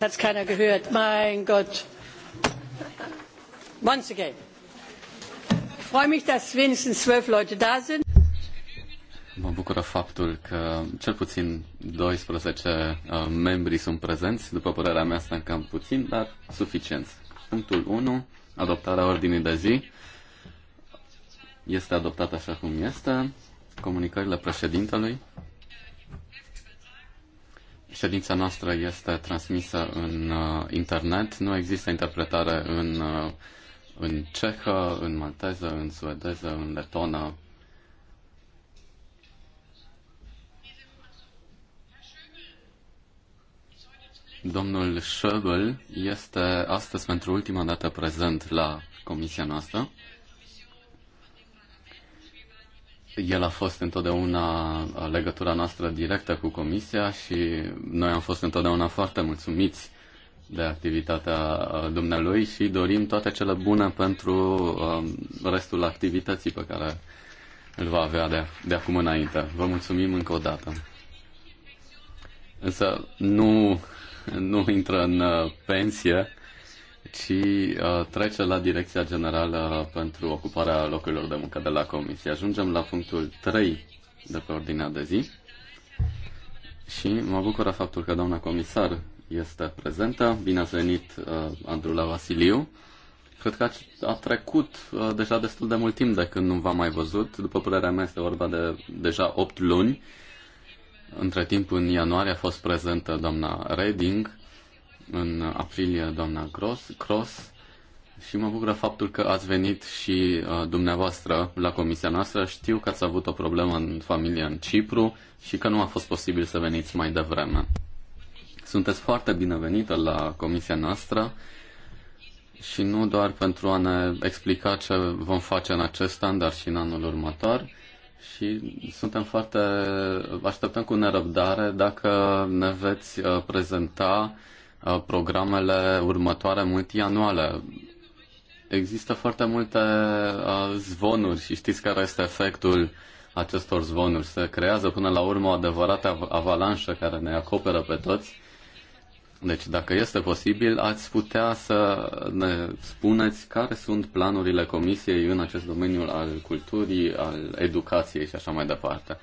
hat es keiner gehört. Mein Gott. Once again. Ich freue mich, dass wenigstens zwölf Leute da sind. Mă bucură faptul că cel puțin 12 uh, membri sunt prezenți. După părerea mea, sunt cam puțin, dar suficienți. Punctul 1, adoptarea ordinii de zi. Este adoptată așa cum este. Comunicările președintelui. Ședința noastră este transmisă în uh, internet. Nu există interpretare în, uh, în cehă, în malteză, în suedeză, în letonă. Domnul Schöbel este astăzi pentru ultima dată prezent la comisia noastră. El a fost întotdeauna uh, legătura noastră directă cu Comisia și noi am fost întotdeauna foarte mulțumiți de activitatea uh, dumnealui și dorim toate cele bune pentru uh, restul activității pe care îl va avea de, de acum înainte. Vă mulțumim încă o dată. Însă nu, nu intră în pensie ci uh, trece la Direcția Generală pentru Ocuparea Locurilor de Muncă de la Comisie. Ajungem la punctul 3 de pe ordinea de zi și mă bucură faptul că doamna comisar este prezentă. Bine ați venit, uh, Andrula Vasiliu. Cred că a, a trecut uh, deja destul de mult timp de când nu v-am mai văzut. După părerea mea este vorba de deja 8 luni. Între timp, în ianuarie a fost prezentă doamna Reding în aprilie doamna Cross, Cross și mă bucură faptul că ați venit și uh, dumneavoastră la comisia noastră. Știu că ați avut o problemă în familie în Cipru și că nu a fost posibil să veniți mai devreme. Sunteți foarte binevenită la comisia noastră și nu doar pentru a ne explica ce vom face în acest an, dar și în anul următor. Și suntem foarte, așteptăm cu nerăbdare dacă ne veți uh, prezenta uh, Uh, programele următoare multianuale. Există foarte multe uh, zvonuri și știți care este efectul acestor zvonuri. Se creează până la urmă o adevărată avalanșă care ne acoperă pe toți. Deci, dacă este posibil, ați putea să ne spuneți care sunt planurile Comisiei în acest domeniu al culturii, al educației și așa mai departe.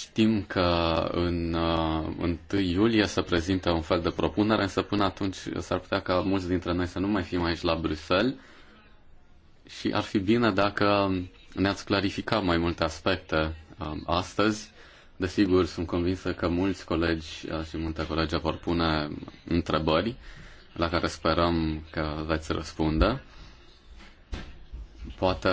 Știm că în uh, 1 iulie se prezintă un fel de propunere, însă până atunci s-ar putea ca mulți dintre noi să nu mai fim aici la Bruxelles și ar fi bine dacă ne-ați clarificat mai multe aspecte um, astăzi. Desigur, sunt convinsă că mulți colegi uh, și multe colegi vor pune întrebări la care sperăm că veți răspunde. Poate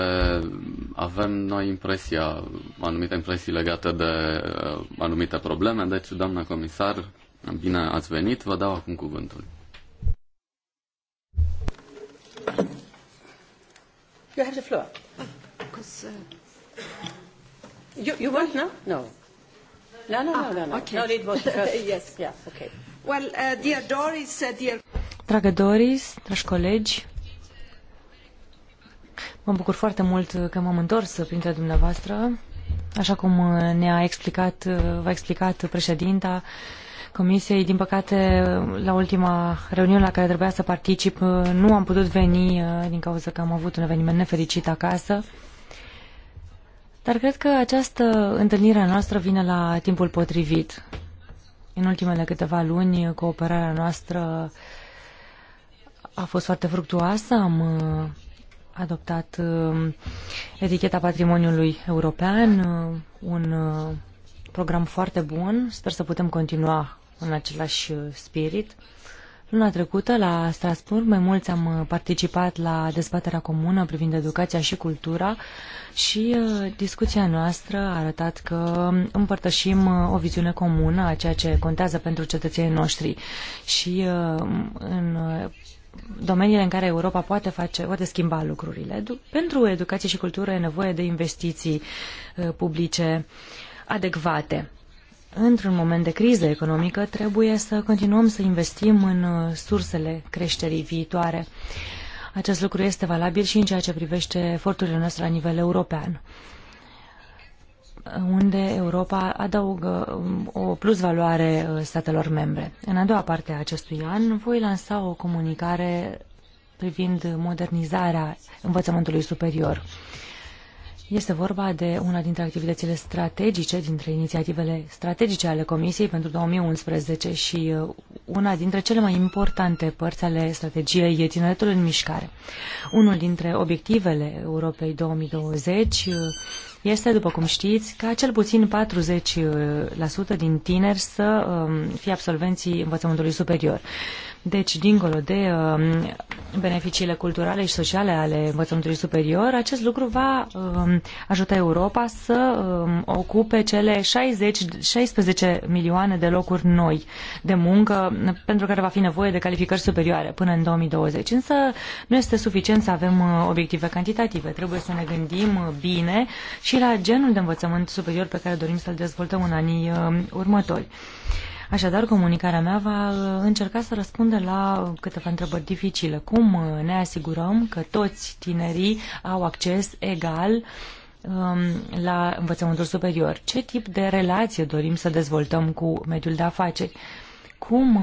avem noi impresia, anumite impresii legate de uh, anumite probleme, deci, doamna comisar, bine ați venit, vă dau acum cuvântul. You have the floor. Because, uh... you, you want now? No. No, no, ah, no, no. Okay. No, it was yes. Yeah, okay. Well, uh, dear Doris, uh, dear... Dragă Doris, dragi colegi, Mă bucur foarte mult că m-am întors printre dumneavoastră. Așa cum uh, ne-a explicat, uh, v-a explicat președinta Comisiei, din păcate, la ultima reuniune la care trebuia să particip, uh, nu am putut veni din cauza că am avut un eveniment nefericit acasă. Dar cred că această întâlnire a noastră vine la timpul potrivit. În ultimele câteva luni, cooperarea noastră a fost foarte fructuoasă. Am adoptat um, eticheta patrimoniului european, uh, un uh, program foarte bun. Sper să putem continua în același uh, spirit. Luna trecută, la Strasburg, mai mulți am participat la dezbaterea comună privind educația și cultura și discuția noastră a arătat că împărtășim o viziune comună a ceea ce contează pentru cetățenii noștri și în domeniile în care Europa poate face, poate schimba lucrurile. Pentru educație și cultură e nevoie de investiții uh, publice adecvate. Într-un moment de criză economică trebuie să continuăm să investim în uh, sursele creșterii viitoare. Acest lucru este valabil și în ceea ce privește eforturile noastre la nivel european unde Europa adaugă um, o plusvaloare uh, statelor membre. În a doua parte a acestui an voi lansa o comunicare privind modernizarea învățământului superior. Este vorba de una dintre activitățile strategice, dintre inițiativele strategice ale Comisiei pentru 2011 și uh, una dintre cele mai importante părți ale strategiei Tineretul în Mișcare. Unul dintre obiectivele Europei 2020 este, după cum știți, ca cel puțin 40% din tineri să um, fie absolvenții învățământului superior. Deci, dincolo de um, beneficiile culturale și sociale ale învățământului superior, acest lucru va um, ajuta Europa să ocupe cele 60, 16 milioane de locuri noi de muncă, pentru care va fi nevoie de calificări superioare până în 2020. Însă, nu este suficient să avem uh, obiective cantitative. Trebuie să ne gândim uh, bine și și la genul de învățământ superior pe care dorim să-l dezvoltăm în anii uh, următori. Așadar, comunicarea mea va uh, încerca să răspundă la uh, câteva întrebări dificile. Cum ne asigurăm că toți tinerii au acces egal um, la învățământul superior? Ce tip de relație dorim să dezvoltăm cu mediul de afaceri? Cum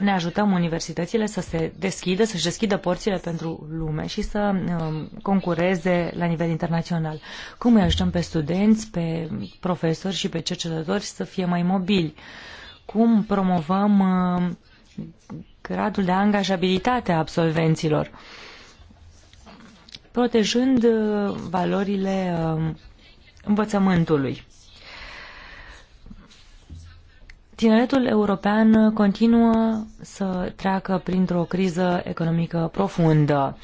ne ajutăm universitățile să se deschidă, să-și deschidă porțile pentru lume și să um, concureze la nivel internațional. Cum îi ajutăm pe studenți, pe profesori și pe cercetători să fie mai mobili? Cum promovăm um, gradul de angajabilitate a absolvenților? Protejând uh, valorile um, învățământului. Tineretul european continuă să treacă printr-o criză economică profundă.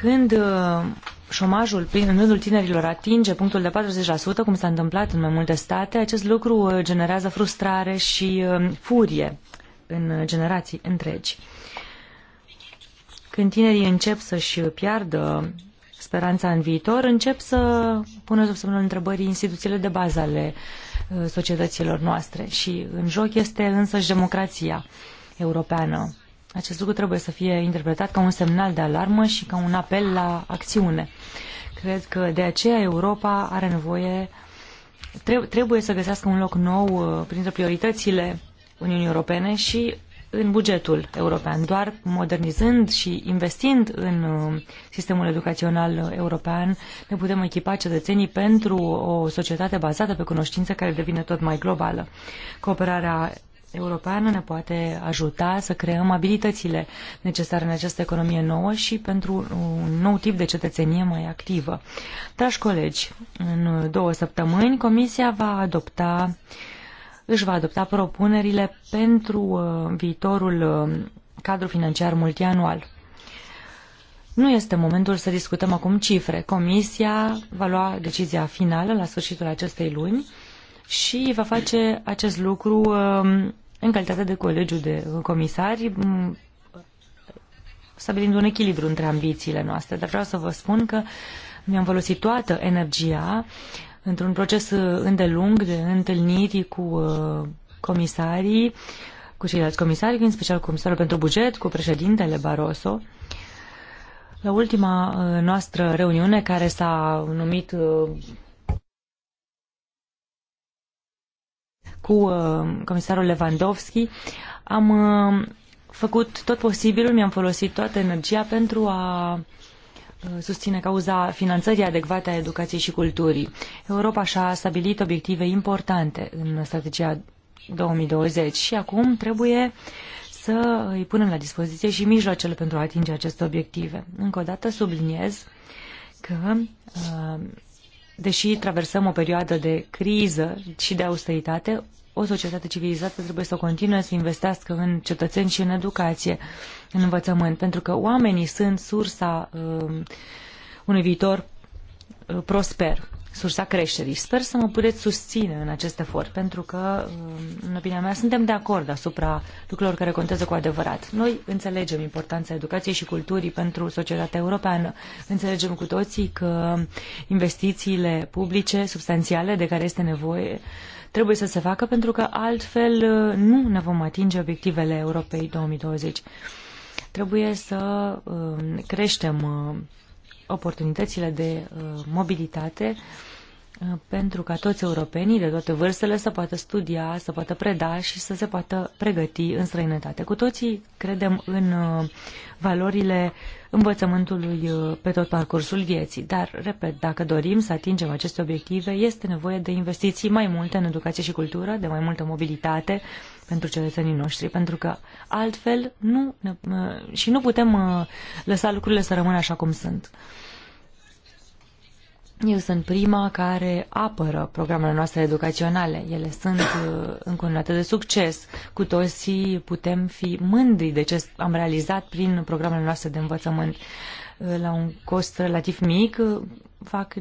Când uh, șomajul în rândul tinerilor atinge punctul de 40%, cum s-a întâmplat în mai multe state, acest lucru uh, generează frustrare și uh, furie în generații întregi. Când tinerii încep să-și piardă speranța în viitor, încep să pună sub semnul întrebării instituțiile de bază ale Uh, societăților noastre și în joc este însăși democrația europeană. Acest lucru trebuie să fie interpretat ca un semnal de alarmă și ca un apel la acțiune. Cred că de aceea Europa are nevoie, trebuie să găsească un loc nou uh, printre prioritățile Uniunii Europene și în bugetul european. Doar modernizând și investind în uh, sistemul educațional european ne putem echipa cetățenii pentru o societate bazată pe cunoștință care devine tot mai globală. Cooperarea europeană ne poate ajuta să creăm abilitățile necesare în această economie nouă și pentru un nou tip de cetățenie mai activă. Dragi colegi, în două săptămâni Comisia va adopta uh, își va adopta propunerile pentru uh, viitorul uh, cadru financiar multianual. Nu este momentul să discutăm acum cifre. Comisia va lua decizia finală la sfârșitul acestei luni și va face acest lucru uh, în calitate de colegiu de comisari, stabilind un echilibru între ambițiile noastre. Dar vreau să vă spun că mi-am folosit toată energia într-un proces uh, îndelung de întâlniri cu uh, comisarii, cu ceilalți comisari, în special cu comisarul pentru buget, cu președintele Barroso. La ultima uh, noastră reuniune, care s-a numit cu comisarul Lewandowski, am făcut tot posibilul, mi-am folosit toată energia pentru a Uh, susține cauza finanțării adecvate a educației și culturii. Europa și-a stabilit obiective importante în strategia 2020 și acum trebuie să îi punem la dispoziție și mijloacele pentru a atinge aceste obiective. Încă o dată subliniez că, uh, deși traversăm o perioadă de criză și de austeritate, o societate civilizată trebuie să continue să investească în cetățeni și în educație, în învățământ, pentru că oamenii sunt sursa uh, unui viitor uh, prosper, sursa creșterii. Sper să mă puteți susține în acest efort, pentru că, uh, în opinia mea, suntem de acord asupra lucrurilor care contează cu adevărat. Noi înțelegem importanța educației și culturii pentru societatea europeană. Înțelegem cu toții că investițiile publice, substanțiale, de care este nevoie, uh, trebuie să se facă pentru că altfel uh, nu ne vom atinge obiectivele Europei 2020. Trebuie să uh, creștem uh, oportunitățile de mobilitate pentru ca toți europenii de toate vârstele să poată studia, să poată preda și să se poată pregăti în străinătate. Cu toții credem în uh, valorile învățământului uh, pe tot parcursul vieții, dar, repet, dacă dorim să atingem aceste obiective, este nevoie de investiții mai multe în educație și cultură, de mai multă mobilitate pentru cetățenii noștri, pentru că altfel nu ne, uh, și nu putem lăsa lucrurile să rămână așa cum sunt. Eu sunt prima care apără programele noastre educaționale. Ele sunt uh, încununate de succes. Cu toții putem fi mândri de ce am realizat prin programele noastre de învățământ. Uh, la un cost relativ mic, uh, fac,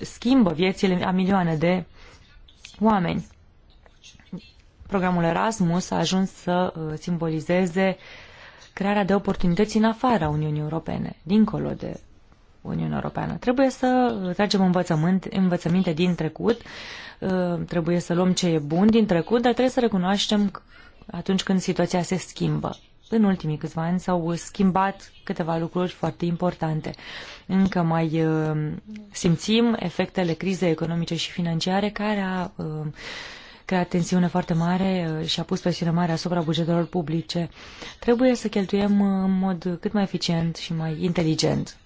schimbă viețile a milioane de oameni. Programul Erasmus a ajuns să simbolizeze crearea de oportunități în afara Uniunii Europene, dincolo de Uniunea Europeană. Trebuie să tragem învățământ, învățăminte din trecut, uh, trebuie să luăm ce e bun din trecut, dar trebuie să recunoaștem atunci când situația se schimbă. În ultimii câțiva ani s-au schimbat câteva lucruri foarte importante. Încă mai uh, simțim efectele crizei economice și financiare care a uh, creat tensiune foarte mare și a pus presiune mare asupra bugetelor publice. Trebuie să cheltuiem în mod cât mai eficient și mai inteligent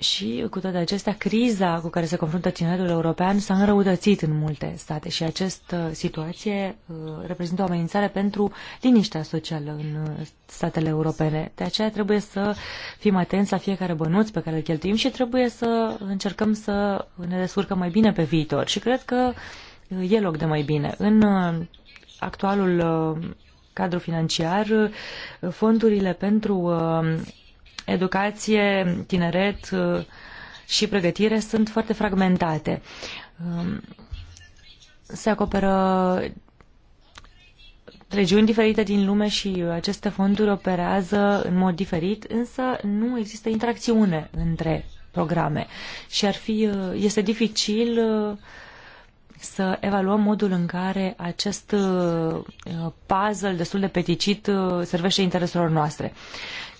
și cu toate acestea, criza cu care se confruntă tineretul european s-a înrăutățit în multe state și această situație uh, reprezintă o amenințare pentru liniștea socială în uh, statele europene. De aceea trebuie să fim atenți la fiecare bănuț pe care îl cheltuim și trebuie să încercăm să ne descurcăm mai bine pe viitor. Și cred că uh, e loc de mai bine. În actualul cadru financiar, fondurile pentru educație, tineret uh, și pregătire sunt foarte fragmentate. Um, se acoperă regiuni diferite din lume și aceste fonduri operează în mod diferit, însă nu există interacțiune între programe și ar fi, uh, este dificil uh, să evaluăm modul în care acest puzzle destul de peticit servește intereselor noastre.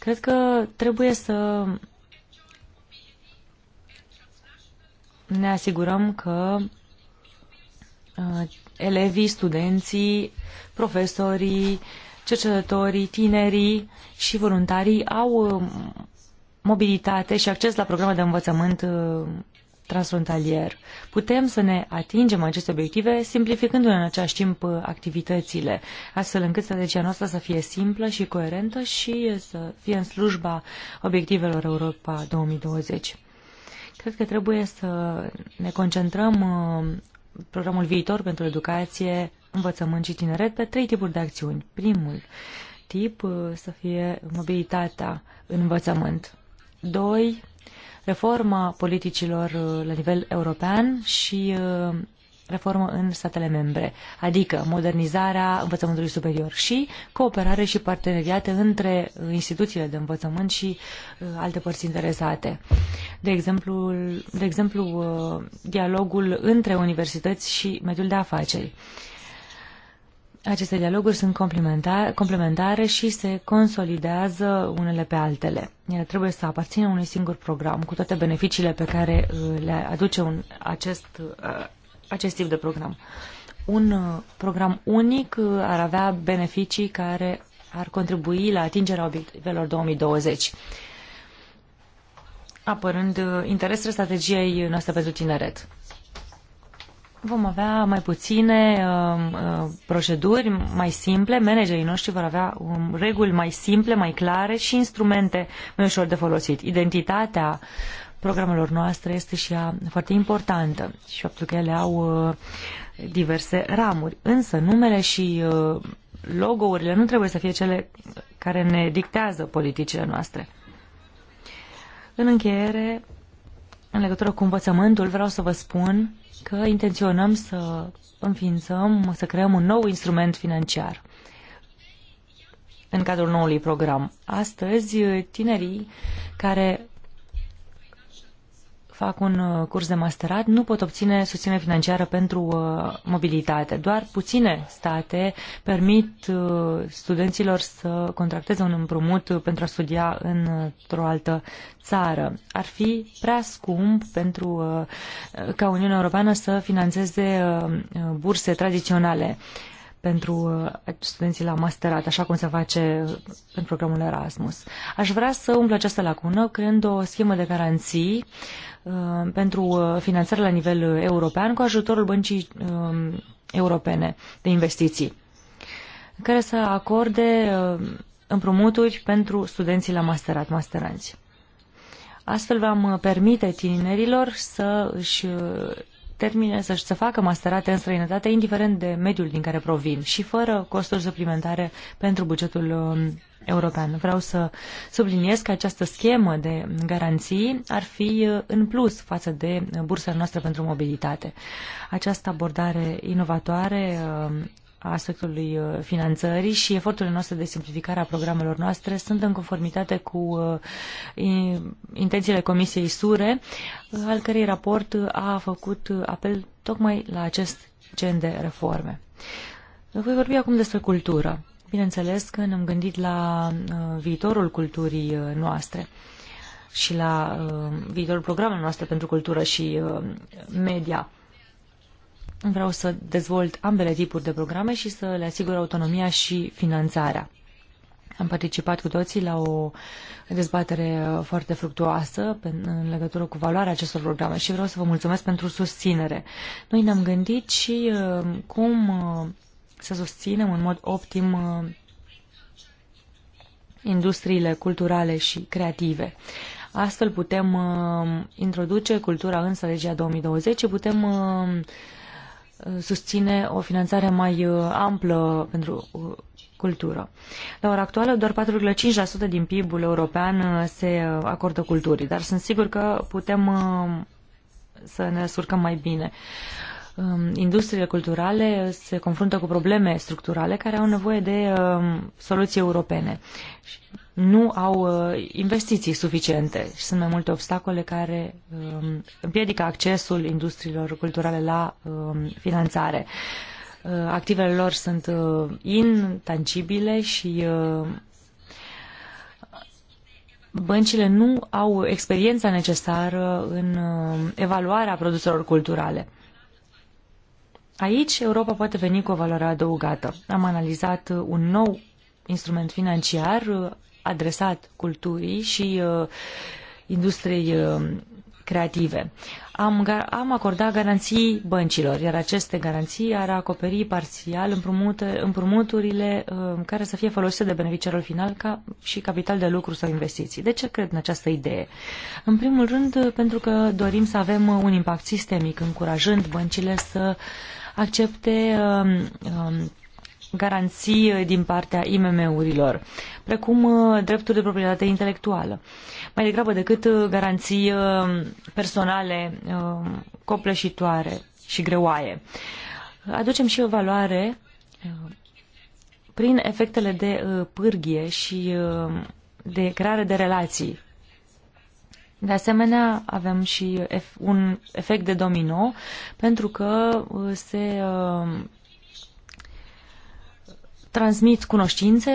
Cred că trebuie să ne asigurăm că uh, elevii, studenții, profesorii, cercetătorii, tinerii și voluntarii au uh, mobilitate și acces la programe de învățământ uh, transfrontalier. Putem să ne atingem aceste obiective simplificându-ne în același timp uh, activitățile, astfel încât strategia noastră să fie simplă și coerentă și uh, să fie în slujba obiectivelor Europa 2020. Cred că trebuie să ne concentrăm uh, programul viitor pentru educație, învățământ și tineret pe trei tipuri de acțiuni. Primul tip să fie mobilitatea în învățământ. Doi, reforma politicilor uh, la nivel european și uh, reformă în statele membre, adică modernizarea învățământului superior și cooperare și parteneriate între instituțiile de învățământ și uh, alte părți interesate. De exemplu, de exemplu dialogul între universități și mediul de afaceri. Aceste dialoguri sunt complementare, complementare și se consolidează unele pe altele. Ele trebuie să aparțină unui singur program, cu toate beneficiile pe care uh, le aduce un, acest, uh, acest tip de program. Un uh, program unic ar avea beneficii care ar contribui la atingerea obiectivelor 2020, apărând interesele strategiei noastre pentru tineret. Vom avea mai puține um, uh, proceduri mai simple, managerii noștri vor avea um, reguli mai simple, mai clare și instrumente mai ușor de folosit. Identitatea programelor noastre este și ea foarte importantă și faptul că ele au uh, diverse ramuri. Însă numele și uh, logo-urile nu trebuie să fie cele care ne dictează politicile noastre. În încheiere, în legătură cu învățământul, vreau să vă spun că intenționăm să înființăm, să creăm un nou instrument financiar în cadrul noului program. Astăzi, tinerii care fac un uh, curs de masterat nu pot obține susținere financiară pentru uh, mobilitate. Doar puține state permit uh, studenților să contracteze un împrumut pentru a studia într-o altă țară. Ar fi prea scump pentru ca Uniunea Europeană să financeze burse tradiționale pentru uh, studenții la masterat, așa cum se face în programul Erasmus. Aș vrea să umplu această lacună creând o schemă de garanții uh, pentru uh, finanțare la nivel european cu ajutorul băncii um, europene de investiții, care să acorde împrumuturi pentru studenții la masterat, masteranți. Astfel v-am permite tinerilor să își termine, să-și să facă masterate în străinătate, indiferent de mediul din care provin și fără costuri suplimentare pentru bugetul um, european. Vreau să subliniez că această schemă de garanții ar fi uh, în plus față de uh, bursa noastră pentru mobilitate. Această abordare inovatoare um, a sectorului uh, finanțării și eforturile noastre de simplificare a programelor noastre sunt în conformitate cu uh, intențiile Comisiei Sure, al cărei raport a făcut apel tocmai la acest gen de reforme. Voi vorbi acum despre cultură. Bineînțeles că ne-am gândit la uh, viitorul culturii noastre și la viitorul programelor noastre pentru cultură și media. Vreau să dezvolt ambele tipuri de programe și să le asigur autonomia și finanțarea. Am participat cu toții la o dezbatere foarte fructuoasă în legătură cu valoarea acestor programe și vreau să vă mulțumesc pentru susținere. Noi ne-am gândit și uh, cum uh, să susținem în mod optim uh, industriile culturale și creative. Astfel putem introduce cultura în strategia 2020 și putem susține o finanțare mai uh, amplă pentru uh, cultură. La ora actuală, doar 4,5% din PIB-ul european uh, se acordă culturii, dar sunt sigur că putem să ne surcăm mai bine. Um, industriile culturale se confruntă cu probleme structurale care au nevoie de um, soluții europene nu au uh, investiții suficiente și sunt mai multe obstacole care um, împiedică accesul industriilor culturale la um, finanțare. Uh, activele lor sunt uh, intangibile și băncile nu au experiența necesară în evaluarea produselor culturale. Aici Europa poate veni cu o valoare adăugată. Am analizat un nou instrument financiar adresat culturii și uh, industriei uh, creative. Am, am acordat garanții băncilor, iar aceste garanții ar acoperi parțial împrumute, împrumuturile uh, care să fie folosite de beneficiarul final ca și capital de lucru sau investiții. De ce cred în această idee? În primul rând, uh, pentru că dorim să avem uh, un impact sistemic, încurajând băncile să accepte uh, uh, garanții uh, din partea IMM-urilor, precum uh, drepturi de proprietate intelectuală, mai degrabă decât uh, garanții personale copleșitoare și greoaie. Aducem și o valoare prin efectele de pârghie și de creare de relații. De asemenea, avem și un efect de domino, pentru că se transmit cunoștințe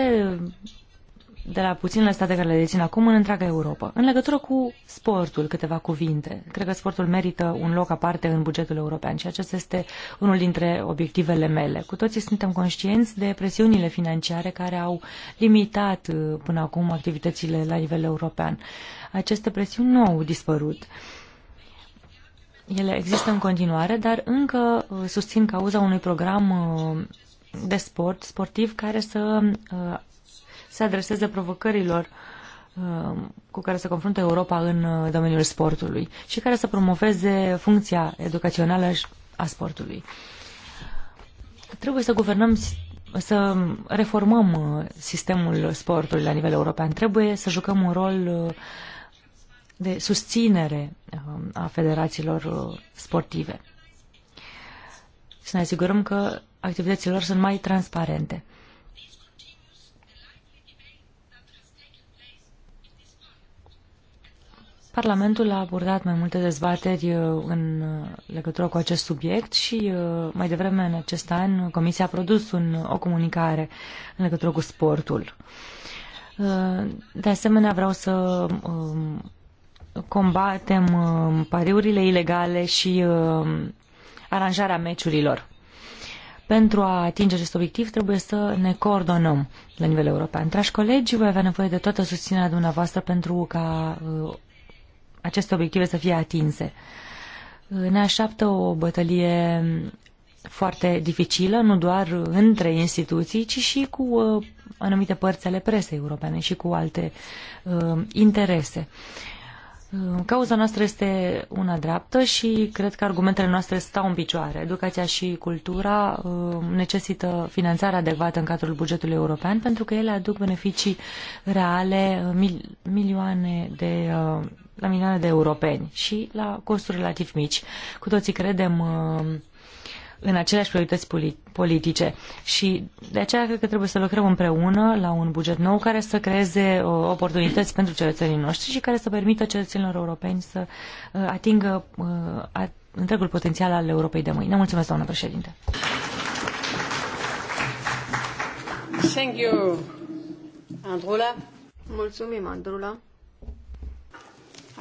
de la puținele state care le dețin acum în întreaga Europa. În legătură cu sportul, câteva cuvinte. Cred că sportul merită un loc aparte în bugetul european și acesta este unul dintre obiectivele mele. Cu toții suntem conștienți de presiunile financiare care au limitat uh, până acum activitățile la nivel european. Aceste presiuni nu au dispărut. Ele există în continuare, dar încă uh, susțin cauza unui program uh, de sport, sportiv, care să uh, se adreseze provocărilor uh, cu care se confruntă Europa în uh, domeniul sportului și care să promoveze funcția educațională a sportului. Trebuie să guvernăm, să reformăm sistemul sportului la nivel european. Trebuie să jucăm un rol de susținere a federațiilor sportive. Să ne asigurăm că activităților sunt mai transparente. Parlamentul a abordat mai multe dezbateri uh, în uh, legătură cu acest subiect și uh, mai devreme în acest an Comisia a produs un, o comunicare în legătură cu sportul. De asemenea, vreau să um, combatem um, pariurile ilegale și um, aranjarea meciurilor. Pentru a atinge acest obiectiv trebuie să ne coordonăm la nivel european. Dragi colegi, voi avea nevoie de toată susținerea dumneavoastră pentru ca uh, aceste obiective să fie atinse. Uh, ne așteaptă o bătălie foarte dificilă, nu doar între instituții, ci și cu uh, anumite părți ale presei europene și cu alte uh, interese. Uh, Cauza noastră este una dreaptă și cred că argumentele noastre stau în picioare. Educația și cultura uh, necesită finanțare adecvată în cadrul bugetului european pentru că ele aduc beneficii reale uh, milioane de, uh, la milioane de europeni și la costuri relativ mici. Cu toții credem în aceleași priorități politice. Și de aceea cred că trebuie să lucrăm împreună la un buget nou care să creeze uh, oportunități pentru cetățenii noștri și care să permită cetățenilor europeni să uh, atingă uh, întregul potențial al Europei de mâine. Mulțumesc, doamnă președinte! Thank you, Andrula. Mulțumim, Andrula.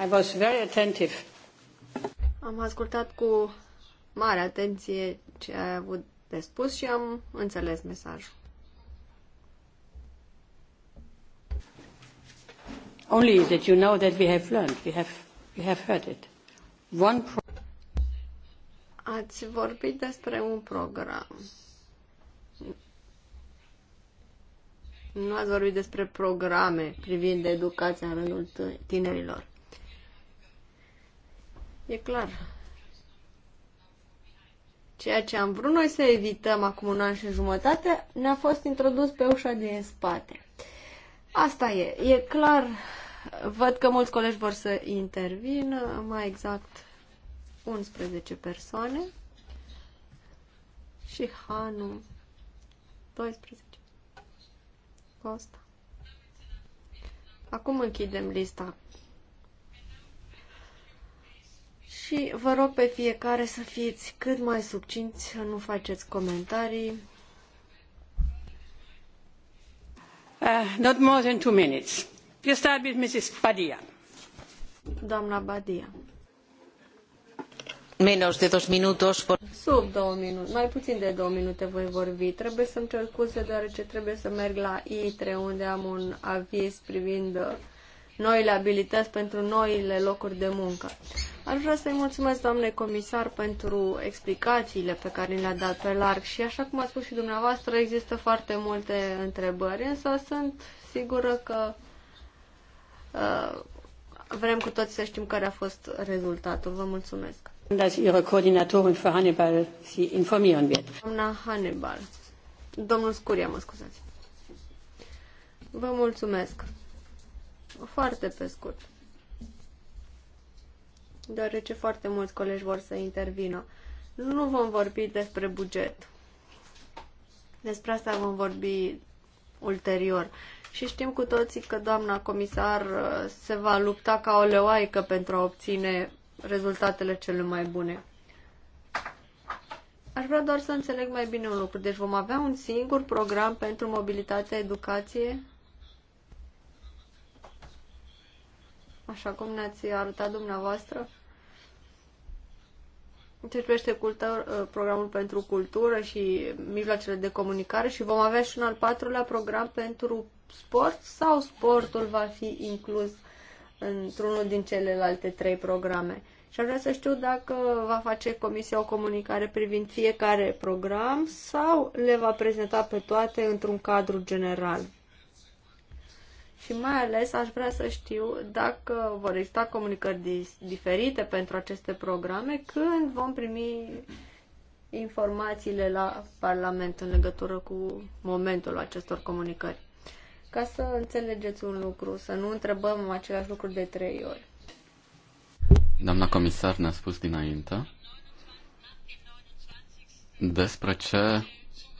I was very attentive. Am ascultat cu mare atenție ce ai avut de spus și am înțeles mesajul. Only that you know that we have learned, we have, we have heard it. One pro- Ați vorbit despre un program. Nu ați vorbit despre programe privind educația în rândul tinerilor. E clar, Ceea ce am vrut noi să evităm acum un an și jumătate ne-a fost introdus pe ușa din spate. Asta e. E clar, văd că mulți colegi vor să intervină, mai exact 11 persoane și Hanu 12 Costa. Acum închidem lista Și vă rog pe fiecare să fiți cât mai subcinți, să nu faceți comentarii. Uh, not more than two minutes. You start with Mrs. Badia. Doamna Badia. Menos de dos minutos. Por... Sub două minute, mai puțin de două minute voi vorbi. Trebuie să-mi cer scuze deoarece trebuie să merg la ITRE unde am un aviz privind noile abilități, pentru noile locuri de muncă. Aș vrea să-i mulțumesc, doamne comisar, pentru explicațiile pe care ni le-a dat pe larg și, așa cum a spus și dumneavoastră, există foarte multe întrebări, însă sunt sigură că uh, vrem cu toți să știm care a fost rezultatul. Vă mulțumesc. Hannibal Doamna Hannibal. Domnul Scuria, mă scuzați. Vă mulțumesc. Foarte pe scurt. Deoarece foarte mulți colegi vor să intervină. Nu vom vorbi despre buget. Despre asta vom vorbi ulterior. Și știm cu toții că doamna comisar uh, se va lupta ca o leoaică pentru a obține rezultatele cele mai bune. Aș vrea doar să înțeleg mai bine un lucru. Deci vom avea un singur program pentru mobilitate, educație așa cum ne-ați arătat dumneavoastră. Ce privește cultur, uh, programul pentru cultură și mijloacele de comunicare și vom avea și un al patrulea program pentru sport sau sportul va fi inclus într-unul din celelalte trei programe. Și ar vrea să știu dacă va face Comisia o comunicare privind fiecare program sau le va prezenta pe toate într-un cadru general și mai ales aș vrea să știu dacă vor exista comunicări diferite pentru aceste programe, când vom primi informațiile la Parlament în legătură cu momentul acestor comunicări. Ca să înțelegeți un lucru, să nu întrebăm același lucru de trei ori. Doamna comisar ne-a spus dinainte despre ce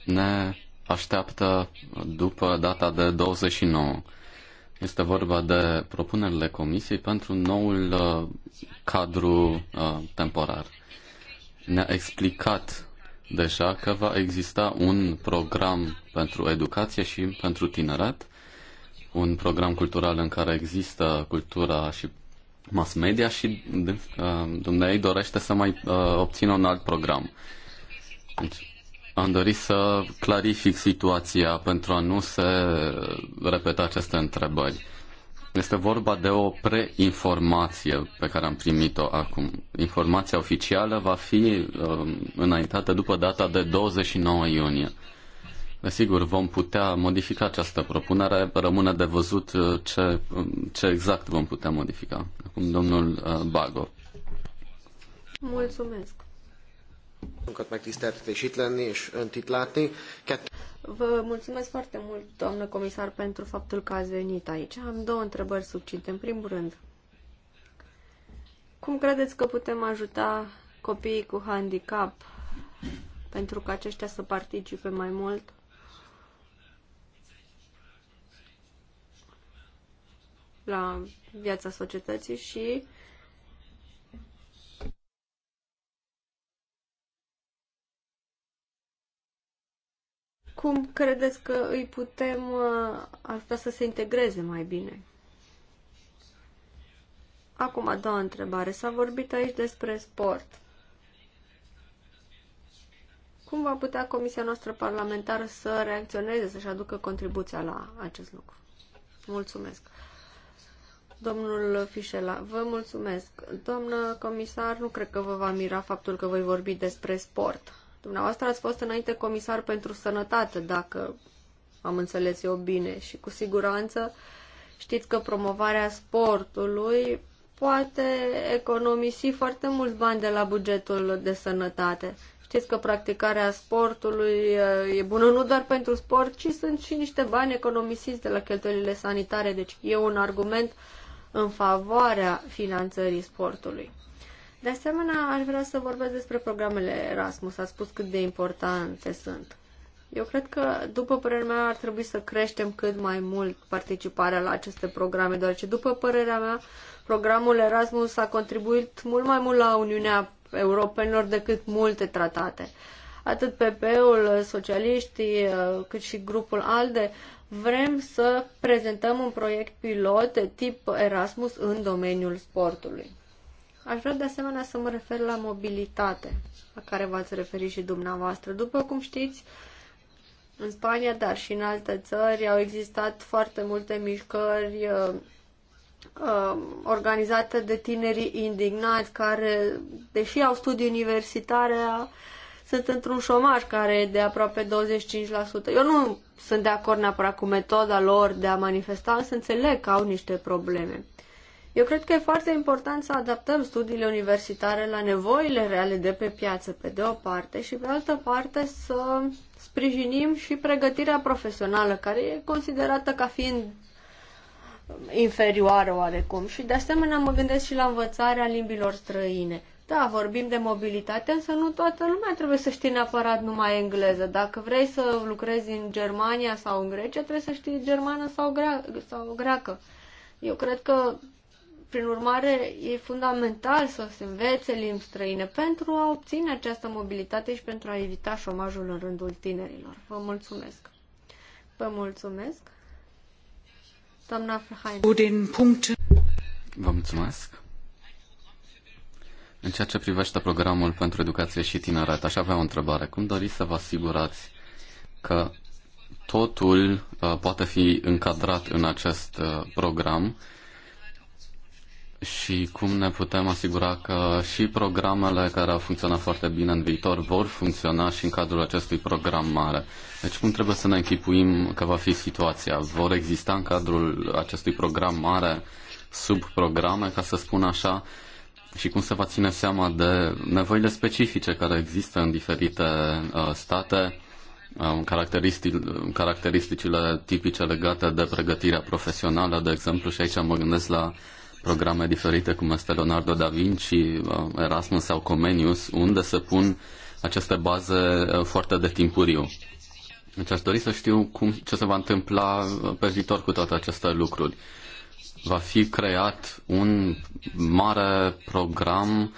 ne așteaptă după data de 29. Este vorba de propunerile Comisiei pentru noul uh, cadru uh, temporar. Ne-a explicat deja că va exista un program pentru educație și pentru tineret, un program cultural în care există cultura și mass media și uh, dumneavoastră dorește să mai uh, obțină un alt program. Deci, am dorit să clarific situația pentru a nu se repeta aceste întrebări. Este vorba de o preinformație pe care am primit-o acum. Informația oficială va fi uh, înaintată după data de 29 iunie. Desigur, vom putea modifica această propunere, rămâne de văzut uh, ce, um, ce exact vom putea modifica. Acum, domnul uh, Bago. Mulțumesc. Vă mulțumesc foarte mult, doamnă comisar, pentru faptul că ați venit aici. Am două întrebări subcinte. În primul rând, cum credeți că putem ajuta copiii cu handicap pentru ca aceștia să participe mai mult la viața societății și Cum credeți că îi putem uh, ajuta să se integreze mai bine? Acum, a doua întrebare. S-a vorbit aici despre sport. Cum va putea Comisia noastră parlamentară să reacționeze, să-și aducă contribuția la acest lucru? Mulțumesc. Domnul Fișela, vă mulțumesc. Doamnă comisar, nu cred că vă va mira faptul că voi vorbi despre sport. Dumneavoastră ați fost înainte comisar pentru sănătate, dacă am înțeles eu bine, și cu siguranță știți că promovarea sportului poate economisi foarte mulți bani de la bugetul de sănătate. Știți că practicarea sportului uh, e bună nu doar pentru sport, ci sunt și niște bani economisiți de la cheltuielile sanitare, deci e un argument în favoarea finanțării sportului. De asemenea, aș vrea să vorbesc despre programele Erasmus. A spus cât de importante sunt. Eu cred că, după părerea mea, ar trebui să creștem cât mai mult participarea la aceste programe, deoarece, după părerea mea, programul Erasmus a contribuit mult mai mult la Uniunea Europenilor decât multe tratate. Atât PP-ul, socialiștii, cât și grupul ALDE, vrem să prezentăm un proiect pilot de tip Erasmus în domeniul sportului. Aș vrea de asemenea să mă refer la mobilitate, la care v-ați referit și dumneavoastră. După cum știți, în Spania, dar și în alte țări, au existat foarte multe mișcări uh, uh organizate de tinerii indignați care, deși au studii universitare, sunt într-un șomaj care e de aproape 25%. Eu nu sunt de acord neapărat cu metoda lor de a manifesta, însă înțeleg că au niște probleme. Uh, eu cred că e foarte important să adaptăm studiile universitare la nevoile reale de pe piață, pe de o parte, și pe altă parte să sprijinim și pregătirea profesională, care e considerată ca fiind inferioară oarecum. Și de asemenea mă gândesc și la învățarea limbilor străine. Da, vorbim de mobilitate, însă nu toată lumea trebuie să știe neapărat numai engleză. Dacă vrei să lucrezi în Germania sau în Grecia, trebuie să știi germană sau, gre- sau greacă. Eu cred că prin urmare, e fundamental să se învețe limbi străine pentru a obține această mobilitate și pentru a evita șomajul în rândul tinerilor. Vă mulțumesc! Vă mulțumesc! Doamna Frehain. Vă mulțumesc! În ceea ce privește programul pentru educație și tineret, aș avea o întrebare. Cum doriți să vă asigurați că totul uh, poate fi încadrat în acest uh, program și cum ne putem asigura că și programele care au funcționat foarte bine în viitor vor funcționa și în cadrul acestui program mare. Deci cum trebuie să ne închipuim că va fi situația? Vor exista în cadrul acestui program mare subprograme, ca să spun așa, și cum se va ține seama de nevoile specifice care există în diferite uh, state, uh, caracteristicile tipice legate de pregătirea profesională, de exemplu, și aici mă gândesc la uh, programe diferite, cum este Leonardo da Vinci, uh, Erasmus sau Comenius, unde se pun aceste baze uh, foarte de timpuriu. Deci aș dori să știu cum, ce se va întâmpla uh, pe viitor cu toate aceste lucruri. Va fi creat un mare program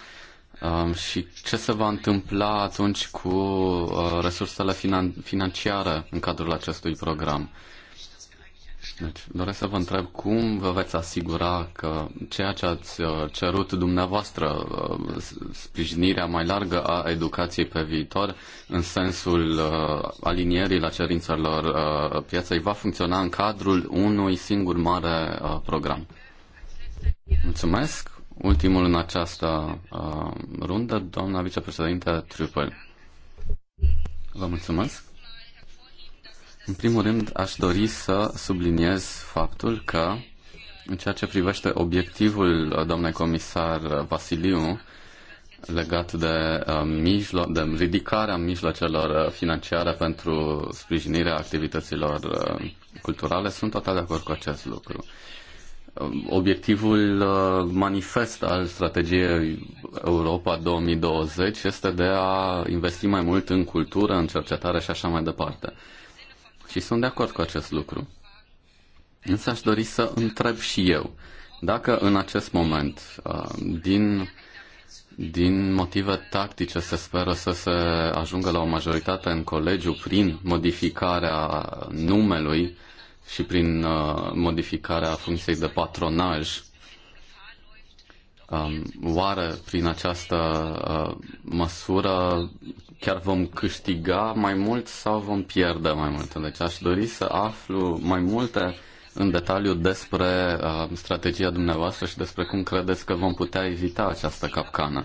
um, și ce se va întâmpla atunci cu uh, resursele finan- financiare în cadrul acestui program? Uh, deci, doresc să vă întreb cum vă veți asigura că ceea ce ați uh, cerut dumneavoastră, uh, sprijinirea mai largă a educației pe viitor, în sensul uh, alinierii la cerințelor pieței, va funcționa în cadrul unui singur mare program. Mulțumesc. Ultimul în această rundă, doamna vicepreședinte Trupel. Vă mulțumesc. În primul rând, aș dori să subliniez faptul că, în ceea ce privește obiectivul uh, doamnei comisar Vasiliu, legat de, uh, mijlo- de ridicarea mijlocelor uh, financiare pentru sprijinirea activităților uh, culturale, sunt total de acord cu acest lucru. Uh, obiectivul manifest al strategiei Europa 2020 este de a investi mai mult în cultură, în cercetare și așa mai departe. Și sunt de acord cu acest lucru. Însă aș dori să întreb și eu dacă în acest moment, uh, din, din motive tactice, se speră să se ajungă la o majoritate în colegiu prin modificarea numelui și prin uh, modificarea funcției de patronaj, um, oare prin această uh, măsură chiar vom câștiga mai mult sau vom pierde mai mult. Deci aș dori să aflu mai multe în detaliu despre uh, strategia dumneavoastră și despre cum credeți că vom putea evita această capcană.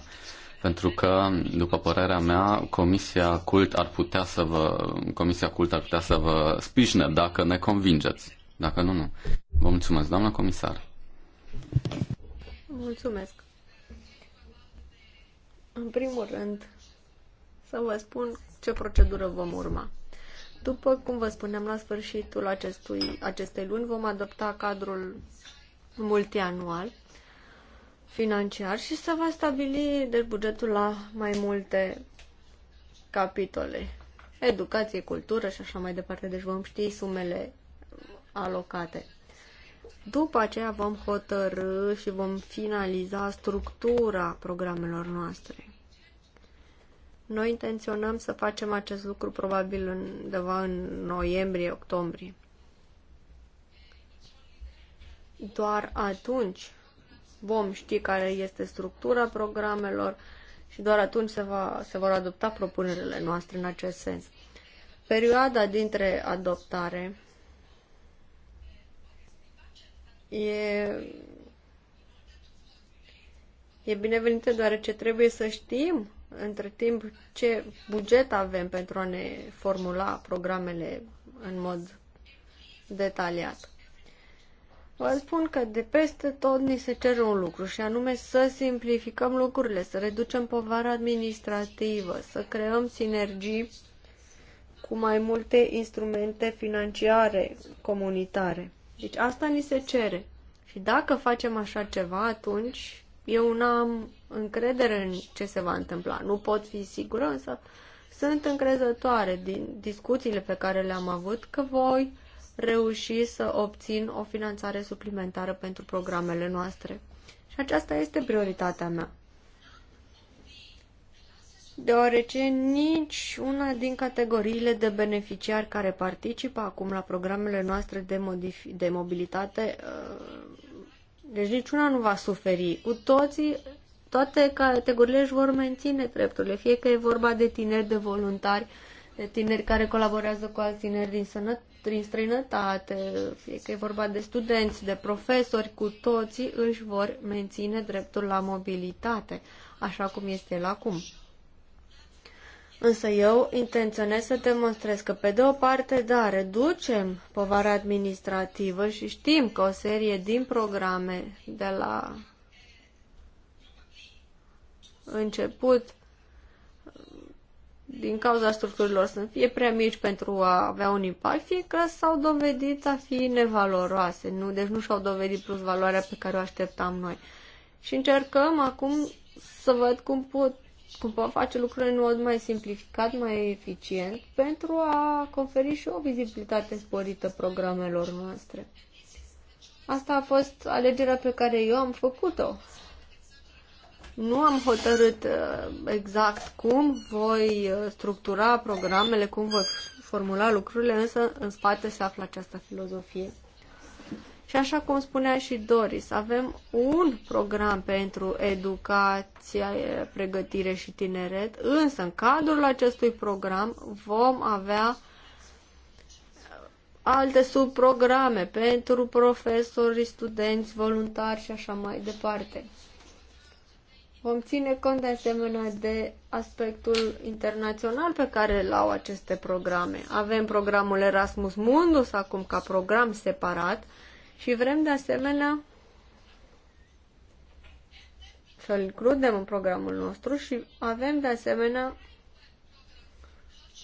Pentru că, după părerea mea, Comisia Cult ar putea să vă, Comisia Cult ar putea să vă spișne dacă ne convingeți. Dacă nu, nu. Vă mulțumesc, doamna comisar. Mulțumesc. În primul rând, să vă spun ce procedură vom urma. După cum vă spuneam, la sfârșitul acestui, acestei luni vom adopta cadrul multianual financiar și se va stabili deci, bugetul la mai multe capitole. Educație, cultură și așa mai departe. Deci vom ști sumele alocate. După aceea vom hotărâ și vom finaliza structura programelor noastre. Noi intenționăm să facem acest lucru probabil undeva în noiembrie, octombrie. Doar atunci vom ști care este structura programelor și doar atunci se, va, se vor adopta propunerile noastre în acest sens. Perioada dintre adoptare e, e binevenită deoarece trebuie să știm între timp ce buget avem pentru a ne formula programele în mod detaliat. Vă spun că de peste tot ni se cere un lucru și anume să simplificăm lucrurile, să reducem povara administrativă, să creăm sinergii cu mai multe instrumente financiare comunitare. Deci asta ni se cere. Și dacă facem așa ceva, atunci eu n am încredere în ce se va întâmpla. Nu pot fi sigură, însă sunt încrezătoare din discuțiile pe care le-am avut că voi reuși să obțin o finanțare suplimentară pentru programele noastre. Și aceasta este prioritatea mea. Deoarece nici una din categoriile de beneficiari care participă acum la programele noastre de, de mobilitate, uh, deci niciuna nu va suferi. Cu toții toate categoriile își vor menține drepturile, fie că e vorba de tineri, de voluntari, de tineri care colaborează cu alți tineri din, sănă, din străinătate, fie că e vorba de studenți, de profesori, cu toții își vor menține dreptul la mobilitate, așa cum este el acum. Însă eu intenționez să demonstrez că, pe de o parte, da, reducem povara administrativă și știm că o serie din programe de la început din cauza structurilor să fie prea mici pentru a avea un impact, fie că s-au dovedit a fi nevaloroase, nu? deci nu și-au dovedit plus valoarea pe care o așteptam noi. Și încercăm acum să văd cum pot, cum pot face lucrurile în mod mai simplificat, mai eficient, pentru a conferi și o vizibilitate sporită programelor noastre. Asta a fost alegerea pe care eu am făcut-o nu am hotărât uh, exact cum voi uh, structura programele, cum voi formula lucrurile, însă în spate se află această filozofie. Și așa cum spunea și Doris, avem un program pentru educație, pregătire și tineret, însă în cadrul acestui program vom avea uh, alte subprograme pentru profesori, studenți, voluntari și așa mai departe. Vom ține cont de asemenea de aspectul internațional pe care îl au aceste programe. Avem programul Erasmus Mundus acum ca program separat și vrem de asemenea să-l includem în programul nostru și avem de asemenea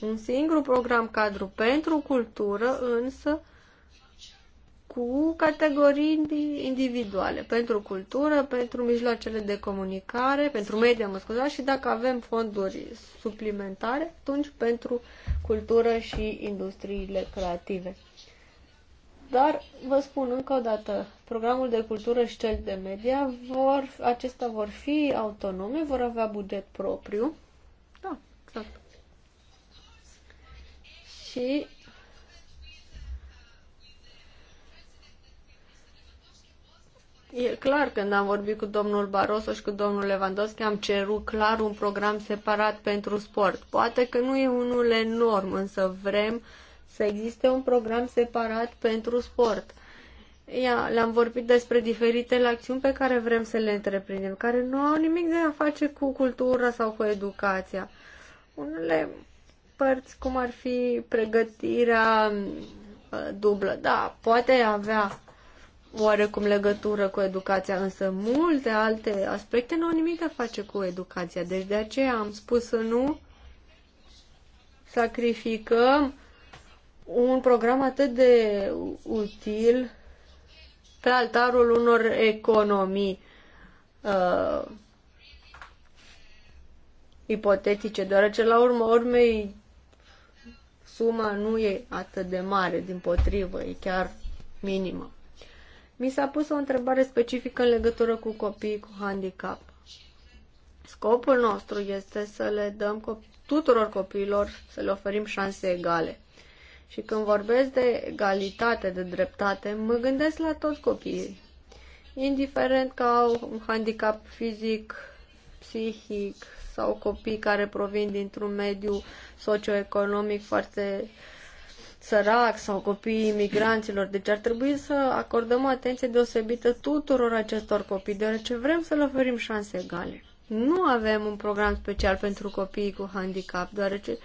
un singur program cadru pentru cultură, însă cu categorii individuale, pentru cultură, pentru mijloacele de comunicare, pentru media, mă scuzați, și dacă avem fonduri suplimentare, atunci pentru cultură și industriile creative. Dar vă spun încă o dată, programul de cultură și cel de media, vor, acestea vor fi autonome, vor avea buget propriu. Da, exact. Și E clar, că când am vorbit cu domnul Barroso și cu domnul Lewandowski, am cerut clar un program separat pentru sport. Poate că nu e unul enorm, însă vrem să existe un program separat pentru sport. Ia, le-am vorbit despre diferitele acțiuni pe care vrem să le întreprindem, care nu au nimic de a face cu cultura sau cu educația. Unele părți, cum ar fi pregătirea uh, dublă, da, poate avea oarecum legătură cu educația, însă multe alte aspecte nu au nimic de a face cu educația. Deci de aceea am spus să nu sacrificăm un program atât de util pe altarul unor economii uh, ipotetice, deoarece la urmă urmei suma nu e atât de mare, din potrivă, e chiar minimă. Mi s-a pus o întrebare specifică în legătură cu copiii cu handicap. Scopul nostru este să le dăm tuturor copiilor, să le oferim șanse egale. Și când vorbesc de egalitate, de dreptate, mă gândesc la toți copiii. Indiferent că au un handicap fizic, psihic sau copii care provin dintr-un mediu socioeconomic foarte uh, sărac sau copiii imigranților, Deci ar trebui să acordăm atenție deosebită tuturor acestor copii, deoarece vrem să le oferim șanse egale. Nu avem un program special pentru copiii cu handicap, deoarece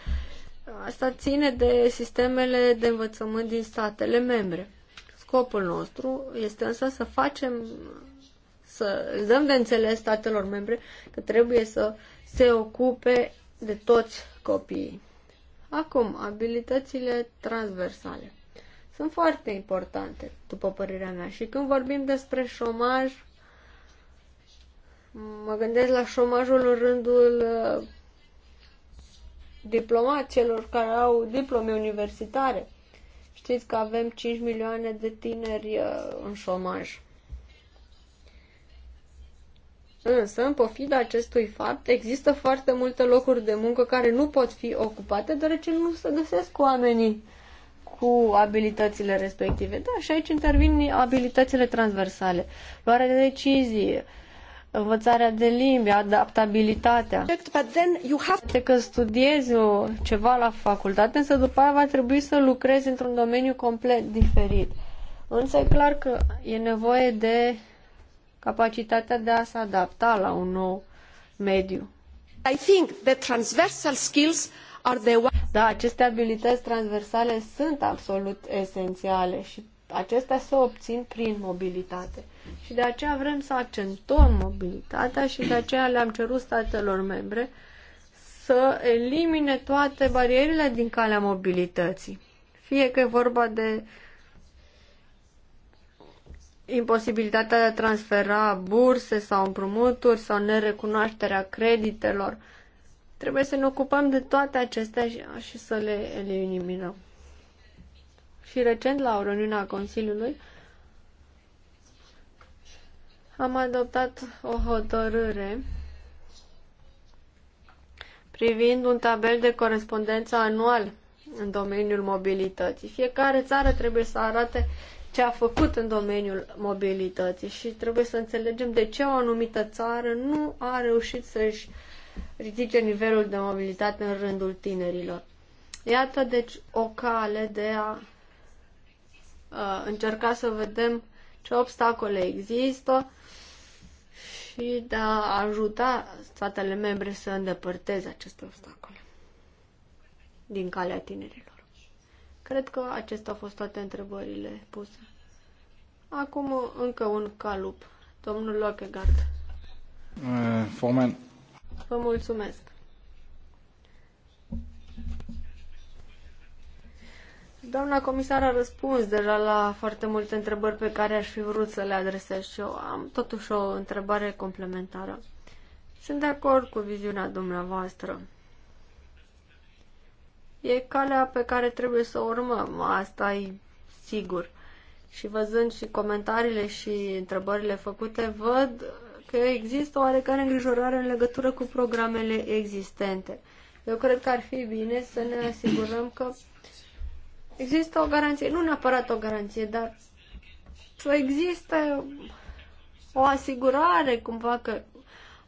asta ține de sistemele de învățământ din statele membre. Scopul nostru este însă să facem, să dăm de înțeles statelor membre că trebuie să se ocupe de toți copiii. Acum, abilitățile transversale sunt foarte importante, după părerea mea. Și când vorbim despre șomaj, mă gândesc la șomajul în rândul uh, diplomat, celor care au diplome universitare. Știți că avem 5 milioane de tineri uh, în șomaj. Însă, în pofida acestui fapt, există foarte multe locuri de muncă care nu pot fi ocupate, deoarece nu se găsesc oamenii cu abilitățile respective. Da, și aici intervin abilitățile transversale, luarea de decizii, învățarea de limbi, adaptabilitatea. But Că studiezi ceva la facultate, însă după aia va trebui să lucrezi într-un domeniu complet diferit. Însă e clar că e nevoie de capacitatea de a se adapta la un nou mediu. I think the transversal skills are the... Da, aceste abilități transversale sunt absolut esențiale și acestea se obțin prin mobilitate. Și de aceea vrem să accentuăm mobilitatea și de aceea le-am cerut statelor membre să elimine toate barierele din calea mobilității. Fie că e vorba de uh, imposibilitatea de a transfera burse sau împrumuturi sau nerecunoașterea creditelor. Trebuie să ne ocupăm de toate acestea și, să le eliminăm. Și recent, la o reuniune a Consiliului, am adoptat o hotărâre privind un tabel de corespondență anual în domeniul mobilității. Fiecare țară trebuie să arate ce a făcut în domeniul mobilității și trebuie să înțelegem de ce o anumită țară nu a reușit să-și ridice nivelul de mobilitate în rândul tinerilor. Iată, deci, o cale de a, a încerca să vedem ce obstacole există și de a ajuta statele membre să îndepărteze aceste obstacole din calea tinerilor. Cred că acestea au fost toate întrebările puse. Acum încă un calup. Domnul Lockegard. Uh, eh, Vă mulțumesc. Doamna comisar a răspuns deja la foarte multe întrebări pe care aș fi vrut să le adresez și eu. Am totuși o întrebare complementară. Sunt de acord cu viziunea dumneavoastră E calea pe care trebuie să o urmăm, asta e sigur. Și văzând și comentariile și întrebările făcute, văd că există oarecare îngrijorare în legătură cu programele existente. Eu cred că ar fi bine să ne asigurăm că există o garanție, nu neapărat o garanție, dar să existe o asigurare cumva că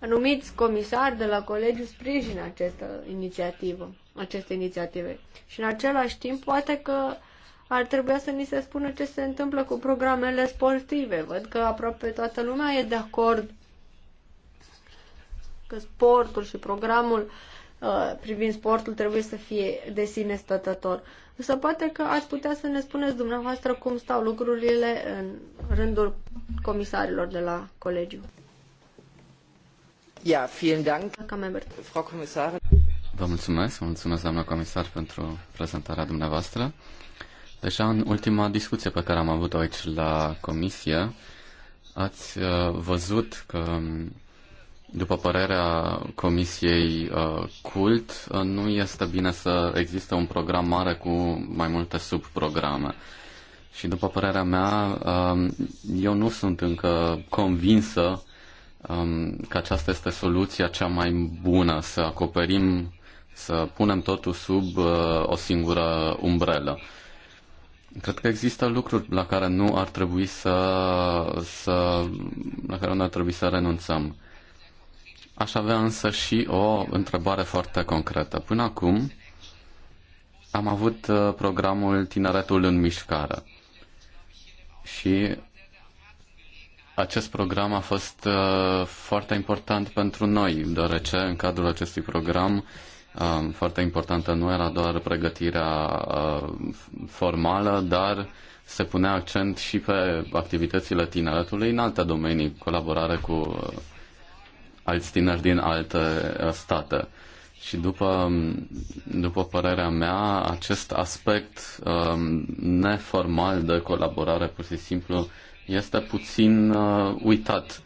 anumiți comisari de la colegiu sprijină această inițiativă aceste inițiative. Și în același timp, poate că ar trebui să ni se spună ce se întâmplă cu programele sportive. Văd că aproape toată lumea e de acord că sportul și programul uh, privind sportul trebuie să fie de sine stătător. Însă poate că ați putea să ne spuneți dumneavoastră cum stau lucrurile în rândul comisarilor de la colegiu. Ja, vielen Dank, Frau Kommissarin. Vă mulțumesc, vă mulțumesc, doamnă comisar, pentru prezentarea dumneavoastră. Deja în ultima discuție pe care am avut-o aici la comisie, ați uh, văzut că, după părerea Comisiei uh, Cult, uh, nu este bine să existe un program mare cu mai multe subprograme. Și după părerea mea, um, eu nu sunt încă convinsă um, că aceasta este soluția cea mai bună, să acoperim să punem totul sub uh, o singură umbrelă. Cred că există lucruri la care nu ar trebui să, să la care nu ar trebui să renunțăm. Aș avea însă și o întrebare foarte concretă. Până acum am avut uh, programul Tineretul în Mișcare și acest program a fost uh, foarte important pentru noi, deoarece în cadrul acestui program Um, foarte importantă nu era doar pregătirea uh, formală, dar se punea accent și pe activitățile tineretului în alte domenii, colaborare cu uh, alți tineri din alte uh, state. Și după, um, după părerea mea, acest aspect um, neformal de colaborare, pur și simplu, este puțin uh, uitat.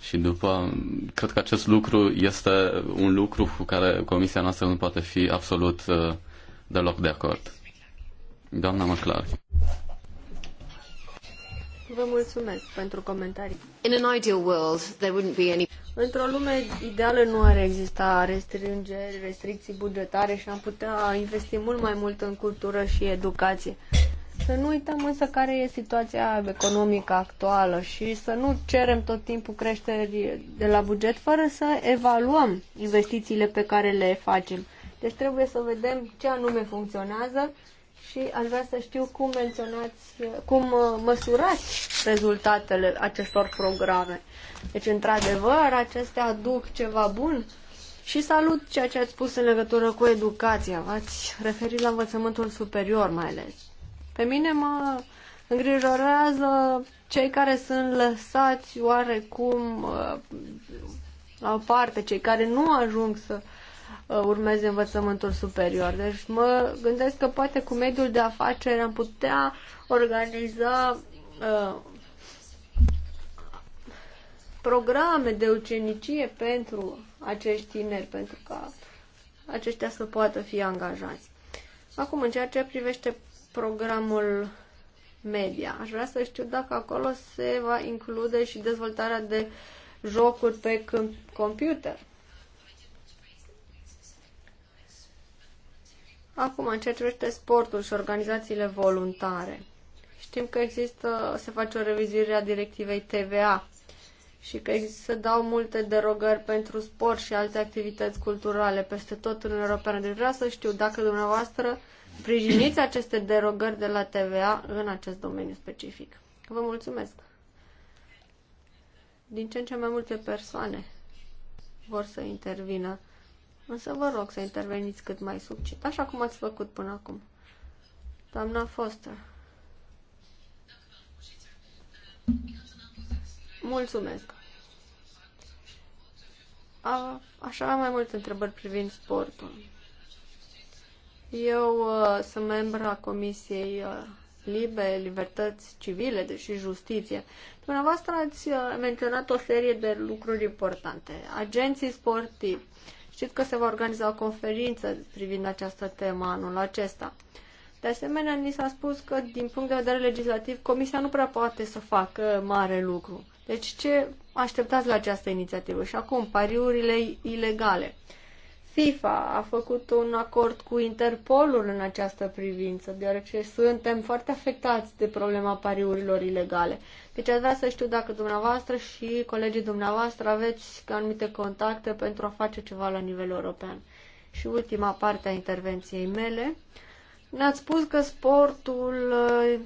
Și după, cred că acest lucru este un lucru cu care comisia noastră nu poate fi absolut uh, deloc de acord. Doamna Măclar. Vă mulțumesc pentru comentarii. In an ideal world, there wouldn't be any... Într-o lume ideală nu ar exista restrângeri, restricții bugetare și am putea investi mult mai mult în cultură și educație. Să nu uităm însă care e situația economică actuală și să nu cerem tot timpul creșteri de la buget fără să evaluăm investițiile pe care le facem. Deci trebuie să vedem ce anume funcționează și aș vrea să știu cum menționați, cum uh, măsurați rezultatele acestor programe. Deci, într-adevăr, acestea aduc ceva bun și salut ceea ce ați spus în legătură cu educația. V-ați referit la învățământul superior mai ales. Pe mine mă îngrijorează cei care sunt lăsați oarecum uh, la o parte, cei care nu ajung să uh, urmeze învățământul superior. Deci mă gândesc că poate cu mediul de afaceri am putea organiza uh, programe de ucenicie pentru acești tineri, pentru ca aceștia să poată fi angajați. Acum, în ceea ce privește programul media. Aș vrea să știu dacă acolo se va include și dezvoltarea de jocuri pe computer. Acum, în ceea ce privește sportul și organizațiile voluntare, știm că există, se face o revizuire a directivei TVA și că se dau multe derogări pentru sport și alte activități culturale peste tot în Europeană. Deci vreau să știu dacă dumneavoastră sprijiniți aceste derogări de la TVA în acest domeniu specific. Vă mulțumesc! Din ce în ce mai multe persoane vor să intervină, însă vă rog să interveniți cât mai succint, așa cum ați făcut până acum. Doamna Foster. Mulțumesc! A, așa mai multe întrebări privind sportul. Eu uh, sunt membru a Comisiei uh, Libe, Libertăți Civile, deși Justiție. Dumneavoastră ați uh, menționat o serie de lucruri importante. Agenții sportivi. Știți că se va organiza o conferință privind această temă anul acesta. De asemenea, ni s-a spus că, din punct de vedere legislativ, Comisia nu prea poate să facă mare lucru. Deci, ce așteptați la această inițiativă? Și acum, pariurile ilegale. Uh, FIFA a făcut un acord cu Interpolul în această privință, deoarece suntem foarte afectați de problema pariurilor ilegale. Deci aș vrea să știu dacă dumneavoastră și colegii dumneavoastră aveți anumite contacte pentru a face ceva la nivel european. Și ultima parte a intervenției mele. Ne-ați spus că sportul uh,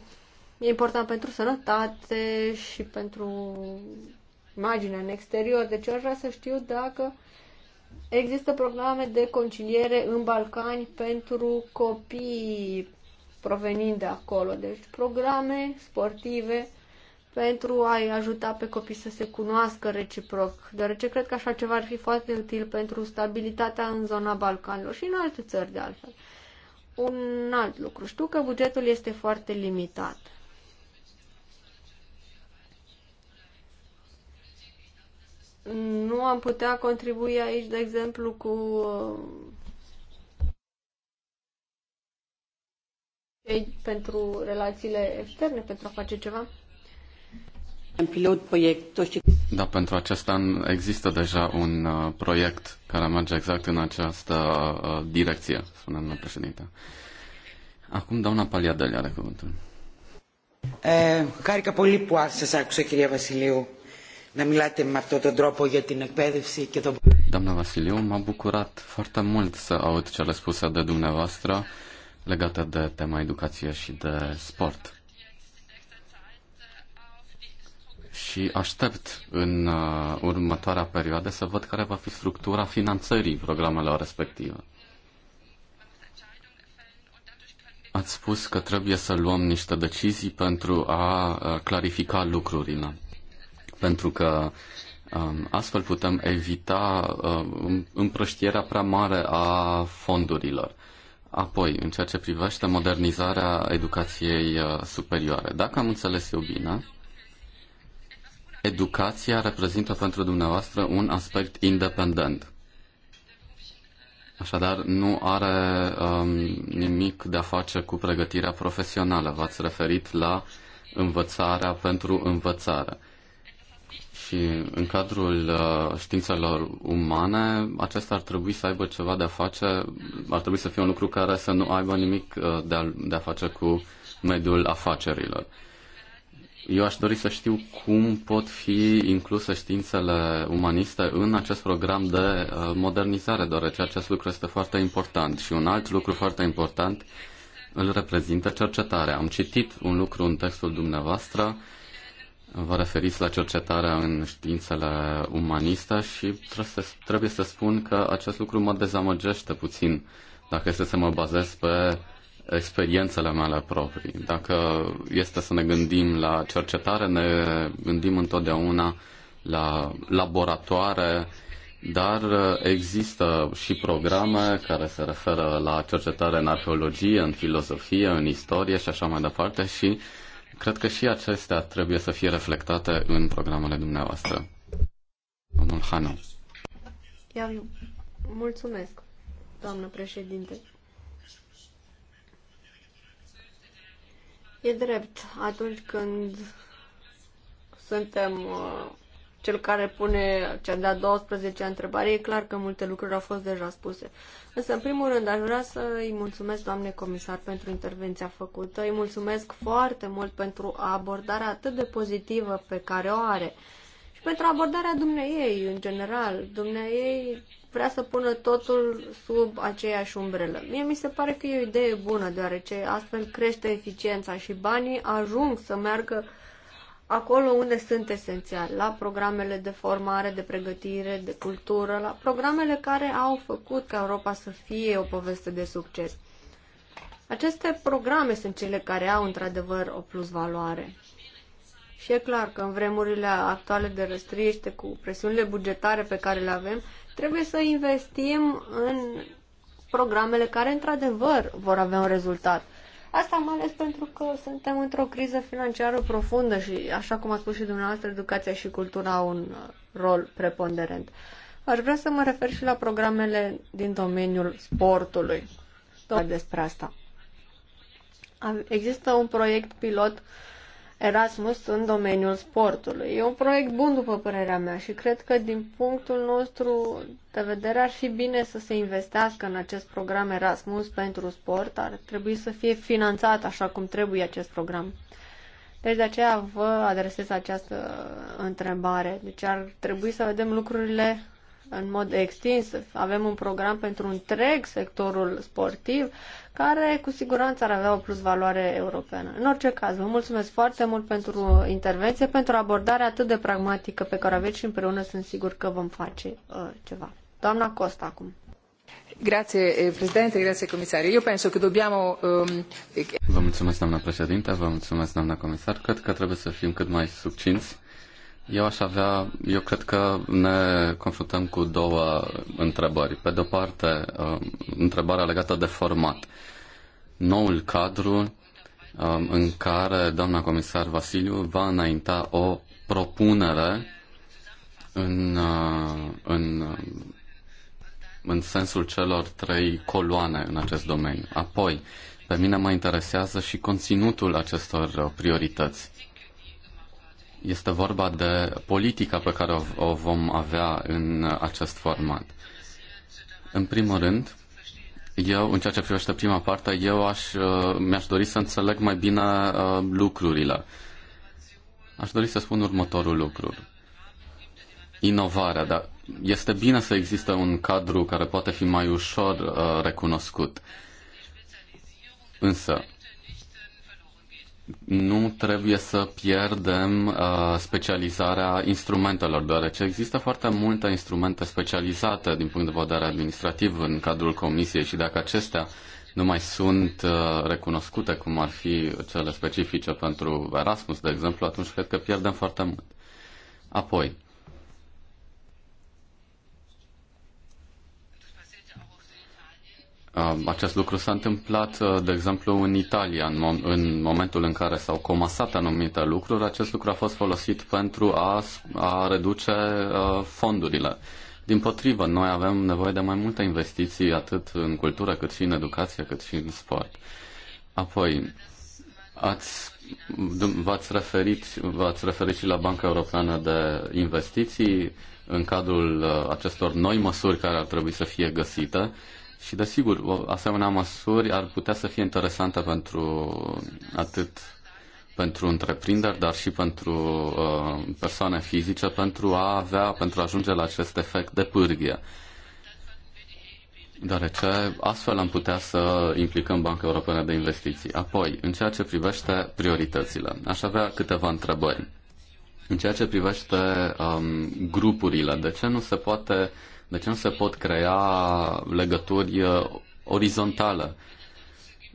e important pentru sănătate și pentru imaginea în exterior, deci aș vrea să știu dacă Există programe de conciliere în Balcani pentru copii provenind de acolo, deci programe sportive pentru a-i ajuta pe copii să se cunoască reciproc, deoarece cred că așa ceva ar fi foarte util pentru stabilitatea în zona Balcanilor și în alte țări de altfel. Un alt lucru. Știu că bugetul este foarte limitat nu am putea contribui aici, de exemplu, cu cei uh, pentru relațiile externe, pentru a face ceva? În pilot proiect, Da, pentru acest an există deja un uh, proiect care merge exact în această uh, direcție, spune domnul președinte. Acum doamna Paliadeli are cuvântul. Χάρηκα πολύ που άρχισα άκουσα κυρία Βασιλείου να μιλάτε με αυτόν τον τρόπο για την εκπαίδευση και τον... Doamna Vasiliu, m-a bucurat foarte mult să aud ce cele spuse de dumneavoastră legată de tema educație și de sport. Și aștept în uh, următoarea perioadă să văd care va fi structura finanțării programelor respective. Ați spus că trebuie să luăm niște decizii pentru a uh, clarifica lucrurile pentru că um, astfel putem evita uh, împrăștierea prea mare a fondurilor. Apoi, în ceea ce privește modernizarea educației uh, superioare, dacă am înțeles eu bine, educația reprezintă pentru dumneavoastră un aspect independent. Așadar, nu are um, nimic de a face cu pregătirea profesională. V-ați referit la învățarea pentru învățare și în cadrul uh, științelor umane, acesta ar trebui să aibă ceva de a face, ar trebui să fie un lucru care să nu aibă nimic uh, de a, de a face cu mediul afacerilor. Eu aș dori să știu cum pot fi incluse științele umaniste în acest program de uh, modernizare, deoarece acest lucru este foarte important. Și un alt lucru foarte important îl reprezintă cercetarea. Am citit un lucru în textul dumneavoastră Vă referiți la cercetarea în științele umaniste și trebuie să spun că acest lucru mă dezamăgește puțin dacă este să mă bazez pe experiențele mele proprii. Dacă este să ne gândim la cercetare, ne gândim întotdeauna la laboratoare, dar există și programe care se referă la cercetare în arheologie, în filozofie, în istorie și așa mai departe și uh, Cred că și acestea trebuie să fie reflectate în programele dumneavoastră. Domnul Hanu. Iar eu. Mulțumesc, doamnă președinte. E drept, atunci când suntem uh, cel care pune cea de-a 12-a întrebare, e clar că multe lucruri au fost deja spuse. Însă, în primul rând, aș vrea să îi mulțumesc, doamne comisar, pentru intervenția făcută. Îi mulțumesc foarte mult pentru abordarea atât de pozitivă pe care o are și pentru abordarea dumneiei, în general. Dumneiei vrea să pună totul sub aceeași umbrelă. Mie mi se pare că e o idee bună, deoarece astfel crește eficiența și banii ajung să meargă acolo unde sunt esențiali, la programele de formare, de pregătire, de cultură, la programele care au făcut ca Europa să fie o poveste de succes. Aceste programe sunt cele care au într-adevăr o plus valoare. Și e clar că în vremurile actuale de răstriște, cu presiunile bugetare pe care le avem, trebuie să investim în programele care într-adevăr vor avea un rezultat. Asta mai ales pentru că suntem într-o criză financiară profundă și, așa cum a spus și dumneavoastră, educația și cultura au un uh, rol preponderent. Aș vrea să mă refer și la programele din domeniul sportului. Tot despre asta. Există un proiect pilot uh, Erasmus în domeniul sportului. E un proiect bun, după părerea mea, și cred că, din punctul nostru de vedere, ar fi bine să se investească în acest program Erasmus pentru sport. Ar trebui să fie finanțat așa cum trebuie acest program. Deci, de aceea vă adresez această întrebare. Deci, ar trebui să vedem lucrurile în mod extins. Avem un program pentru întreg sectorul sportiv, care cu siguranță ar avea o valoare europeană. În orice caz, vă mulțumesc foarte mult pentru intervenție, pentru abordarea atât de pragmatică pe care o aveți și împreună sunt sigur că vom face uh, ceva. Doamna Costa acum. Grazie eh, Presidente, grazie comisar. Eu penso că dobbiamo... Um... Vă mulțumesc, doamna președinte, vă mulțumesc, doamna comisar. Cred că trebuie să fim cât mai succinți eu aș avea, eu cred că ne confruntăm cu două întrebări. Pe de-o parte, um, întrebarea legată de format. Noul cadru um, în care doamna comisar Vasiliu va înainta o propunere în, uh, în, în sensul celor trei coloane în acest domeniu. Apoi, pe mine mă interesează și conținutul acestor priorități este vorba de politica pe care o vom avea în acest format. În primul rând, eu, în ceea ce privește prima parte, eu aș, uh, mi-aș dori să înțeleg mai bine uh, lucrurile. Aș dori să spun următorul lucru. Inovarea, dar este bine să existe un cadru care poate fi mai ușor uh, recunoscut. Însă, nu trebuie să pierdem uh, specializarea instrumentelor, deoarece există foarte multe instrumente specializate din punct de vedere administrativ în cadrul Comisiei și dacă acestea nu mai sunt uh, recunoscute, cum ar fi cele specifice pentru Erasmus, de exemplu, atunci cred că pierdem foarte mult. Apoi, Um, acest lucru s-a întâmplat, uh, de exemplu, în Italia, în, în momentul în care s-au comasat anumite lucruri, acest lucru a fost folosit pentru a, a reduce uh, fondurile. Din potrivă, noi avem nevoie de mai multe investiții, atât în cultură, cât și în educație, cât și în sport. Apoi, ați, v-ați, referit, v-ați referit și la Banca Europeană de Investiții în cadrul uh, acestor noi măsuri care ar trebui să fie găsite și, desigur, o asemenea măsuri ar putea să fie interesantă pentru atât pentru întreprinderi, dar și pentru uh, persoane fizice, pentru a avea, pentru a ajunge la acest efect de pârghie. Deoarece astfel am putea să implicăm Banca Europeană de Investiții. Apoi, în ceea ce privește prioritățile, aș avea câteva întrebări. În ceea ce privește um, grupurile, de ce nu se poate uh, deci nu se pot crea legături uh, orizontale.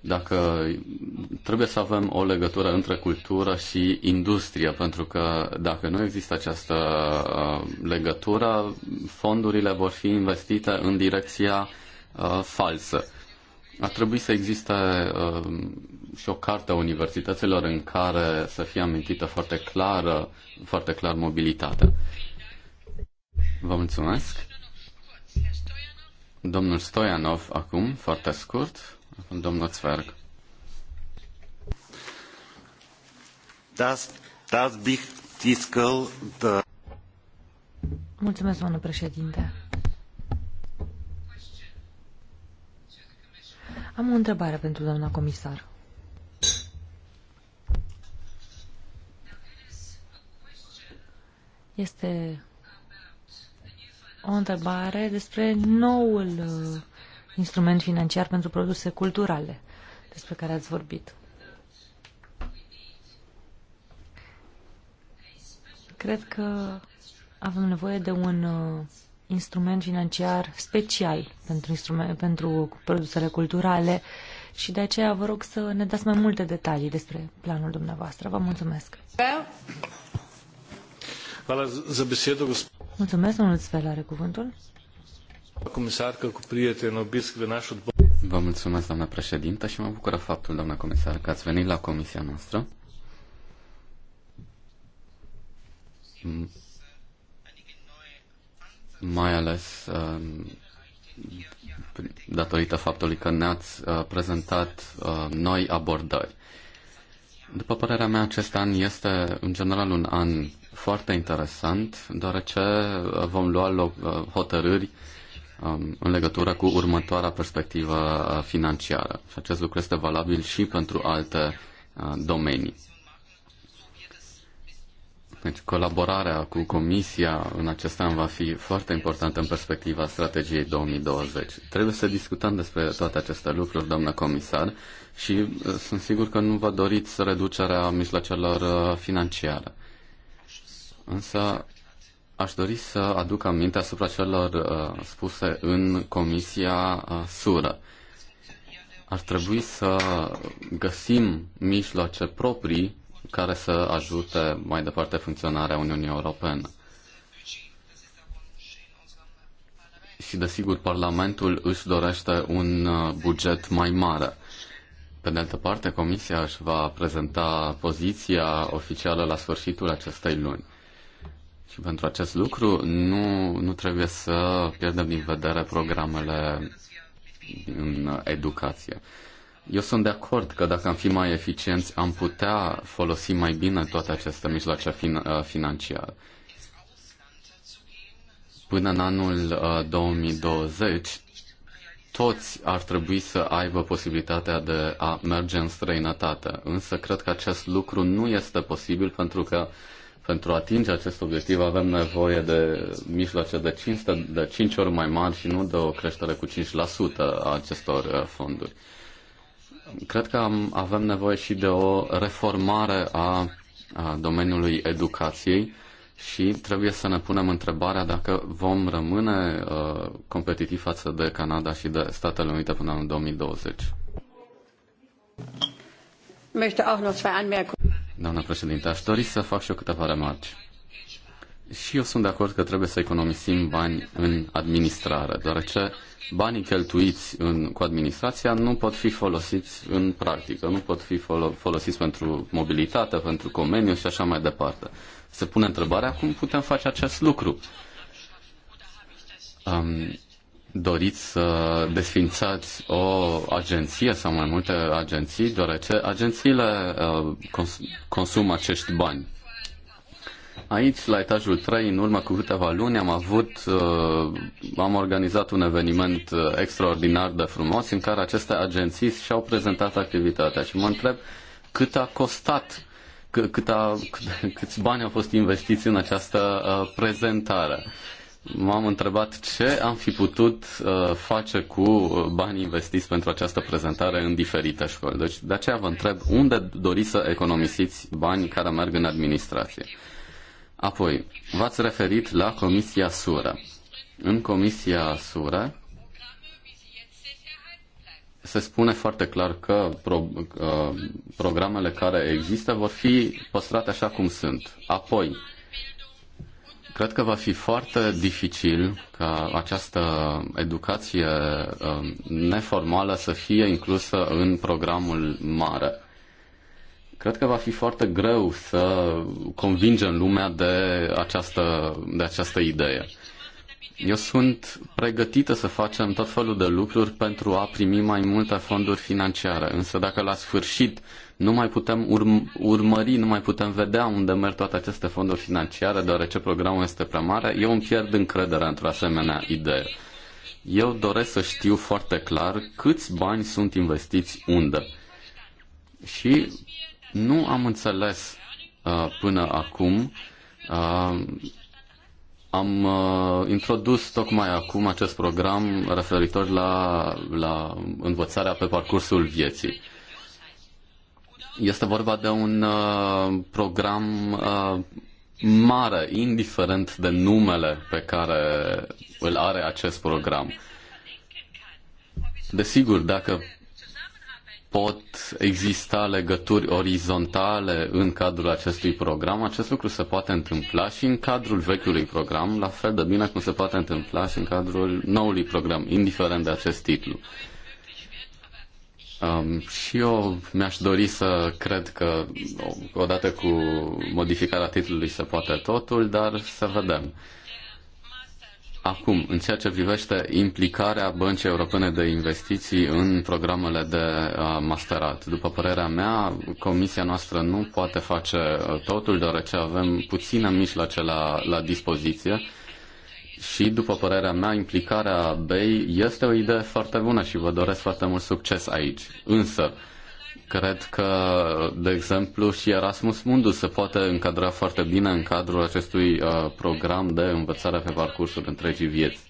Dacă trebuie să avem o legătură între cultură și industrie, pentru că dacă nu există această uh, legătură, fondurile vor fi investite în direcția uh, falsă. Ar trebui să existe uh, și o carte a universităților în care să fie amintită foarte clar, foarte clar mobilitatea. Vă mulțumesc. Domnul Stoianov, acum, foarte scurt, acum domnul Țverg. Das, das bich tiskel de... Mulțumesc, domnul președinte. Am o întrebare pentru doamna comisar. Este o întrebare despre noul uh, instrument financiar pentru produse culturale despre care ați vorbit. Cred că avem nevoie de un uh, instrument financiar special pentru, instrument, pentru produsele culturale și de aceea vă rog să ne dați mai multe detalii despre planul dumneavoastră. Vă mulțumesc! Well, za Mulțumesc, domnul Sfel, are cuvântul. Comisar, că cu prietenul Bisc Venașul... Vă mulțumesc, doamna președintă, și mă bucură faptul, doamna comisar, că ați venit la comisia noastră. Mai ales uh, datorită faptului că ne-ați uh, prezentat uh, noi abordări. După părerea mea, acest an este în general un an foarte interesant, deoarece uh, vom lua loc, uh, hotărâri um, în legătură cu următoarea perspectivă uh, financiară. Și acest lucru este valabil și pentru alte domenii. Deci colaborarea cu Comisia în acest an va fi foarte importantă în perspectiva strategiei 2020. Trebuie să discutăm despre toate aceste lucruri, doamnă comisar, și sunt sigur că nu vă doriți reducerea mijloacelor financiare. Însă aș dori să aduc aminte asupra celor uh, spuse în Comisia uh, Sură. Ar trebui să găsim mijloace proprii care să ajute mai departe funcționarea Uniunii Europene. Și desigur, Parlamentul își dorește un uh, buget mai mare. Pe de altă parte, Comisia își va prezenta poziția oficială la sfârșitul acestei luni. Și pentru acest lucru nu, nu trebuie să pierdem din vedere programele în educație. Eu sunt de acord că dacă am fi mai eficienți, am putea folosi mai bine toate aceste mijloace fin- uh, financiare. Până în anul 2020, uh, toți ar trebui să aibă posibilitatea de a merge în străinătate. Însă cred că acest lucru nu este posibil pentru că uh, pentru a atinge acest obiectiv avem nevoie de mijloace de 5, de 5 ori mai mari și nu de o creștere cu 5% a acestor uh, fonduri. Cred că am, avem nevoie și de o reformare a, a domeniului educației și trebuie să ne punem întrebarea dacă vom rămâne uh, competitivi față de Canada și de Statele Unite până în 2020. Doamna președinte, aș dori să fac și eu câteva remarci. Și eu sunt de acord că trebuie să economisim bani în administrare, deoarece banii cheltuiți în, cu administrația nu pot fi folosiți în practică, nu pot fi folo- folosiți pentru mobilitate, pentru comeniu și așa mai departe. Se pune întrebarea cum putem face acest lucru. Um, doriți să desfințați o agenție sau mai multe agenții, deoarece agențiile uh, cons- consumă acești bani. Aici, la etajul 3, în urmă cu câteva luni, am avut, uh, am organizat un eveniment uh, extraordinar de frumos în care aceste agenții și-au prezentat activitatea și mă întreb cât a costat, cât a, câți bani au fost investiți în această prezentare m-am întrebat ce am fi putut uh, face cu uh, banii investiți pentru această prezentare în diferite școli. Deci de aceea vă întreb unde doriți să economisiți bani care merg în administrație. Apoi, v-ați referit la Comisia Sură. În Comisia Sură se spune foarte clar că pro, uh, programele care există vor fi păstrate așa cum sunt. Apoi, Cred că va fi foarte dificil ca această educație um, neformală să fie inclusă în programul mare. Cred că va fi foarte greu să convingem lumea de această, de această idee. Eu sunt pregătită să facem tot felul de lucruri pentru a primi mai multe fonduri financiare, însă dacă la sfârșit uh, nu mai putem urm- urmări, nu mai putem vedea unde merg toate aceste fonduri financiare, deoarece programul este prea mare, eu îmi pierd încrederea într-o asemenea idee. Eu doresc să știu foarte clar câți bani sunt investiți unde. Și nu am înțeles uh, până acum. Uh, am uh, introdus tocmai acum acest program referitor la, la învățarea pe parcursul vieții. Uh, este vorba de un uh, program uh, mare, indiferent de numele pe care îl are acest program. Desigur, dacă pot exista legături orizontale în cadrul acestui program, acest lucru se poate întâmpla și în cadrul vechiului program, la fel de bine cum se poate întâmpla și în cadrul noului program, indiferent de acest titlu. Um, și eu mi-aș dori să cred că odată cu modificarea titlului se poate totul, dar să vedem. Acum, în ceea ce privește implicarea Băncii Europene de Investiții în programele de uh, masterat, după părerea mea, comisia noastră nu poate face uh, totul, deoarece avem puține mijloace la, la dispoziție și, după părerea mea, implicarea BEI este o idee foarte bună și vă doresc foarte mult succes aici. Însă, cred că, de exemplu, și Erasmus Mundus se poate încadra foarte bine în cadrul acestui uh, program de învățare pe parcursul întregii vieți.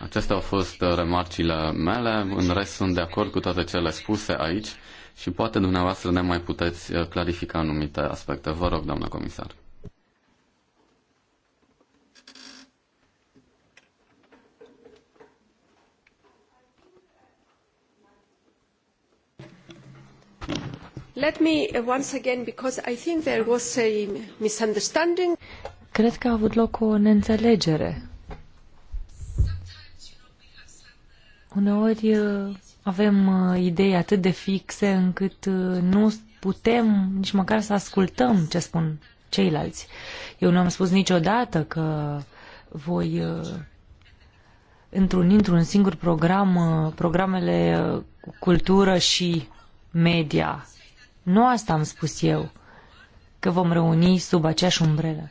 Acestea au fost uh, remarcile mele, în rest sunt de acord cu toate cele spuse aici și poate dumneavoastră ne mai puteți uh, clarifica anumite aspecte. Vă rog, doamnă comisar. Let me uh, once again, because I think there was a misunderstanding. Cred că a avut loc o neînțelegere. Uneori uh, avem uh, idei atât de fixe încât nu putem nici măcar să ascultăm ce spun ceilalți. Eu nu am spus niciodată că voi întruni într-un singur program programele cultură și media. Nu asta am spus eu, că vom reuni sub aceeași umbrelă.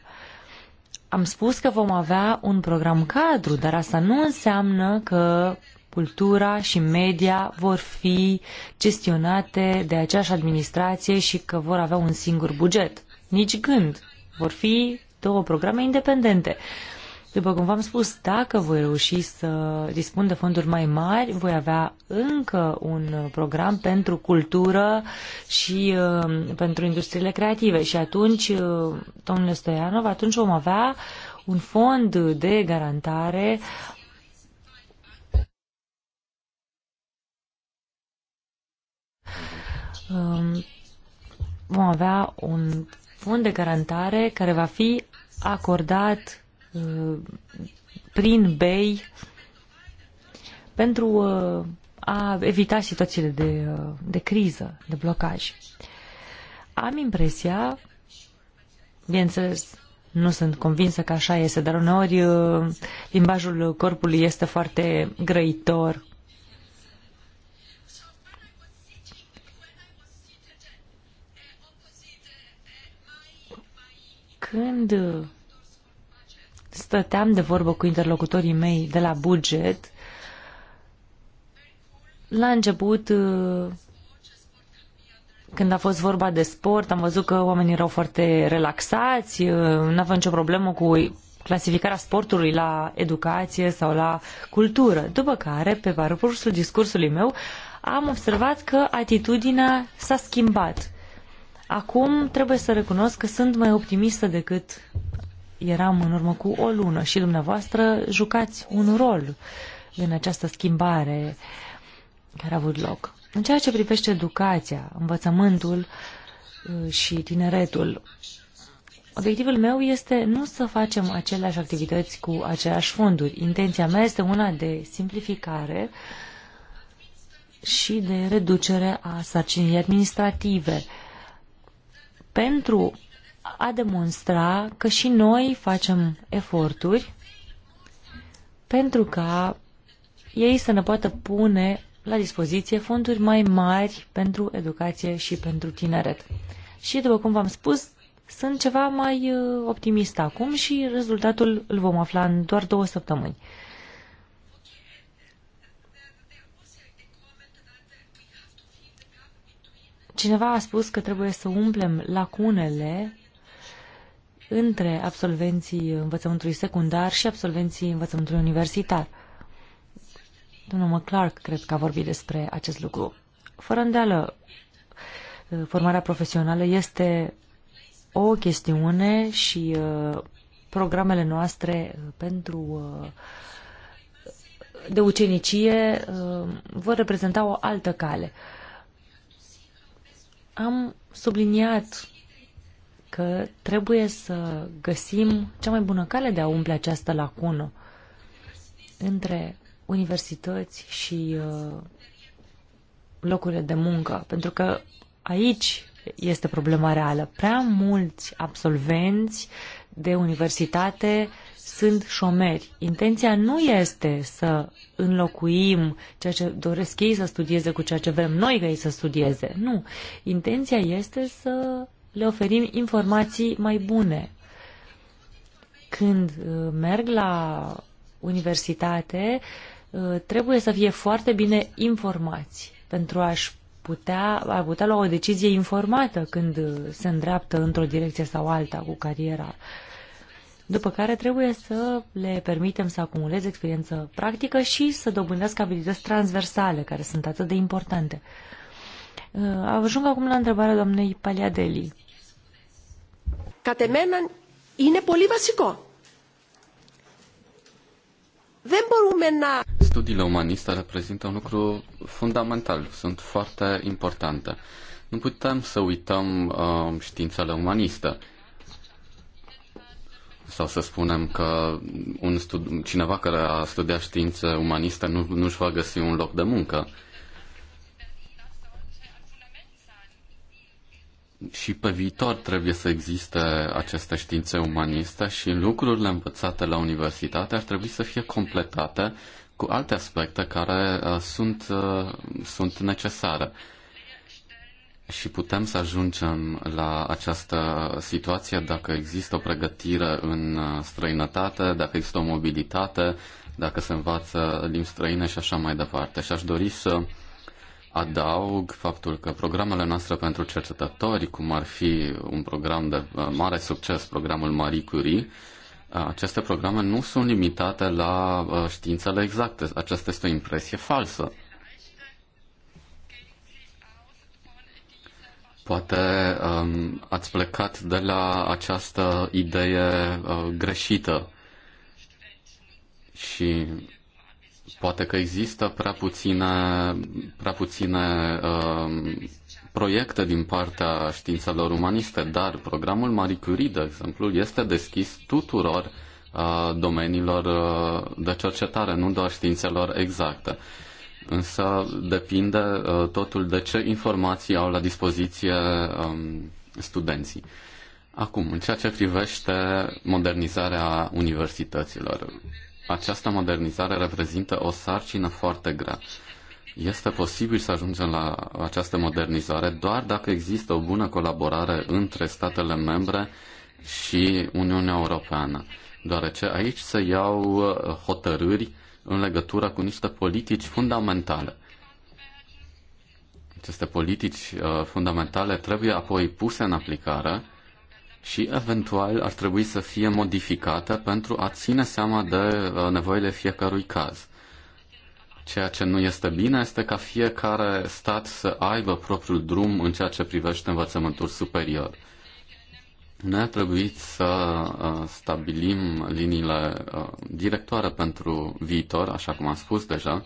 Am spus că vom avea un program cadru, dar asta nu înseamnă că cultura și media vor fi gestionate de aceeași administrație și că vor avea un singur buget. Nici gând. Vor fi două programe independente. Uh, după cum v-am spus, dacă voi reuși să dispun de fonduri mai mari, voi avea încă un program pentru cultură și uh, pentru industriile creative. Și atunci, uh, domnule Stoianov, atunci vom avea un fond de garantare um, vom avea un fond de garantare care va fi acordat Uh, prin bei pentru uh, a evita situațiile de, uh, de criză, de blocaj. Am impresia, bineînțeles, nu sunt convinsă că așa este, dar uneori limbajul corpului este foarte grăitor. Când stăteam de vorbă cu interlocutorii mei de la buget, la început, uh, când a fost vorba de sport, am văzut că oamenii erau foarte relaxați, uh, nu aveau nicio problemă cu clasificarea sportului la educație sau la cultură. După care, pe parcursul discursului meu, am observat că atitudinea s-a schimbat. Acum trebuie să recunosc că sunt mai optimistă decât eram în urmă cu o lună și dumneavoastră jucați un rol în această schimbare care a avut loc. În ceea ce privește educația, învățământul uh, și tineretul, obiectivul meu este nu să facem aceleași activități cu aceleași fonduri. Intenția mea este una de simplificare și de reducere a sarcinii administrative. Pentru a demonstra că și noi facem eforturi pentru ca ei să ne poată pune la dispoziție fonduri mai mari pentru educație și pentru tineret. Și, după cum v-am spus, sunt ceva mai uh, optimist acum și rezultatul îl vom afla în doar două săptămâni. Cineva a spus că trebuie să umplem lacunele între absolvenții învățământului secundar și absolvenții învățământului universitar. Domnul McClark cred că a vorbit despre acest lucru. Fără îndeală, formarea profesională este o chestiune și uh, programele noastre uh, pentru uh, de ucenicie vor reprezenta o altă cale. Am subliniat că trebuie să găsim cea mai bună cale de a umple această lacună între universități și uh, locurile de muncă, pentru că aici este problema reală. Prea mulți absolvenți de universitate sunt șomeri. Intenția nu este să înlocuim ceea ce doresc ei să studieze cu ceea ce vrem noi ca ei să studieze. Nu. Intenția este să le oferim informații mai bune. Când uh, merg la universitate, uh, trebuie să fie foarte bine informați pentru a-și putea, a putea lua o decizie informată când uh, se îndreaptă într-o direcție sau alta cu cariera. După care trebuie să le permitem să acumuleze experiență practică și să dobândească abilități transversale, care sunt atât de importante. Uh, ajung acum la întrebarea doamnei Paliadeli. Catemenan εμένα είναι πολύ Studiile umaniste reprezintă un lucru fundamental, sunt foarte importante. Nu putem să uităm uh, științele umaniste sau să spunem că un stud- cineva care a studiat științe umaniste nu, nu va găsi un loc de muncă. Uh, și pe viitor trebuie să existe aceste științe umaniste și lucrurile învățate la universitate ar trebui să fie completate cu alte aspecte care uh, sunt, uh, sunt necesare. Și putem să ajungem la această situație dacă există o pregătire în uh, străinătate, dacă există o mobilitate, dacă se învață limbi străine și așa mai departe. Și aș dori să Adaug faptul că programele noastre pentru cercetători, cum ar fi un program de uh, mare succes, programul Marie Curie, uh, aceste programe nu sunt limitate la uh, științele exacte. Aceasta este o impresie falsă. Poate um, ați plecat de la această idee uh, greșită și Poate că există prea puține, prea puține uh, proiecte din partea științelor umaniste, dar programul Marie Curie, de exemplu, este deschis tuturor uh, domeniilor uh, de cercetare, nu doar științelor exacte. Însă depinde uh, totul de ce informații au la dispoziție um, studenții. Acum, în ceea ce privește modernizarea universităților, această modernizare reprezintă o sarcină foarte grea. Este posibil să ajungem la această modernizare doar dacă există o bună colaborare între statele membre și Uniunea Europeană, deoarece aici se iau uh, hotărâri în legătură cu niște politici fundamentale. Aceste politici uh, fundamentale trebuie apoi puse în aplicare și eventual ar trebui să fie modificată pentru a ține seama de uh, nevoile fiecărui caz. Ceea ce nu este bine este ca fiecare stat să aibă propriul drum în ceea ce privește învățământul superior. Noi ar trebui să uh, stabilim liniile uh, directoare pentru viitor, așa cum am spus deja,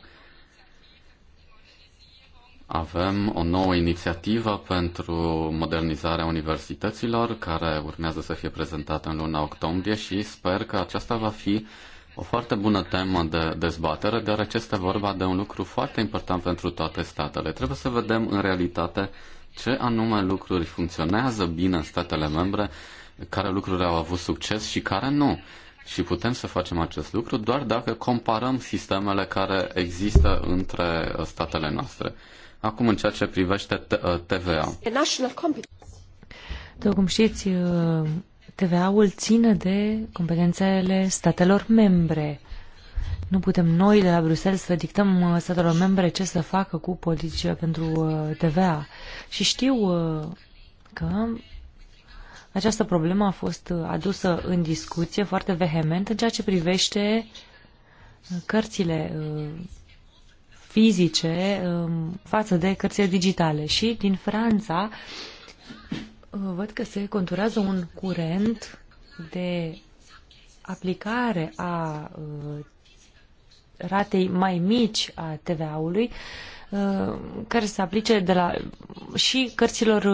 avem o nouă inițiativă pentru modernizarea universităților, care urmează să fie prezentată în luna octombrie și sper că aceasta va fi o foarte bună temă de dezbatere, deoarece este vorba de un lucru foarte important pentru toate statele. Trebuie să vedem în realitate ce anume lucruri funcționează bine în statele membre, care lucruri au avut succes și care nu. Și putem să facem acest lucru doar dacă comparăm sistemele care există între statele noastre. Acum în ceea ce privește TVA. Uh, După cum știți, uh, TVA-ul ține de competențele statelor membre. Nu putem noi de la Bruxelles să dictăm uh, statelor membre ce să facă cu politicile pentru TVA. Și știu că această problemă a fost adusă în discuție foarte vehement în ceea ce privește cărțile fizice um, față de cărțile digitale. Și din Franța uh, văd că se conturează un curent de aplicare a uh, ratei mai mici a TVA-ului uh, care se aplice de la și cărților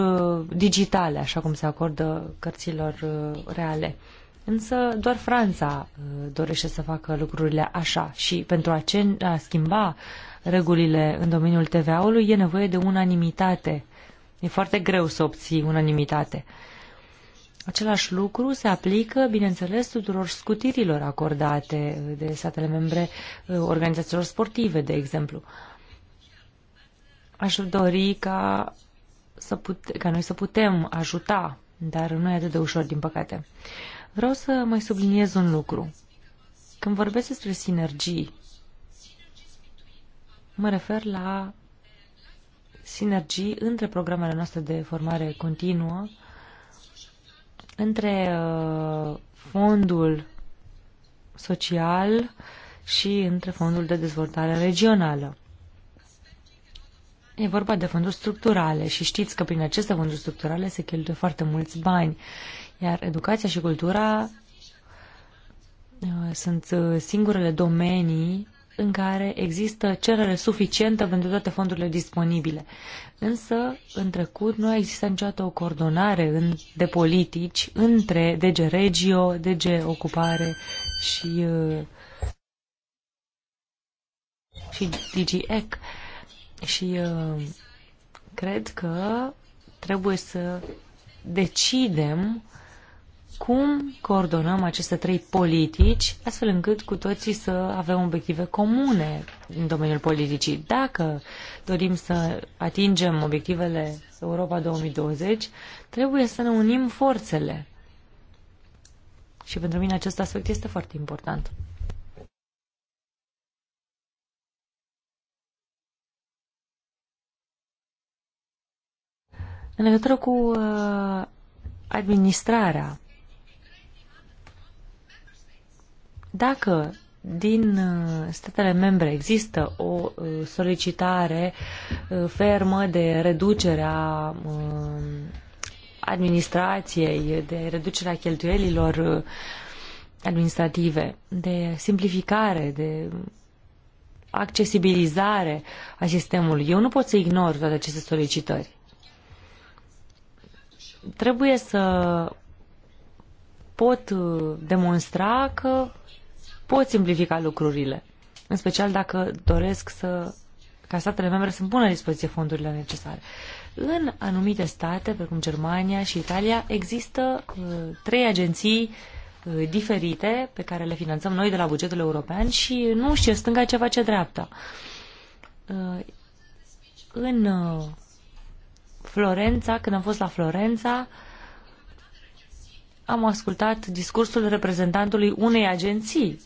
digitale, așa cum se acordă cărților reale. Însă doar Franța dorește să facă lucrurile așa și pentru a, ce, a schimba regulile în domeniul TVA-ului, e nevoie de unanimitate. E foarte greu să obții unanimitate. Același lucru se aplică, bineînțeles, tuturor scutirilor acordate de statele membre uh, organizațiilor sportive, de exemplu. Aș dori ca, să put- ca noi să putem ajuta, dar nu e atât de ușor, din păcate. Vreau să mai subliniez un lucru. Când vorbesc despre sinergii Mă refer la sinergii între programele noastre de formare continuă, între uh, fondul social și între fondul de dezvoltare regională. E vorba de fonduri structurale și știți că prin aceste fonduri structurale se cheltuie foarte mulți bani, iar educația și cultura uh, sunt uh, singurele domenii în care există cerere suficientă pentru toate fondurile disponibile. Însă, în trecut, nu a existat niciodată o coordonare în, de politici între DG Regio, DG Ocupare și, uh, și DG EC. Și uh, cred că trebuie să decidem uh, cum coordonăm aceste trei politici, astfel încât cu toții să avem obiective comune în domeniul politicii. Dacă dorim să atingem obiectivele Europa 2020, trebuie să ne unim forțele. Și pentru mine acest aspect este foarte important. În legătură cu uh, administrarea Dacă din uh, statele membre există o uh, solicitare uh, fermă de reducerea administrației, de reducerea cheltuielilor administrative, de simplificare, de accesibilizare a sistemului. Eu nu pot să ignor toate aceste solicitări. Trebuie să pot demonstra că pot simplifica lucrurile, în special dacă doresc să, ca statele membre să pună la dispoziție fondurile necesare. În anumite state, precum Germania și Italia, există uh, trei agenții uh, diferite pe care le finanțăm noi de la bugetul european și nu știe stânga ce face dreapta. Uh, în uh, Florența, când am fost la Florența, am ascultat discursul reprezentantului unei agenții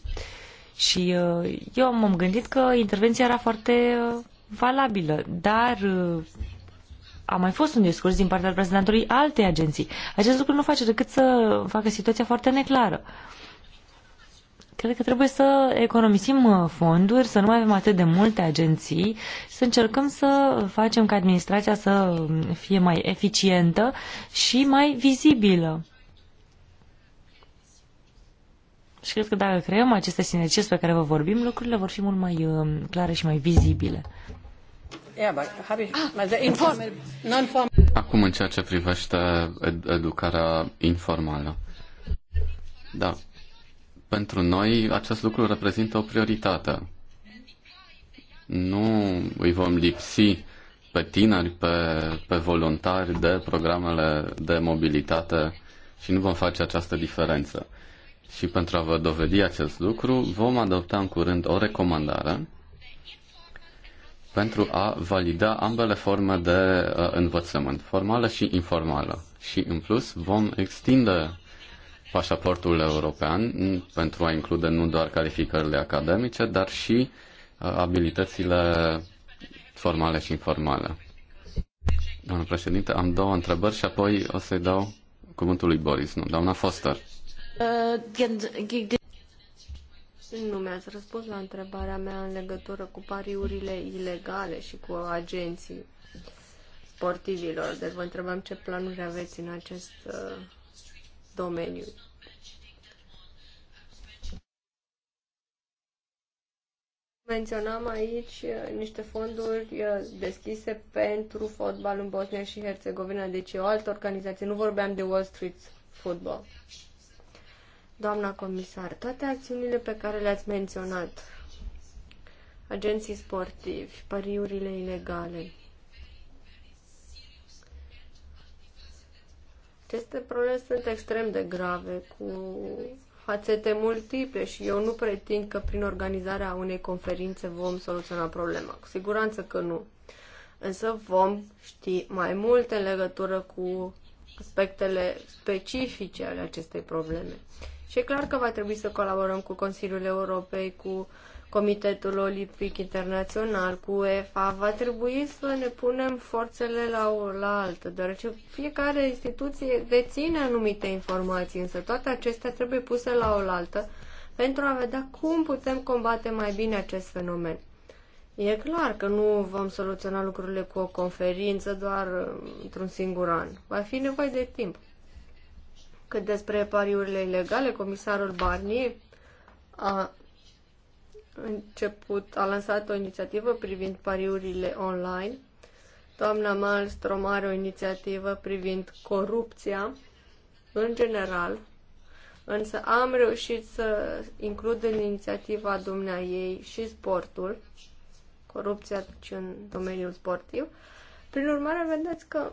și uh, eu m-am gândit că intervenția era foarte uh, valabilă, dar uh, a mai fost un discurs din partea reprezentantului altei agenții. Acest lucru nu face decât să facă situația foarte neclară. Cred că trebuie să economisim fonduri, să nu mai avem atât de multe agenții, să încercăm să facem ca administrația să fie mai eficientă și mai vizibilă. Și cred că dacă creăm aceste sinergii pe care vă vorbim, lucrurile vor fi mult mai um, clare și mai vizibile. Ah, Acum în ceea ce privește ed- educarea informală. Da. Pentru noi acest lucru reprezintă o prioritate. Nu îi vom lipsi pe tineri, pe, pe voluntari de programele de mobilitate și nu vom face această diferență. Și pentru a vă dovedi acest lucru, vom adopta în curând o recomandare pentru a valida ambele forme de uh, învățământ, formală și informală. Și în plus vom extinde pașaportul european pentru a include nu doar calificările academice, dar și uh, abilitățile formale și informale. Domnul președinte, am două întrebări și apoi o să-i dau cuvântul lui Boris, nu, doamna Foster. Nu mi-ați răspuns la întrebarea mea în legătură cu pariurile ilegale și cu agenții sportivilor. Deci vă întrebam ce planuri aveți în acest uh, domeniu. Menționam aici uh, niște fonduri uh, deschise pentru fotbal în Bosnia și Herțegovina, deci e o altă organizație. Nu vorbeam de Wall Street Football. Doamna comisar, toate acțiunile pe care le-ați menționat, agenții sportivi, pariurile ilegale, aceste probleme sunt extrem de grave, cu fațete multiple și eu nu pretind că prin organizarea unei conferințe vom soluționa problema. Cu siguranță că nu. Însă vom ști mai multe în legătură cu aspectele specifice ale acestei probleme. Și e clar că va trebui să colaborăm cu Consiliul Europei, cu Comitetul Olimpic Internațional, cu UEFA. Va trebui să ne punem forțele la o la altă, deoarece fiecare instituție deține anumite informații, însă toate acestea trebuie puse la o altă pentru a vedea cum putem combate mai bine acest fenomen. E clar că nu vom soluționa lucrurile cu o conferință doar uh, într-un singur an. Va fi nevoie de timp. Cât despre pariurile ilegale, comisarul Barnier a început, a lansat o inițiativă privind pariurile online. Doamna Malmström are o inițiativă privind corupția în general, însă am reușit să includ în inițiativa dumnea ei și sportul, corupția și în domeniul sportiv. Prin urmare, vedeți că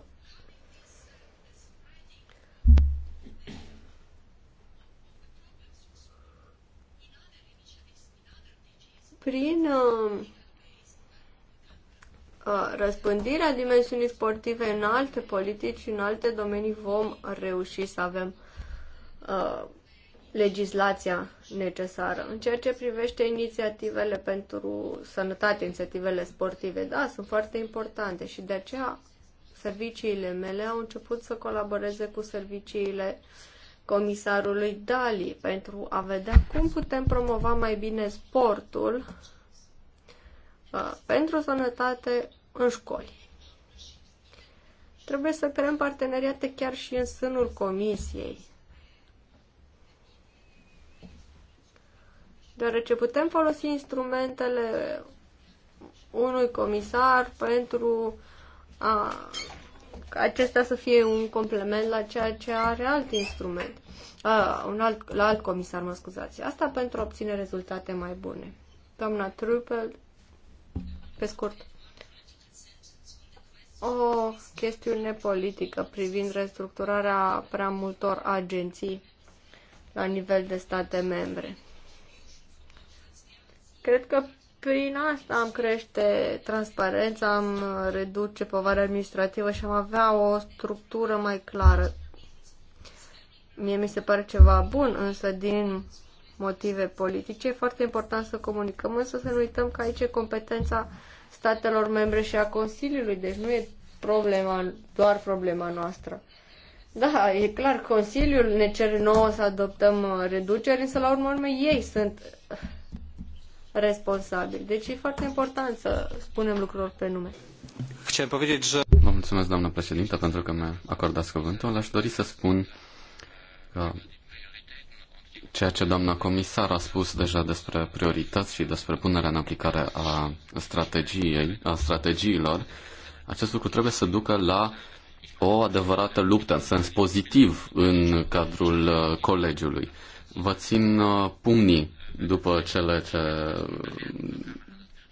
prin uh, uh, răspândirea dimensiunii sportive în alte politici și în alte domenii vom reuși să avem uh, legislația necesară. În ceea ce privește inițiativele pentru sănătate, inițiativele sportive, da, sunt foarte importante și de aceea serviciile mele au început să colaboreze cu serviciile uh, comisarului Dali pentru a vedea cum putem promova mai bine sportul uh, pentru sănătate în școli. Trebuie să creăm parteneriate chiar și în sânul comisiei. Deoarece putem folosi instrumentele unui comisar pentru a ca acesta să fie un complement la ceea ce are alt instrument, a, un alt, la alt comisar, mă scuzați. Asta pentru a obține rezultate mai bune. Doamna Trupel, pe scurt, o chestiune politică privind restructurarea prea multor agenții la nivel de state membre. Cred că prin asta am crește transparența, am reduce povara administrativă și am avea o structură mai clară. Mie mi se pare ceva bun, însă din motive politice e foarte important să comunicăm, însă să nu uităm că aici e competența statelor membre și a Consiliului, deci nu e problema, doar problema noastră. Da, e clar, Consiliul ne cere nouă să adoptăm uh, reduceri, însă la urmă urmei ei sunt responsabili. Deci e foarte important să spunem lucrurilor pe nume. Ce povedeți, că Vă mulțumesc, doamnă președintă, pentru că mi-a acordat cuvântul. Aș dori să spun că ceea ce doamna comisar a spus deja despre priorități și despre punerea în aplicare a, strategiei, a strategiilor, acest lucru trebuie să ducă la o adevărată luptă în sens pozitiv în cadrul uh, colegiului. Vă țin uh, pumnii după cele ce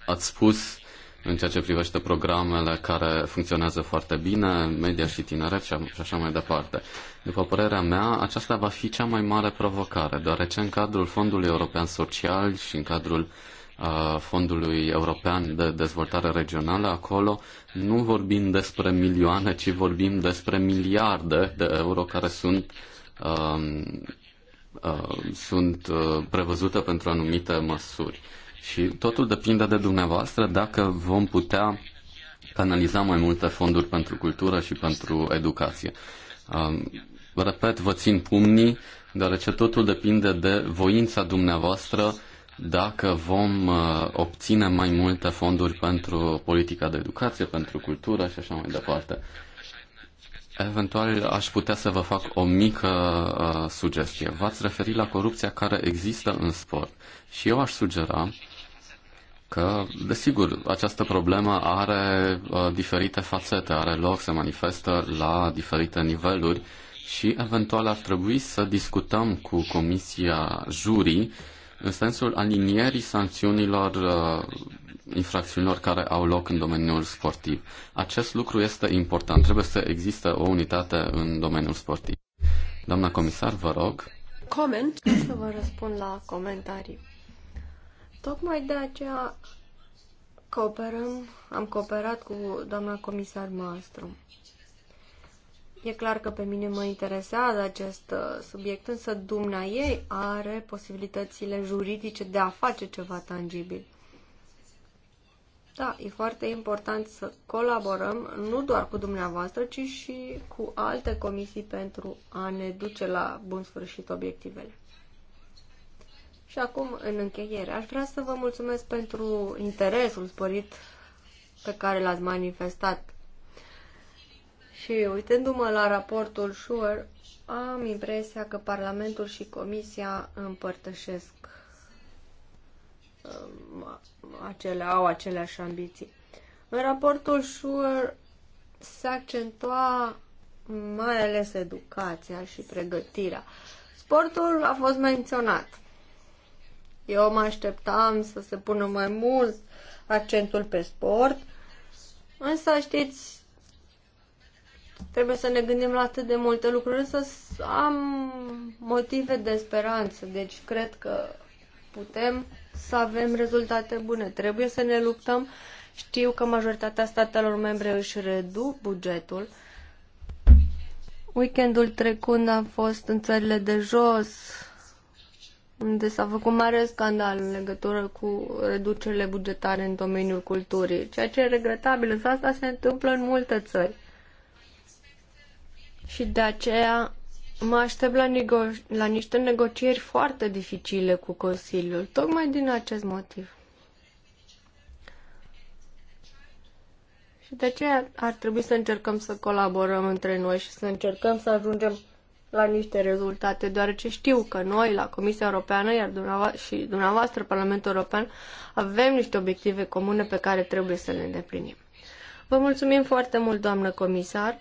ați spus în ceea ce privește programele care funcționează foarte bine, media și tineret și așa mai departe. După părerea mea, aceasta va fi cea mai mare provocare, deoarece în cadrul Fondului European Social și în cadrul uh, Fondului European de Dezvoltare Regională, acolo nu vorbim despre milioane, ci vorbim despre miliarde de euro care sunt um, Uh, sunt uh, prevăzute pentru anumite măsuri. Și totul depinde de dumneavoastră dacă vom putea canaliza mai multe fonduri pentru cultură și pentru educație. Uh, repet, vă țin pumnii, deoarece totul depinde de voința dumneavoastră dacă vom uh, obține mai multe fonduri pentru politica de educație, pentru cultură și așa mai departe. Eventual aș putea să vă fac o mică uh, sugestie. V-ați referit la corupția care există în sport și eu aș sugera că, desigur, această problemă are uh, diferite fațete, are loc, se manifestă la diferite niveluri și eventual ar trebui să discutăm cu Comisia Jurii uh, în sensul alinierii sancțiunilor uh, infracțiunilor care au loc în domeniul sportiv. Acest lucru este important. Trebuie să existe o unitate în domeniul sportiv. Doamna comisar, vă rog. Coment. Să vă răspund la comentarii. Tocmai de aceea cooperăm, am cooperat cu doamna comisar Maastrum. E clar că pe mine mă interesează acest uh, subiect, însă dumna ei are posibilitățile juridice de a face ceva tangibil. Da, e foarte important să colaborăm nu doar cu dumneavoastră, ci și cu alte comisii pentru a ne duce la bun sfârșit obiectivele. Și acum, în încheiere, aș vrea să vă mulțumesc pentru interesul sporit pe care l-ați manifestat și uitându-mă la raportul Schuer, am impresia că Parlamentul și Comisia împărtășesc um, acele, au aceleași ambiții. În raportul Schuer se accentua mai ales educația și pregătirea. Sportul a fost menționat. Eu mă așteptam să se pună mai mult accentul pe sport, însă știți Trebuie să ne gândim la atât de multe lucruri, însă am motive de speranță, deci cred că putem să avem rezultate bune. Trebuie să ne luptăm. Știu că majoritatea statelor membre își reduc bugetul. Weekendul trecut am fost în țările de jos, unde s-a făcut mare scandal în legătură cu reducerile bugetare în domeniul culturii, ceea ce e regretabil, însă asta se întâmplă în multe țări. Și de aceea mă aștept la, nego- la niște negocieri foarte dificile cu Consiliul, tocmai din acest motiv. Și de aceea ar trebui să încercăm să colaborăm între noi și să încercăm să ajungem la niște rezultate, deoarece știu că noi, la Comisia Europeană, iar dumneavoastră și dumneavoastră, Parlamentul European, avem niște obiective comune pe care trebuie să le îndeplinim. Vă mulțumim foarte mult, doamnă comisar.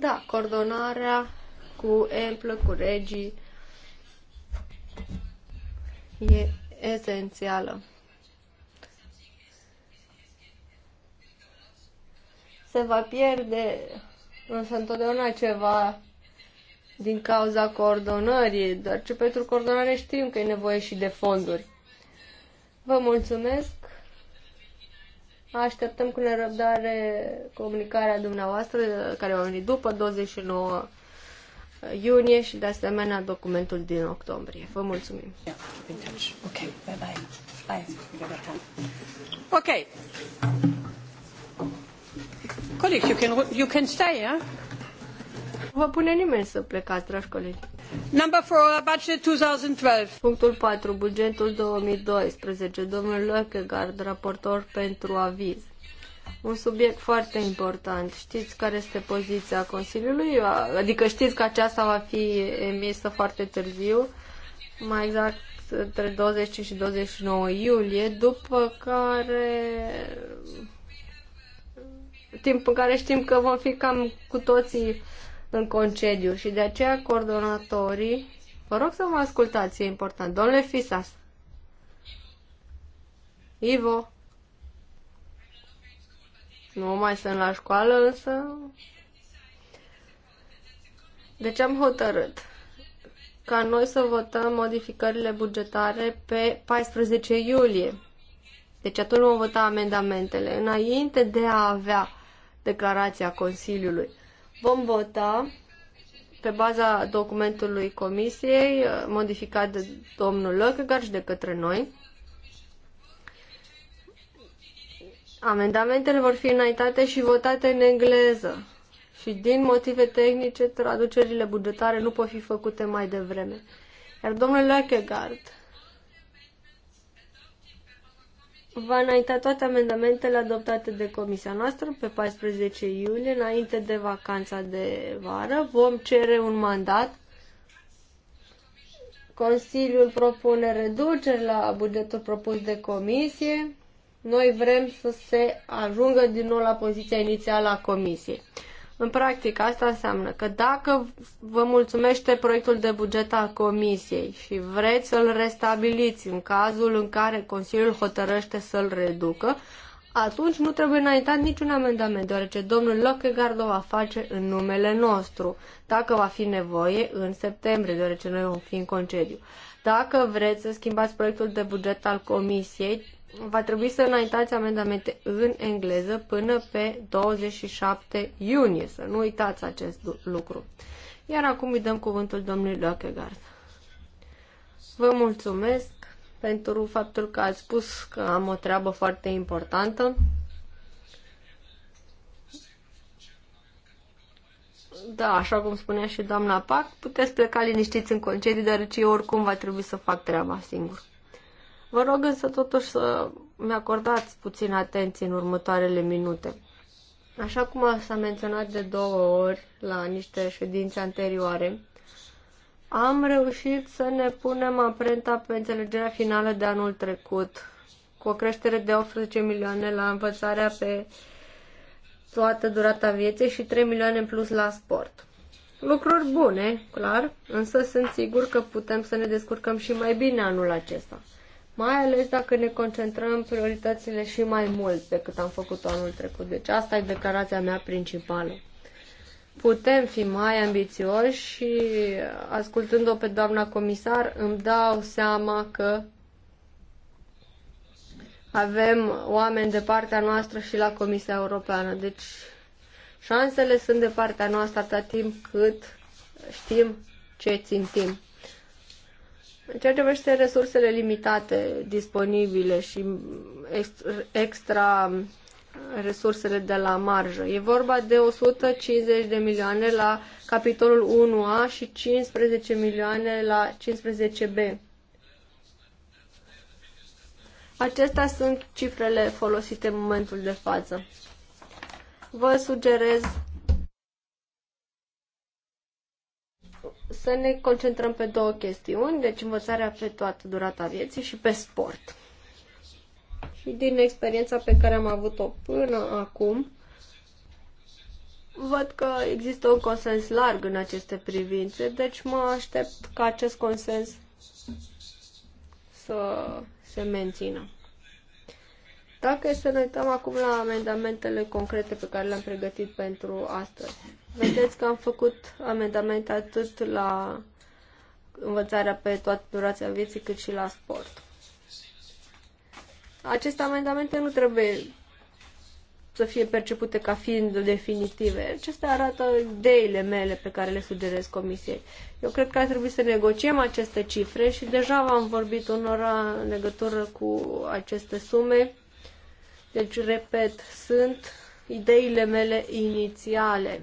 Da, coordonarea cu Emplă, cu Regii e esențială. Se va pierde însă întotdeauna ceva din cauza coordonării, dar ce pentru coordonare știm că e nevoie și de fonduri. Vă mulțumesc! Așteptăm cu nerăbdare comunicarea dumneavoastră, care va veni după 29 uh, iunie și de asemenea documentul din octombrie. Vă mulțumim. Ok, bye bye. Bye. Ok. Colleagues, you can, you can stay, huh? Vă pune nimeni să plecați, dragi colegi. Number 4, budget 2012. Punctul 4, bugetul 2012. Domnul Lökegaard, raportor pentru aviz. Un subiect foarte important. Știți care este poziția Consiliului? Adică știți că aceasta va fi emisă foarte târziu, mai exact între 20 și 29 iulie, după care timp în care știm că vom fi cam cu toții în concediu și de aceea coordonatorii, vă rog să mă ascultați, e important. Domnule Fisas, Ivo, nu mai sunt la școală, însă... Deci am hotărât ca noi să votăm modificările bugetare pe 14 iulie. Deci atunci vom vota amendamentele, înainte de a avea declarația Consiliului. Vom vota pe baza documentului comisiei, uh, modificat de domnul Lăcăgar și de către noi. Amendamentele vor fi înaintate și votate în engleză și din motive tehnice traducerile bugetare nu pot fi făcute mai devreme. Iar domnul Lăcăgar, va înainta toate amendamentele adoptate de comisia noastră pe 14 iulie, înainte de vacanța de vară. Vom cere un mandat. Consiliul propune reduceri la bugetul propus de comisie. Noi vrem să se ajungă din nou la poziția inițială a comisiei. În practică, asta înseamnă că dacă vă mulțumește proiectul de buget al Comisiei și vreți să-l restabiliți în cazul în care Consiliul hotărăște să-l reducă, atunci nu trebuie înaintat niciun amendament, deoarece domnul Lockegard o va face în numele nostru, dacă va fi nevoie în septembrie, deoarece noi vom fi în concediu. Dacă vreți să schimbați proiectul de buget al Comisiei, va trebui să înaintați amendamente în engleză până pe 27 iunie. Să nu uitați acest lucru. Iar acum îi dăm cuvântul domnului Lockegaard. Vă mulțumesc pentru faptul că ați spus că am o treabă foarte importantă. Da, așa cum spunea și doamna Pac, puteți pleca liniștiți în concediu, deoarece eu oricum va trebui să fac treaba singur. Vă rog însă totuși să mi-acordați puțin atenție în următoarele minute. Așa cum s-a menționat de două ori la niște ședințe anterioare, am reușit să ne punem amprenta pe înțelegerea finală de anul trecut, cu o creștere de 18 milioane la învățarea pe toată durata vieții și 3 milioane în plus la sport. Lucruri bune, clar, însă sunt sigur că putem să ne descurcăm și mai bine anul acesta mai ales dacă ne concentrăm prioritățile și mai mult decât am făcut anul trecut. Deci asta e declarația mea principală. Putem fi mai ambițioși și, ascultând-o pe doamna comisar, îmi dau seama că avem oameni de partea noastră și la Comisia Europeană. Deci șansele sunt de partea noastră atât timp cât știm ce țintim. În ceea ce privește resursele limitate disponibile și extra resursele de la marjă. E vorba de 150 de milioane la capitolul 1A și 15 milioane la 15B. Acestea sunt cifrele folosite în momentul de față. Vă sugerez să ne concentrăm pe două chestiuni, deci învățarea pe toată durata vieții și pe sport. Și din experiența pe care am avut-o până acum, văd că există un consens larg în aceste privințe, deci mă aștept ca acest consens să se mențină. Dacă să ne uităm acum la amendamentele concrete pe care le-am pregătit pentru astăzi. Vedeți că am făcut amendamente atât la învățarea pe toată durația vieții, cât și la sport. Aceste amendamente nu trebuie să fie percepute ca fiind definitive. Acestea arată ideile mele pe care le sugerez comisiei. Eu cred că ar trebui să negociem aceste cifre și deja v-am vorbit unora în legătură cu aceste sume. Deci, repet, sunt ideile mele inițiale.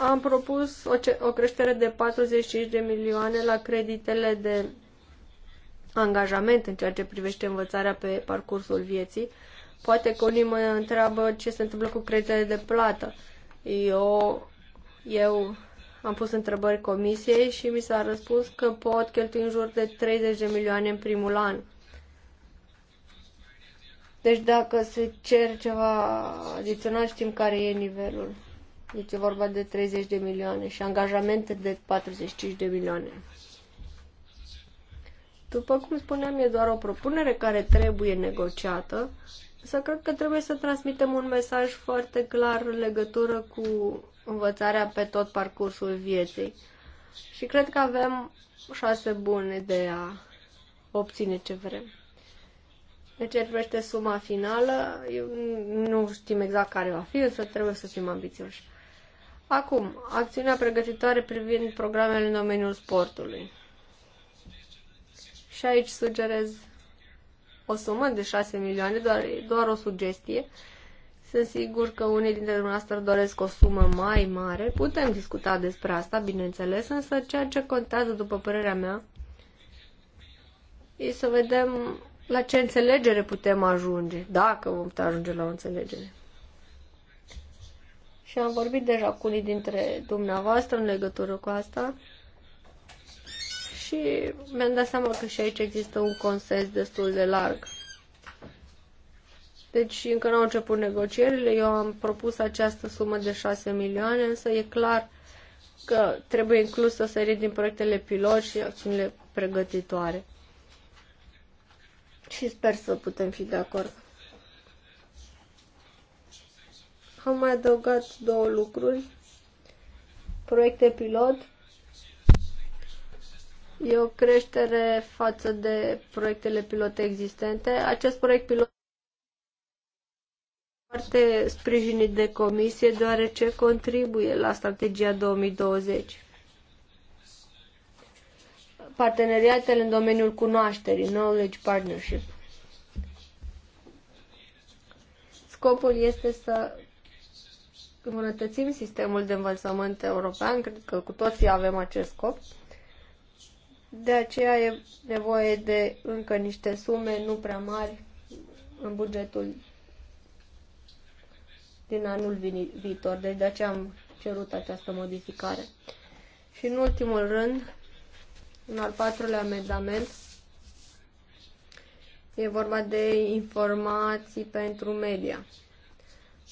am propus o, ce- o creștere de 45 de milioane la creditele de angajament în ceea ce privește învățarea pe parcursul vieții. Poate că unii mă întreabă ce se întâmplă cu creditele de plată. Eu, eu am pus întrebări comisiei și mi s-a răspuns că pot cheltui în jur de 30 de milioane în primul an. Deci dacă se cer ceva adițional, știm care e nivelul. Deci e vorba de 30 de milioane și angajamente de 45 de milioane. După cum spuneam, e doar o propunere care trebuie negociată, să cred că trebuie să transmitem un mesaj foarte clar în legătură cu învățarea pe tot parcursul vieții. Și cred că avem șase bune de a obține ce vrem. Deci, ce privește suma finală, eu nu știm exact care va fi, însă trebuie să fim ambițioși. Acum, acțiunea pregătitoare privind programele în domeniul sportului. Și aici sugerez o sumă de 6 milioane, doar, doar o sugestie. Sunt sigur că unii dintre dumneavoastră doresc o sumă mai mare. Putem discuta despre asta, bineînțeles, însă ceea ce contează, după părerea mea, e să vedem la ce înțelegere putem ajunge, dacă vom putea ajunge la o înțelegere și am vorbit deja cu unii dintre dumneavoastră în legătură cu asta și mi-am dat seama că și aici există un consens destul de larg. Deci încă nu au început negocierile, eu am propus această sumă de 6 milioane, însă e clar că trebuie inclusă o serie din proiectele pilot și acțiunile pregătitoare. Și sper să putem fi de acord. Am mai adăugat două lucruri. Proiecte pilot. E o creștere față de proiectele pilot existente. Acest proiect pilot foarte sprijinit de comisie, deoarece contribuie la strategia 2020. Parteneriatele în domeniul cunoașterii, Knowledge Partnership. Scopul este să îmbunătățim sistemul de învățământ european, cred că cu toții avem acest scop. De aceea e nevoie de încă niște sume nu prea mari în bugetul din anul viitor. Deci de aceea am cerut această modificare. Și în ultimul rând, în al patrulea amendament, e vorba de informații pentru media.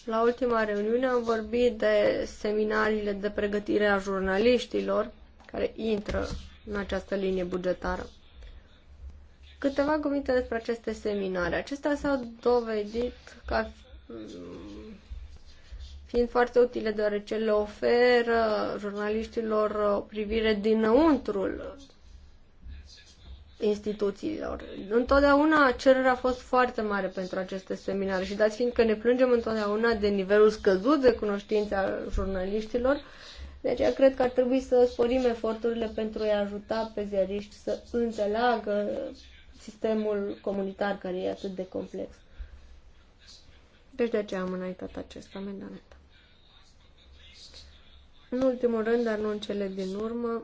La ultima reuniune am vorbit de seminariile de pregătire a jurnaliștilor care intră în această linie bugetară. Câteva cuvinte despre aceste seminare. Acestea s-au dovedit ca fiind foarte utile deoarece le oferă jurnaliștilor o privire dinăuntrul instituțiilor. Întotdeauna cererea a fost foarte mare pentru aceste seminare și dați fiindcă ne plângem întotdeauna de nivelul scăzut de cunoștințe al jurnaliștilor, de deci aceea cred că ar trebui să sporim eforturile pentru a-i ajuta pe ziariști să înțeleagă sistemul comunitar care e atât de complex. Deci de aceea am înaintat acest amendament. În ultimul rând, dar nu în cele din urmă,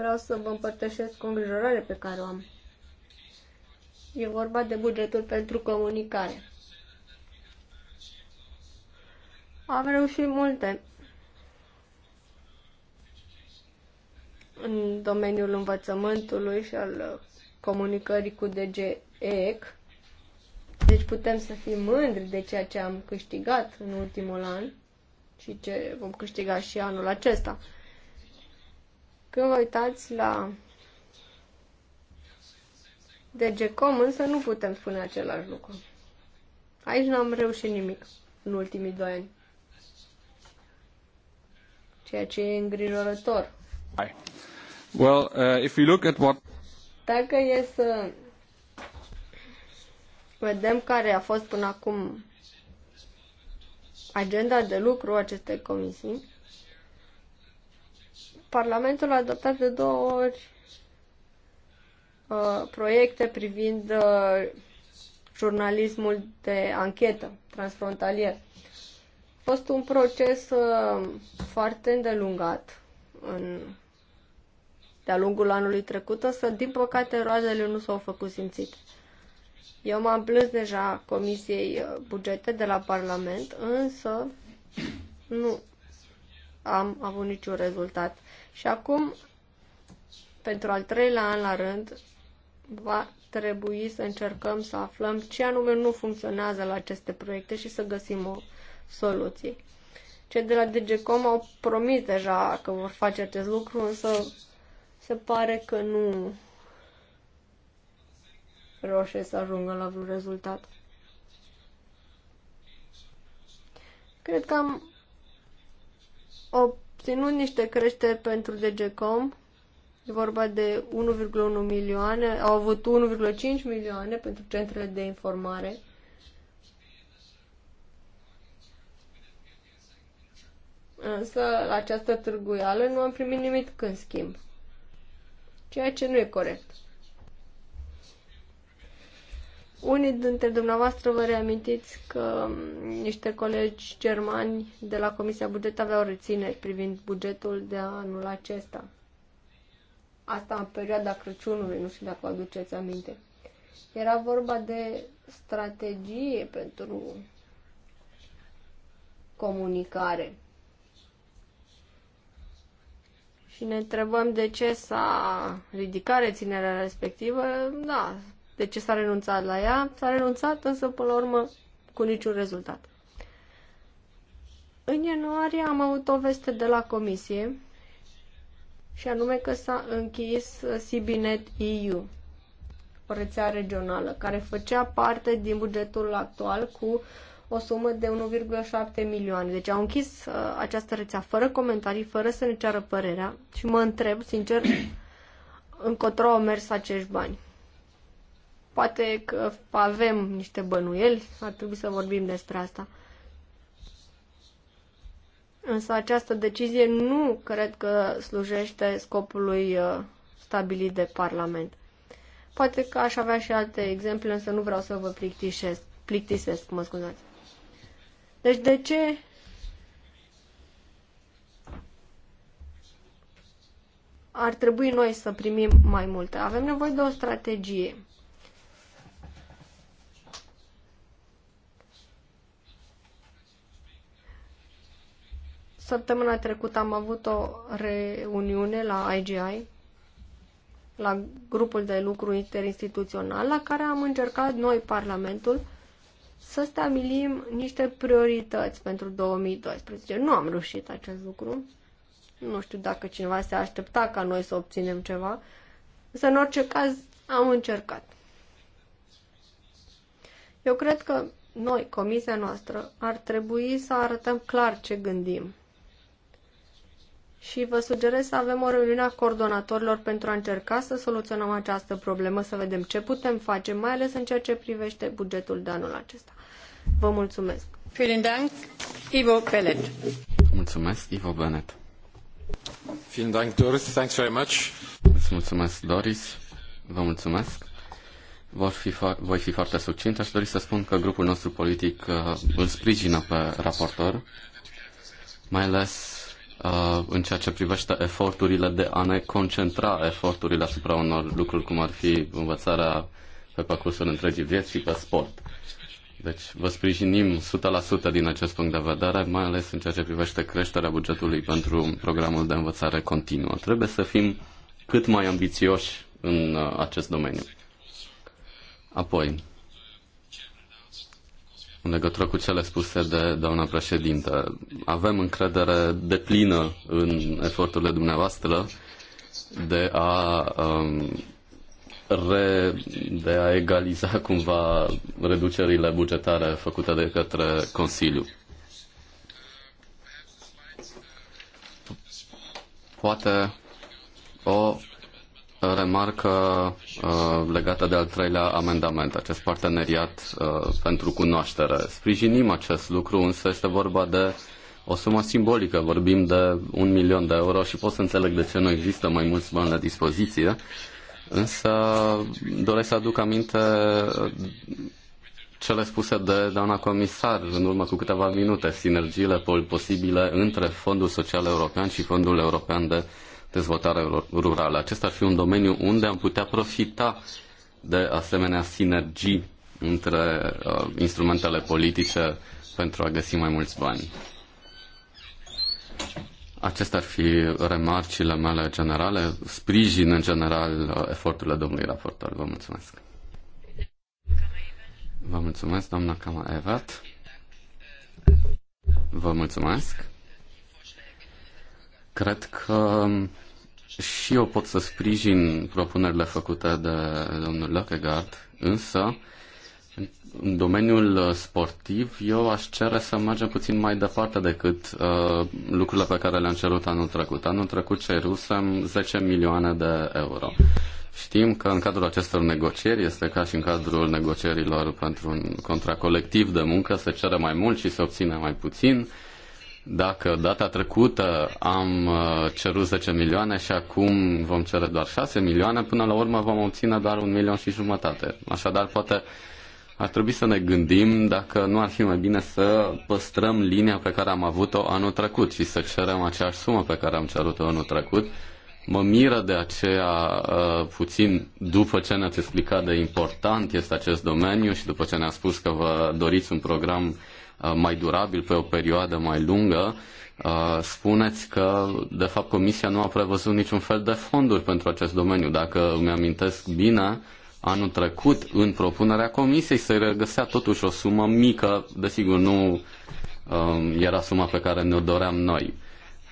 vreau să vă împărtășesc o îngrijorare pe care o am. E vorba de bugetul pentru comunicare. Am reușit multe în domeniul învățământului și al comunicării cu DGEC. Deci putem să fim mândri de ceea ce am câștigat în ultimul an și ce vom câștiga și anul acesta. Când vă uitați la DGCOM, însă nu putem spune același lucru. Aici n-am reușit nimic în ultimii doi ani. Ceea ce e îngrijorător. Well, uh, if we look at what... Dacă e să vedem care a fost până acum agenda de lucru acestei comisii, Parlamentul a adoptat de două ori uh, proiecte privind uh, jurnalismul de anchetă transfrontalier. A fost un proces uh, foarte îndelungat în, de-a lungul anului trecut, însă, din păcate, roadele nu s-au făcut simțite. Eu m-am plâns deja Comisiei uh, Bugete de la Parlament, însă nu am avut niciun rezultat. Și acum, pentru al treilea an la rând, va trebui să încercăm să aflăm ce anume nu funcționează la aceste proiecte și să găsim o soluție. Cei de la DGCOM au promis deja că vor face acest lucru, însă se pare că nu roșe să ajungă la vreun rezultat. Cred că am obținut niște creșteri pentru DGCOM, e vorba de 1,1 milioane, au avut 1,5 milioane pentru centrele de informare. Însă, la această târguială nu am primit nimic în schimb, ceea ce nu e corect. Unii dintre dumneavoastră vă reamintiți că um, niște colegi germani de la Comisia Buget aveau rețineri privind bugetul de anul acesta. Asta în perioada Crăciunului, nu știu dacă vă aduceți aminte. Era vorba de strategie pentru comunicare. Și ne întrebăm de ce s-a ridicat reținerea respectivă. Da, de ce s-a renunțat la ea. S-a renunțat, însă, până la urmă, cu niciun rezultat. În ianuarie am avut o veste de la comisie și anume că s-a închis Sibinet EU, o rețea regională, care făcea parte din bugetul actual cu o sumă de 1,7 milioane. Deci au închis uh, această rețea fără comentarii, fără să ne ceară părerea și mă întreb, sincer, încotro au mers acești bani. Poate că avem niște bănuieli, ar trebui să vorbim despre asta. Însă această decizie nu cred că slujește scopului uh, stabilit de Parlament. Poate că aș avea și alte exemple, însă nu vreau să vă plictisesc, plictisesc mă scuzați. Deci de ce ar trebui noi să primim mai multe? Avem nevoie de o strategie. Săptămâna trecută am avut o reuniune la IGI, la grupul de lucru interinstituțional, la care am încercat noi, Parlamentul, să stabilim niște priorități pentru 2012. Nu am reușit acest lucru. Nu știu dacă cineva se aștepta ca noi să obținem ceva, însă în orice caz am încercat. Eu cred că noi, comisia noastră, ar trebui să arătăm clar ce gândim și vă sugerez să avem o reuniune a coordonatorilor pentru a încerca să soluționăm această problemă, să vedem ce putem face, mai ales în ceea ce privește bugetul de anul acesta. Vă mulțumesc! Vielen Dank, Ivo Pellet. Mulțumesc, Ivo Benet. Vielen Dank, Doris. Thanks very much. Mulțumesc, Doris. Vă mulțumesc. Vor fi voi fi foarte succint. Aș dori să spun că grupul nostru politic uh, îl sprijină pe raportor, mai ales Uh, în ceea ce privește eforturile de a ne concentra eforturile asupra unor lucruri cum ar fi învățarea pe parcursul întregii vieți și pe sport. Deci vă sprijinim 100% din acest punct de vedere, mai ales în ceea ce privește creșterea bugetului pentru programul de învățare continuă. Trebuie să fim cât mai ambițioși în uh, acest domeniu. Apoi, în legătură cu cele spuse de doamna președintă. Avem încredere deplină în eforturile dumneavoastră de a um, re, de a egaliza cumva reducerile bugetare făcute de către Consiliu. Poate o remarcă uh, legată de al treilea amendament, acest parteneriat uh, pentru cunoaștere. Sprijinim acest lucru, însă este vorba de o sumă simbolică, vorbim de un milion de euro și pot să înțeleg de ce nu există mai mulți bani la dispoziție, însă doresc să aduc aminte uh, cele spuse de doamna comisar în urmă cu câteva minute, sinergiile posibile între Fondul Social European și Fondul European de dezvoltare rurală. Acesta ar fi un domeniu unde am putea profita de asemenea sinergii între uh, instrumentele politice pentru a găsi mai mulți bani. Acestea ar fi remarcile mele generale. Sprijin în general uh, eforturile domnului raportor. Vă mulțumesc. Vă mulțumesc, doamna Cama Evat. Vă mulțumesc. Cred că și eu pot să sprijin propunerile făcute de domnul Lockegaard, însă în domeniul sportiv eu aș cere să mergem puțin mai departe decât uh, lucrurile pe care le-am cerut anul trecut. Anul trecut cerusem 10 milioane de euro. Știm că în cadrul acestor negocieri este ca și în cadrul negocierilor pentru un contract colectiv de muncă se cere mai mult și se obține mai puțin. Uh, dacă data trecută am uh, cerut 10 milioane și acum vom cere doar 6 milioane, până la urmă vom obține doar un milion și jumătate. Așadar, poate ar trebui să ne gândim dacă nu ar fi mai bine să păstrăm linia pe care am avut-o anul trecut și să cerem aceeași sumă pe care am cerut-o anul trecut. Mă miră de aceea uh, puțin după ce ne-ați explicat de important este acest domeniu și după ce ne-a spus că vă doriți un program Uh, mai durabil, pe o perioadă mai lungă, uh, spuneți că, de fapt, Comisia nu a prevăzut niciun fel de fonduri pentru acest domeniu. Dacă îmi amintesc bine, anul trecut, în propunerea Comisiei, se regăsea totuși o sumă mică, desigur, nu um, era suma pe care ne-o doream noi.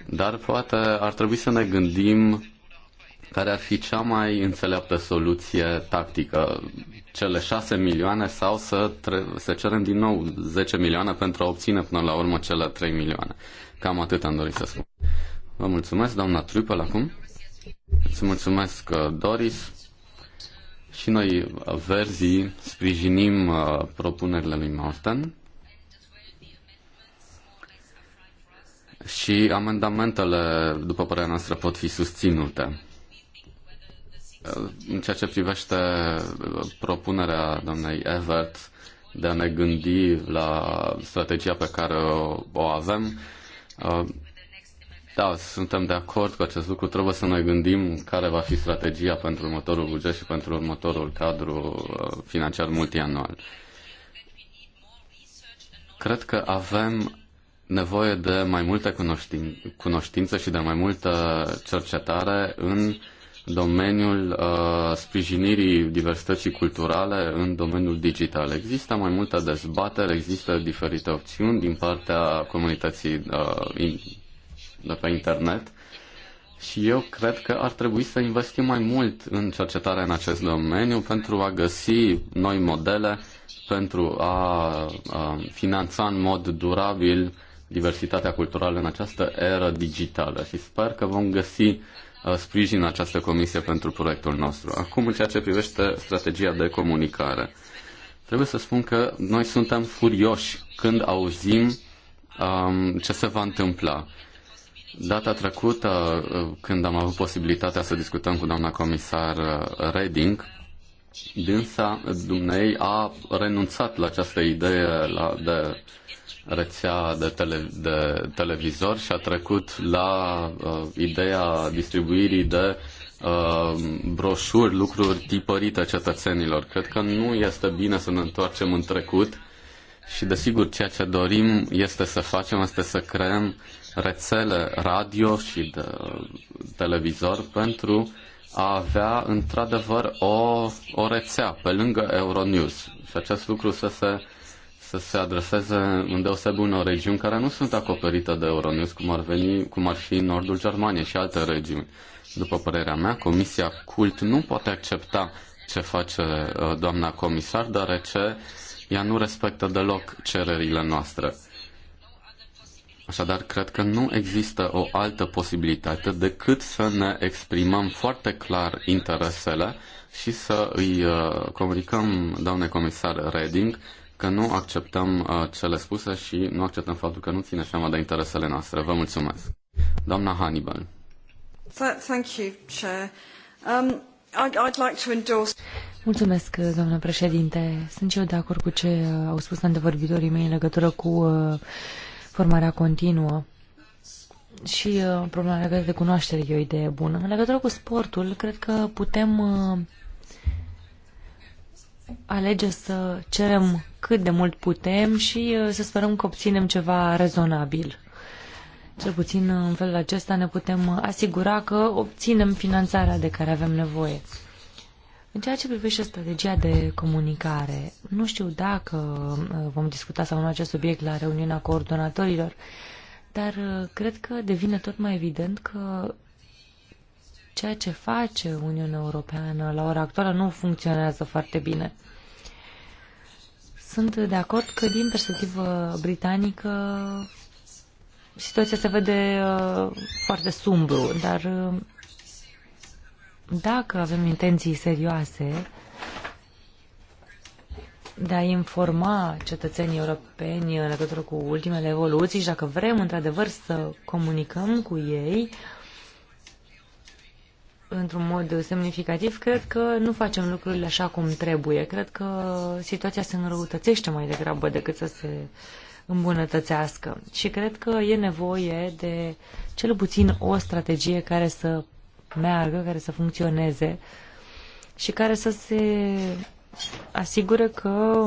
Dar poate ar trebui să ne gândim care ar fi cea mai înțeleaptă soluție tactică? Cele 6 milioane sau să, să cerem din nou 10 milioane pentru a obține până la urmă cele 3 milioane? Cam atât am dorit să spun. Vă mulțumesc, doamna La acum. Îți mulțumesc, uh, Doris. Și noi, uh, verzii, sprijinim uh, propunerile lui Morten. Și amendamentele, după părerea noastră, pot fi susținute. În ceea ce privește uh, propunerea doamnei Evert de a ne gândi la strategia pe care o, o avem, uh, da, suntem de acord cu acest lucru. Trebuie să ne gândim care va fi strategia pentru următorul buget și pentru următorul cadru uh, financiar multianual. Cred că avem nevoie de mai multe cunoștin- cunoștință și de mai multă cercetare în uh, domeniul uh, sprijinirii diversității culturale în domeniul digital. Există mai multă dezbatere, există diferite opțiuni din partea comunității uh, in, de pe internet și eu cred că ar trebui să investim mai mult în cercetarea în acest domeniu pentru a găsi noi modele pentru a, uh, finanța în mod durabil diversitatea culturală în această eră digitală și sper că vom găsi Uh, sprijină această comisie pentru proiectul nostru. Acum, în ceea ce privește strategia de comunicare, trebuie să spun că noi suntem furioși când auzim um, ce se va întâmpla. Data trecută, uh, când am avut posibilitatea să discutăm cu doamna comisar uh, Reding, dânsa dumnei a renunțat la această idee la, de rețea de, tele, de televizor și a trecut la uh, ideea distribuirii de uh, broșuri, lucruri tipărite cetățenilor. Cred că nu este bine să ne întoarcem în trecut și, desigur, ceea ce dorim este să facem, este să creăm rețele radio și de uh, televizor pentru a avea într-adevăr o, o rețea pe lângă Euronews. Și acest lucru să se să se adreseze îndeoseb unor regiuni care nu sunt acoperite de Euronews, cum ar, veni, cum ar fi nordul Germaniei și alte regiuni. După părerea mea, Comisia Cult nu poate accepta ce face uh, doamna comisar, deoarece ea nu respectă deloc cererile noastre. Așadar, cred că nu există o altă posibilitate decât să ne exprimăm foarte clar interesele și să îi uh, comunicăm, doamne comisar Reding, că nu acceptăm uh, cele spuse și nu acceptăm faptul că nu ține seama de interesele noastre. Vă mulțumesc. Doamna Hannibal. Thank you, Chair. Um, I'd, I'd like to endorse... Mulțumesc, doamnă președinte. Sunt și eu de acord cu ce au spus antevorbitorii mei în legătură cu uh, formarea continuă și uh, problema legată de cunoaștere e o idee bună. În legătură cu sportul, cred că putem uh, alege să cerem cât de mult putem și uh, să sperăm că obținem ceva rezonabil. Cel puțin uh, în felul acesta ne putem uh, asigura că obținem finanțarea de care avem nevoie. În ceea ce privește strategia de comunicare, nu știu dacă vom discuta sau nu acest subiect la reuniunea coordonatorilor, dar cred că devine tot mai evident că ceea ce face Uniunea Europeană la ora actuală nu funcționează foarte bine. Sunt de acord că din perspectivă britanică situația se vede uh, foarte sumbru, dar uh, dacă avem intenții serioase de a informa cetățenii europeni în legătură cu ultimele evoluții și dacă vrem într-adevăr să comunicăm cu ei, uh, într-un mod semnificativ, cred că nu facem lucrurile așa cum trebuie. Cred că situația se înrăutățește mai degrabă decât să se îmbunătățească. Și cred că e nevoie de cel puțin o strategie care să meargă, care să funcționeze și care să se asigure că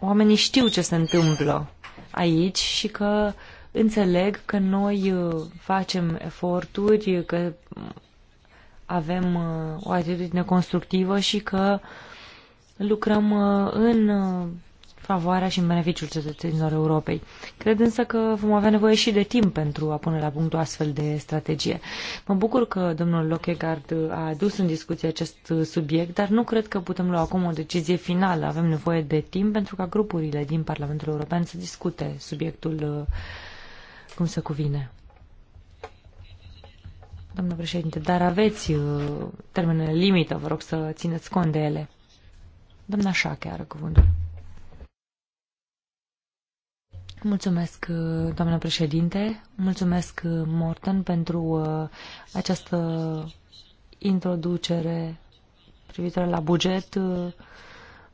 oamenii știu ce se întâmplă aici și că înțeleg că noi uh, facem eforturi, că avem uh, o atitudine constructivă și că lucrăm uh, în uh, favoarea și în beneficiul cetățenilor Europei. Cred însă că vom avea nevoie și de timp pentru a pune la punct o astfel de strategie. Mă bucur că domnul Lockegaard a adus în discuție acest subiect, dar nu cred că putem lua acum o decizie finală. Avem nevoie de timp pentru ca grupurile din Parlamentul European să discute subiectul cum se cuvine doamnă președinte, dar aveți uh, termenele limită, vă rog să țineți cont de ele. Doamna Șache are cuvântul. Mulțumesc, uh, doamnă președinte, mulțumesc, uh, Morten, pentru această introducere privitoare la buget.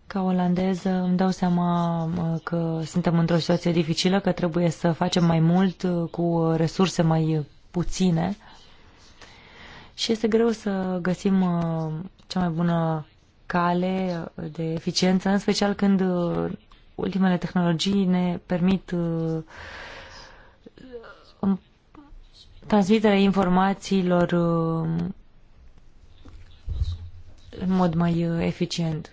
Ca olandez îmi dau seama că suntem într-o situație dificilă, că trebuie să facem mai mult cu resurse mai puține și este greu să găsim uh, cea mai bună cale de eficiență, în special când uh, ultimele tehnologii ne permit uh, transmiterea informațiilor în mod mai eficient.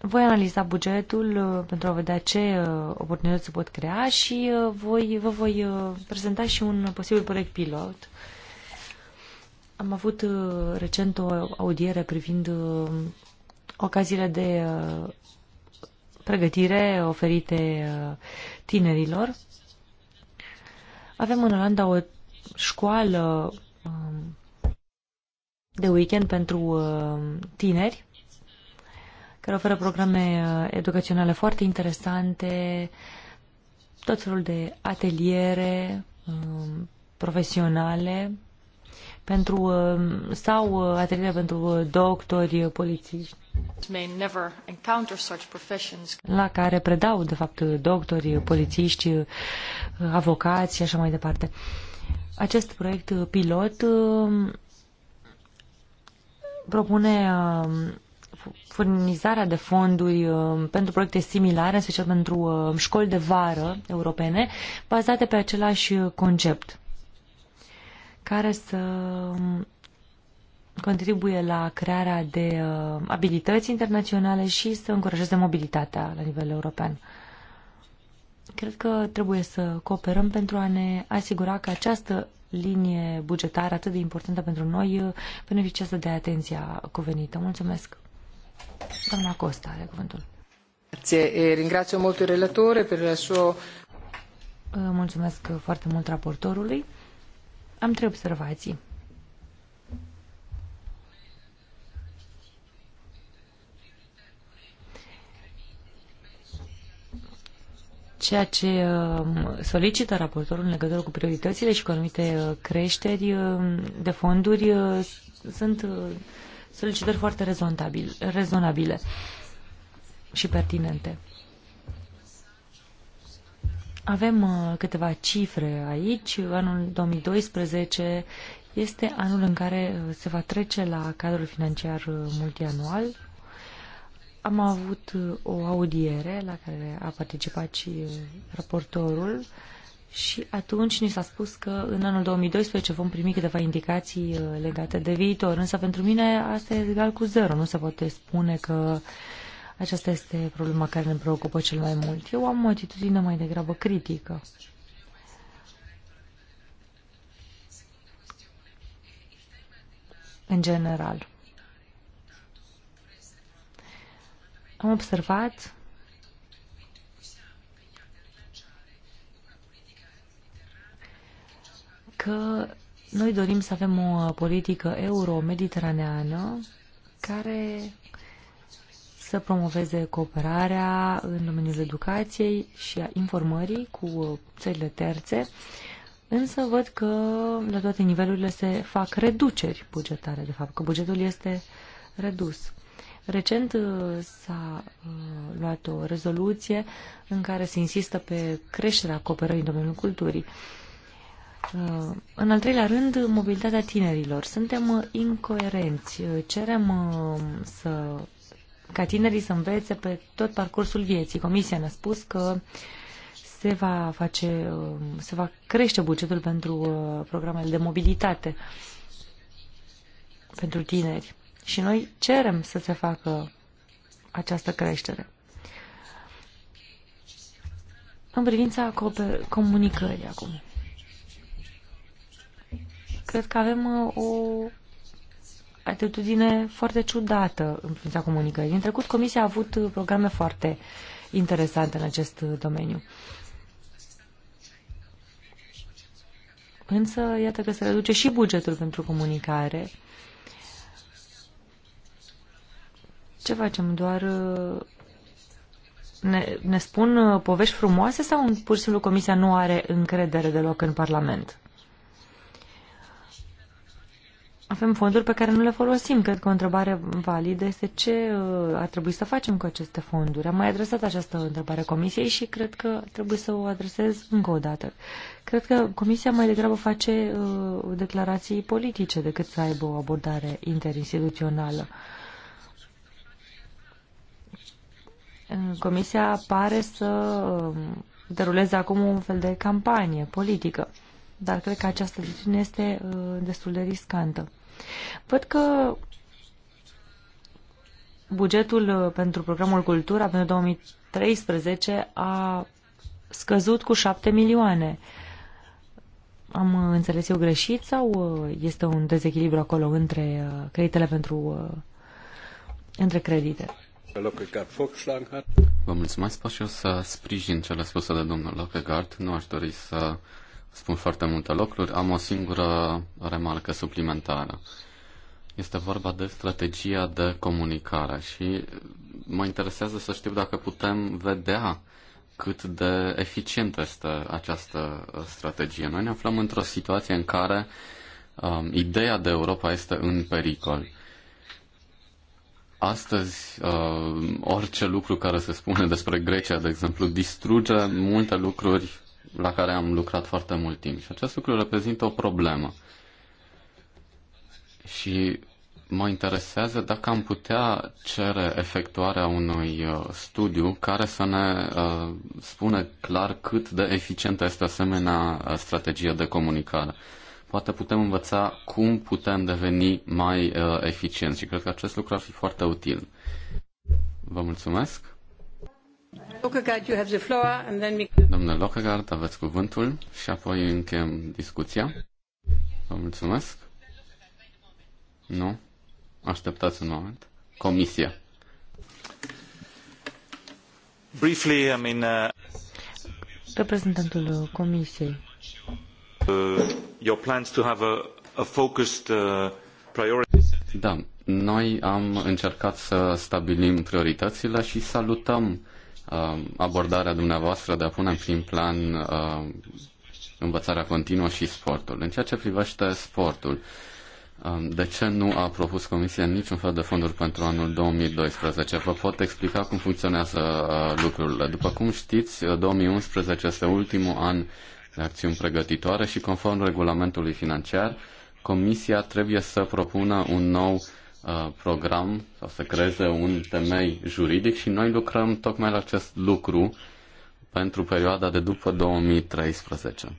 Voi analiza bugetul pentru a vedea ce oportunități se pot crea și voi, vă voi prezenta și un posibil proiect pilot am avut uh, recent o audiere privind uh, ocaziile de uh, pregătire oferite tinerilor. Avem în Olanda o școală um, de weekend pentru tineri care oferă programe educaționale foarte interesante, tot felul de ateliere um, profesionale pentru, uh, sau uh, ateliere pentru uh, doctori, polițiști la care predau, de fapt, doctori, polițiști, avocați și așa mai departe. Acest proiect pilot propune furnizarea de fonduri pentru proiecte similare, în special pentru școli de vară europene, bazate pe același concept care să um, contribuie la crearea de uh, abilități internaționale și să încurajeze mobilitatea la nivel european. Cred că trebuie să cooperăm pentru a ne asigura că această linie bugetară atât de importantă pentru noi uh, beneficiază de atenția cuvenită. Mulțumesc. Doamna Costa are cuvântul. Ringrazio mult relatore uh, Mulțumesc foarte mult raportorului am trei observații. ceea ce um, solicită raportorul în legătură cu prioritățile și cu anumite uh, creșteri uh, de fonduri uh, sunt solicitări foarte rezonabile și pertinente. Avem uh, câteva cifre aici. Anul 2012 este anul în care uh, se va trece la cadrul financiar uh, multianual. Am avut o audiere la care a participat și raportorul și atunci ni s-a spus că în anul 2012 vom primi câteva indicații legate de viitor. Însă pentru mine asta e egal cu zero. Nu se poate spune că uh, aceasta este problema care ne preocupă cel mai mult. Eu am o atitudine mai degrabă critică. În general. Am observat că noi dorim să avem o politică euro-mediteraneană care să promoveze cooperarea în domeniul educației și a informării cu uh, țările terțe, însă văd că la toate nivelurile se fac reduceri bugetare, de fapt, că bugetul este redus. Recent uh, s-a uh, luat o rezoluție în care se insistă pe creșterea cooperării în domeniul culturii. În al treilea rând, mobilitatea tinerilor. Suntem incoerenți. Cerem să ca tinerii să învețe pe tot parcursul vieții. Comisia ne-a spus că se va, face, uh, se va crește bugetul pentru uh, programele de mobilitate pentru tineri. Și noi cerem să se facă această creștere. În privința comunicării acum. Cred că avem uh, o atitudine foarte ciudată în privința comunicării. În trecut, Comisia a avut programe foarte interesante în acest domeniu. Însă, iată că se reduce și bugetul pentru comunicare. Ce facem? Doar ne, ne spun povești frumoase sau pur și simplu Comisia nu are încredere deloc în Parlament? avem fonduri pe care nu le folosim. Cred că o întrebare validă este ce uh, ar trebui să facem cu aceste fonduri. Am mai adresat această întrebare comisiei și cred că trebuie să o adresez încă o dată. Cred că comisia mai degrabă face uh, declarații politice decât să aibă o abordare interinstituțională. Comisia pare să uh, deruleze acum un fel de campanie politică dar cred că această decizie este uh, destul de riscantă. Văd că bugetul uh, pentru programul Cultura pentru 2013 a scăzut cu 7 milioane. Am uh, înțeles eu greșit sau este un dezechilibru acolo între creditele pentru între credite? Vă mulțumesc, pot și eu să sprijin cele spuse de domnul Lockegaard. Nu aș dori să spun foarte multe lucruri. Am o singură remarcă suplimentară. Este vorba de strategia de comunicare și mă interesează să știu dacă putem vedea cât de eficientă este această strategie. Noi ne aflăm într-o situație în care um, ideea de Europa este în pericol. Astăzi, uh, orice lucru care se spune despre Grecia, de exemplu, distruge multe lucruri la care am lucrat foarte mult timp. Și acest lucru reprezintă o problemă. Și mă interesează dacă am putea cere efectuarea unui uh, studiu care să ne uh, spune clar cât de eficientă este asemenea uh, strategie de comunicare. Poate putem învăța cum putem deveni mai uh, eficienți și cred că acest lucru ar fi foarte util. Vă mulțumesc. Lockegaard, you have the floor and then we... Doamna Lockegaard, aveți cuvântul și apoi încheiem discuția. Vă mulțumesc. Nu? Așteptați un moment. Comisia. Briefly, I mean, uh... Reprezentantul Comisiei. Uh, your plans to have a, a focused uh, priority Da, noi am încercat să stabilim prioritățile și salutăm Um, abordarea dumneavoastră de a pune în prim plan um, învățarea continuă și sportul. În ceea ce privește sportul, um, de ce nu a propus Comisia niciun fel de fonduri pentru anul 2012? Vă pot explica cum funcționează uh, lucrurile. După cum știți, 2011 uh, este ultimul an de acțiuni pregătitoare și conform regulamentului financiar, Comisia trebuie să propună un nou uh, Uh, program sau să creeze un temei juridic și noi lucrăm tocmai la acest lucru pentru perioada de după 2013.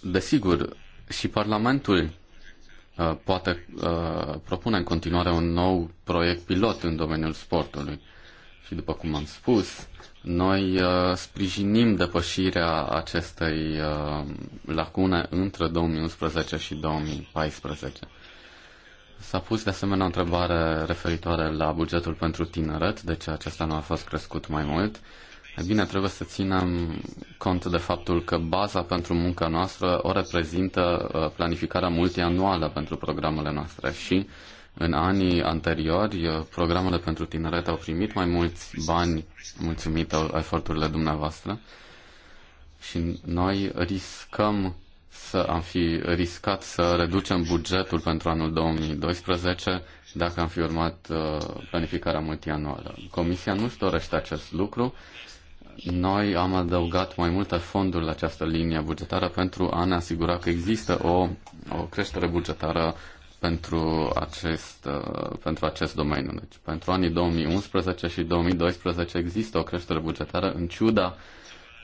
Desigur, și Parlamentul uh, poate uh, propune în continuare un nou proiect pilot în domeniul sportului. Și după cum am spus, noi uh, sprijinim depășirea acestei uh, lacune între 2011 și 2014. S-a pus de asemenea o întrebare referitoare la bugetul pentru tineret, de ce acesta nu a fost crescut mai mult. E bine, trebuie să ținem cont de faptul că baza pentru munca noastră o reprezintă uh, planificarea multianuală pentru programele noastre și uh, în anii anteriori, programele pentru tineret au primit mai mulți bani mulțumită eforturile dumneavoastră și noi riscăm să am fi riscat să reducem bugetul pentru anul 2012 dacă am fi urmat uh, planificarea multianuală. Comisia nu-și dorește acest lucru. Noi am adăugat mai multe fonduri la această linie bugetară pentru a ne asigura că există o, o creștere bugetară pentru acest, uh, pentru acest domeniu. Deci, pentru anii 2011 și 2012 există o creștere bugetară în ciuda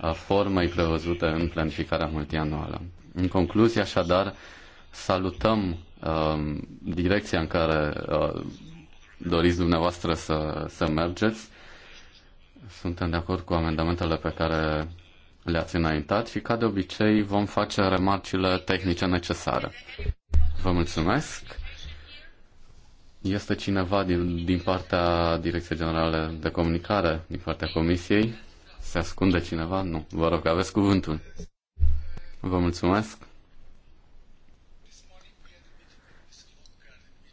uh, formei prevăzute în planificarea multianuală. În concluzie, așadar, salutăm uh, direcția în care uh, doriți dumneavoastră să, să mergeți. Suntem de acord cu amendamentele pe care le-ați înaintat și, ca de obicei, vom face remarcile tehnice necesare. Vă mulțumesc. Este cineva din, din partea Direcției Generale de Comunicare, din partea Comisiei? Se ascunde cineva? Nu. Vă rog, aveți cuvântul. Vă mulțumesc.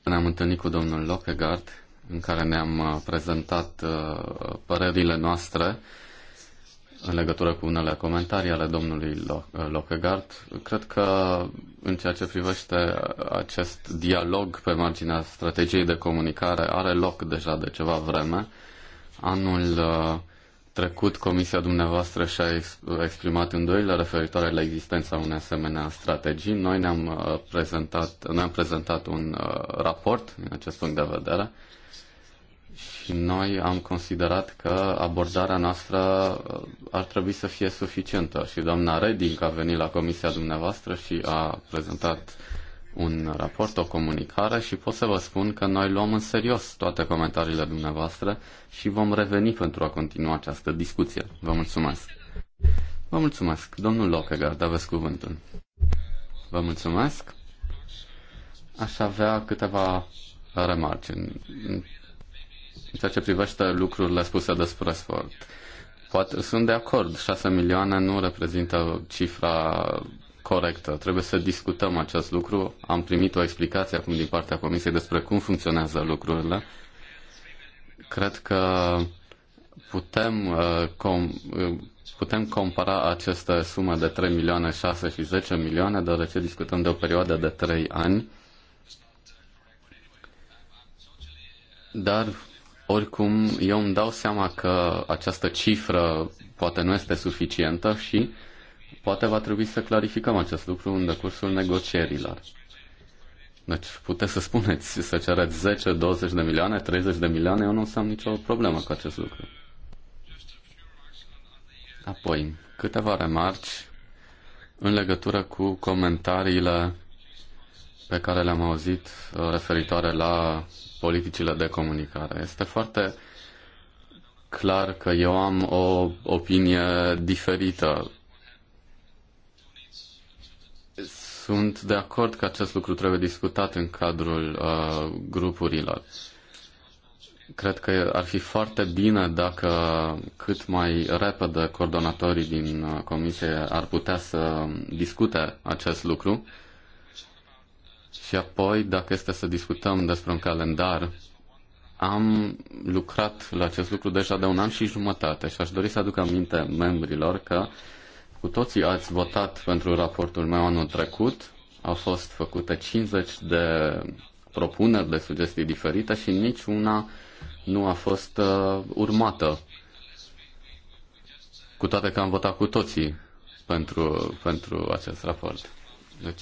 Ne-am întâlnit cu domnul Lockegard, în care ne-am uh, prezentat uh, părerile noastre în legătură cu unele comentarii ale domnului Lockegaard. Cred că în ceea ce privește acest dialog pe marginea strategiei de comunicare are loc deja de ceva vreme. Anul uh, trecut Comisia dumneavoastră și-a exprimat îndoile referitoare la existența unei asemenea strategii. Noi ne-am uh, prezentat, ne-am prezentat un uh, raport în acest punct de vedere și noi am considerat că abordarea noastră uh, ar trebui să fie suficientă și doamna Reding a venit la comisia dumneavoastră și a prezentat un raport, o comunicare și pot să vă spun că noi luăm în serios toate comentariile dumneavoastră și vom reveni pentru a continua această discuție. Vă mulțumesc! Vă mulțumesc! Domnul Lockegaard, aveți cuvântul. Vă mulțumesc! Aș avea câteva remarci în, în ceea ce privește lucrurile spuse despre sport, poate, sunt de acord, 6 milioane nu reprezintă cifra corectă. Trebuie să discutăm acest lucru. Am primit o explicație acum din partea Comisiei despre cum funcționează lucrurile. Cred că putem, uh, com- uh, putem compara această sumă de 3 milioane, 6 și 10 milioane, deoarece discutăm de o perioadă de 3 ani. Dar oricum, eu îmi dau seama că această cifră poate nu este suficientă și poate va trebui să clarificăm acest lucru în decursul negocierilor. Deci puteți să spuneți, să cereți 10, 20 de milioane, 30 de milioane, eu nu am nicio problemă cu acest lucru. Apoi, câteva remarci în legătură cu comentariile pe care le-am auzit uh, referitoare la politicile de comunicare. Este foarte clar că eu am o opinie diferită. Sunt de acord că acest lucru trebuie discutat în cadrul uh, grupurilor. Cred că ar fi foarte bine dacă cât mai repede coordonatorii din uh, comisie ar putea să discute acest lucru și apoi, dacă este să discutăm despre un calendar, am lucrat la acest lucru deja de un an și jumătate și aș dori să aduc aminte membrilor că cu toții ați votat pentru raportul meu anul trecut, au fost făcute 50 de propuneri, de sugestii diferite și niciuna nu a fost uh, urmată. Cu toate că am votat cu toții pentru, pentru acest raport. Deci,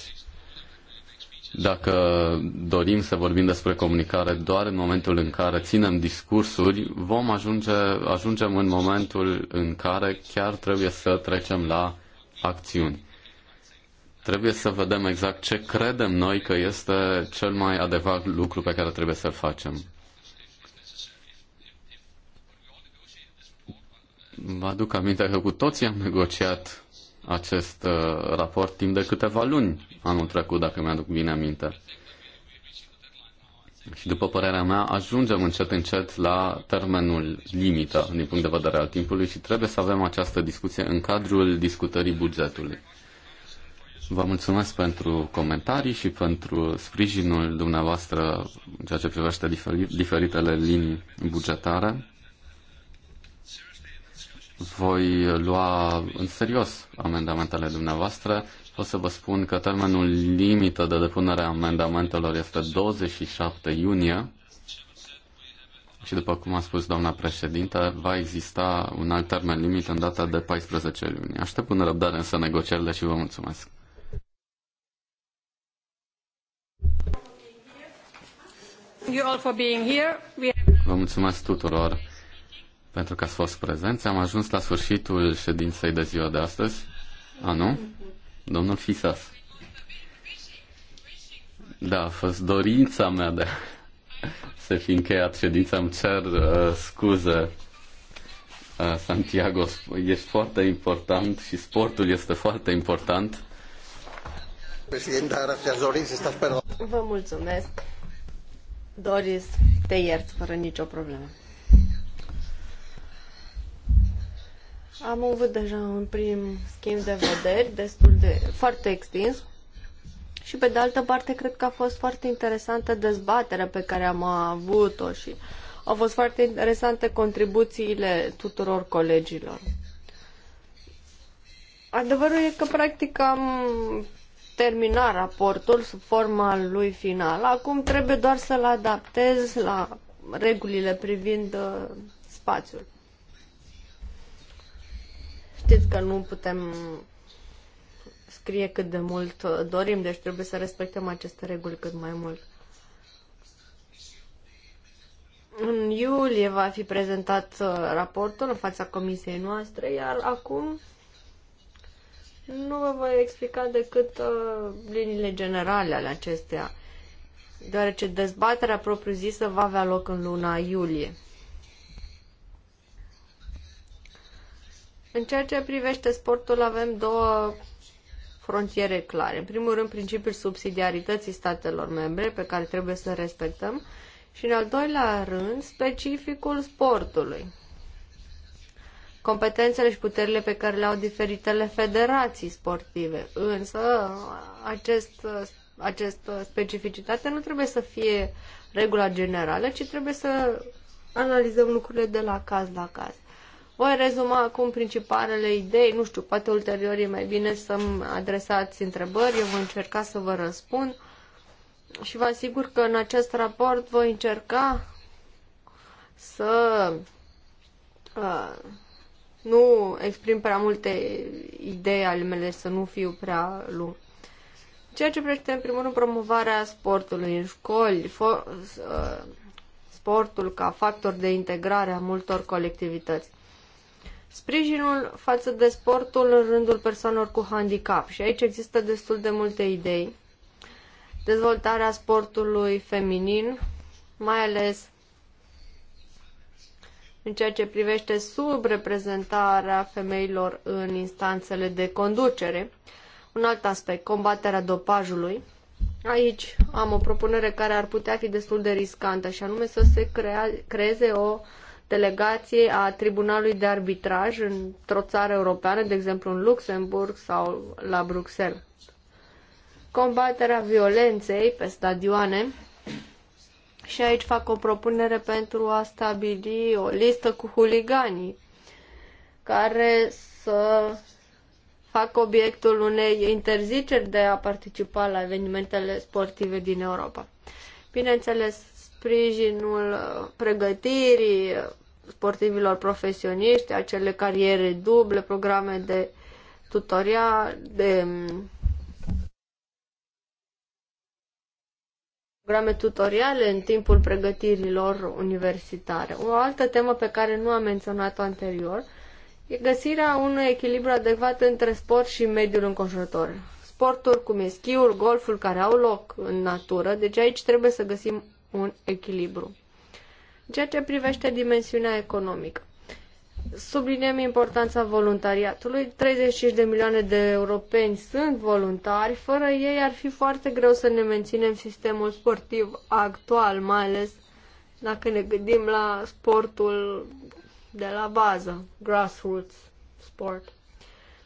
dacă dorim să vorbim despre comunicare doar în momentul în care ținem discursuri, vom ajunge, ajungem în momentul în care chiar trebuie să trecem la acțiuni. Trebuie să vedem exact ce credem noi că este cel mai adevărat lucru pe care trebuie să-l facem. Vă aduc aminte că cu toții am negociat acest uh, raport timp de câteva luni anul trecut, dacă mi-aduc bine aminte. Și după părerea mea, ajungem încet încet la termenul limită din punct de vedere al timpului și trebuie să avem această discuție în cadrul discutării bugetului. Vă mulțumesc pentru comentarii și pentru sprijinul dumneavoastră în ceea ce privește diferitele linii bugetare voi lua în serios amendamentele dumneavoastră. O să vă spun că termenul limită de depunere a amendamentelor este 27 iunie și după cum a spus doamna președinte, va exista un alt termen limit în data de 14 iunie. Aștept cu nerăbdare însă negocierile și vă mulțumesc. Vă mulțumesc tuturor pentru că ați fost prezenți. Am ajuns la sfârșitul ședinței de ziua de astăzi. A, nu? Domnul Fisas. Da, a fost dorința mea de să fi încheiat ședința. Îmi cer uh, scuze, uh, Santiago. Ești foarte important și sportul este foarte important. Președinta, gracias, Doris. Estás perdon. Vă mulțumesc. Doris, te iert fără nicio problemă. Am avut deja un prim schimb de vederi, destul de foarte extins. Și pe de altă parte, cred că a fost foarte interesantă dezbaterea pe care am avut-o și au fost foarte interesante contribuțiile tuturor colegilor. Adevărul e că practic am terminat raportul sub forma lui final. Acum trebuie doar să-l adaptez la regulile privind uh, spațiul. Știți că nu putem scrie cât de mult uh, dorim, deci trebuie să respectăm aceste reguli cât mai mult. În iulie va fi prezentat uh, raportul în fața comisiei noastre, iar acum nu vă voi explica decât uh, liniile generale ale acesteia, deoarece dezbaterea propriu-zisă va avea loc în luna iulie. În ceea ce privește sportul, avem două frontiere clare. În primul rând, principiul subsidiarității statelor membre, pe care trebuie să respectăm, și în al doilea rând, specificul sportului. Competențele și puterile pe care le au diferitele federații sportive. Însă, acest, această specificitate nu trebuie să fie regula generală, ci trebuie să analizăm lucrurile de la caz la caz. Voi rezuma acum principalele idei, nu știu, poate ulterior e mai bine să-mi adresați întrebări, eu voi încerca să vă răspund și vă asigur că în acest raport voi încerca să uh, nu exprim prea multe idei ale mele, să nu fiu prea lung. Ceea ce privește, în primul rând, promovarea sportului în școli, sportul ca factor de integrare a multor colectivități. Sprijinul față de sportul în rândul persoanelor cu handicap. Și aici există destul de multe idei. Dezvoltarea sportului feminin, mai ales în ceea ce privește subreprezentarea femeilor în instanțele de conducere. Un alt aspect, combaterea dopajului. Aici am o propunere care ar putea fi destul de riscantă, și anume să se crea, creeze o uh, delegației a Tribunalului de Arbitraj într-o țară europeană, de exemplu în Luxemburg sau la Bruxelles. Combaterea violenței pe stadioane și aici fac o propunere pentru a stabili o listă cu huliganii care să fac obiectul unei interziceri de a participa la evenimentele sportive din Europa. Bineînțeles, sprijinul pregătirii sportivilor profesioniști, acele cariere duble, programe de tutorial, de mm, programe tutoriale în timpul pregătirilor universitare. O altă temă pe care nu am menționat-o anterior e găsirea unui echilibru adecvat între sport și mediul înconjurător. Sporturi cum e schiul, golful care au loc în natură, deci aici trebuie să găsim un echilibru. Ceea ce privește dimensiunea economică. Subliniem importanța voluntariatului. 35 de milioane de europeni sunt voluntari. Fără ei ar fi foarte greu să ne menținem sistemul sportiv actual, mai ales dacă ne gândim la sportul de la bază, grassroots sport.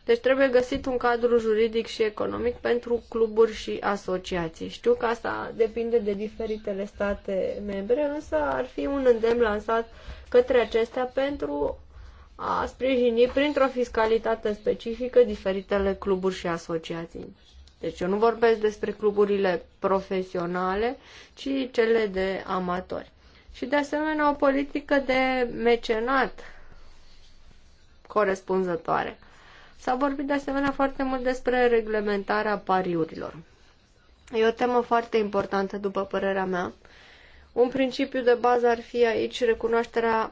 Deci trebuie găsit un cadru juridic și economic pentru cluburi și asociații. Știu că asta depinde de diferitele state membre, însă ar fi un îndemn lansat către acestea pentru a sprijini printr-o fiscalitate specifică diferitele cluburi și asociații. Deci eu nu vorbesc despre cluburile profesionale, ci cele de amatori. Și de asemenea o politică de mecenat corespunzătoare. S-a vorbit de asemenea foarte mult despre reglementarea pariurilor. E o temă foarte importantă, după părerea mea. Un principiu de bază ar fi aici recunoașterea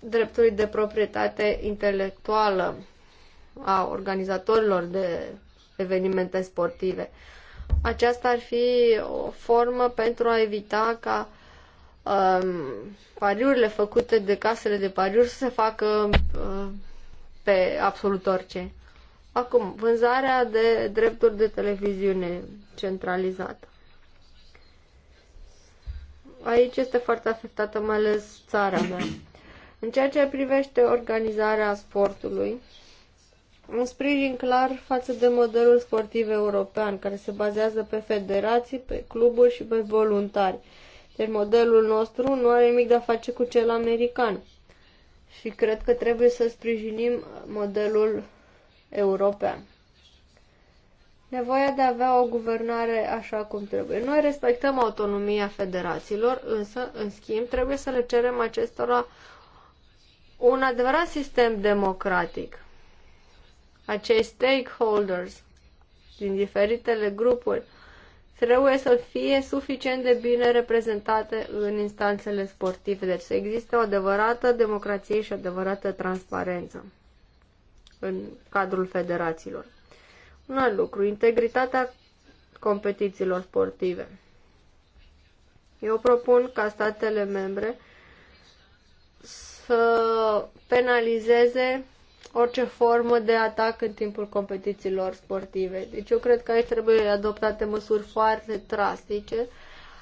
dreptului de proprietate intelectuală a organizatorilor de evenimente sportive. Aceasta ar fi o formă pentru a evita ca um, pariurile făcute de casele de pariuri să se facă uh, pe absolut orice. Acum, vânzarea de drepturi de televiziune centralizată. Aici este foarte afectată mai ales țara mea. În ceea ce privește organizarea sportului, un sprijin clar față de modelul sportiv european, care se bazează pe federații, pe cluburi și pe voluntari. Deci modelul nostru nu are nimic de a face cu cel american și cred că trebuie să sprijinim modelul european. Nevoia de a avea o guvernare așa cum trebuie. Noi respectăm autonomia federațiilor, însă, în schimb, trebuie să le cerem acestora un adevărat sistem democratic. Acei stakeholders din diferitele grupuri trebuie să fie suficient de bine reprezentate în instanțele sportive. Deci să existe o adevărată democrație și o adevărată transparență în cadrul federațiilor. Un alt lucru, integritatea competițiilor sportive. Eu propun ca statele membre să penalizeze orice formă de atac în timpul competițiilor sportive. Deci eu cred că aici trebuie adoptate măsuri foarte drastice,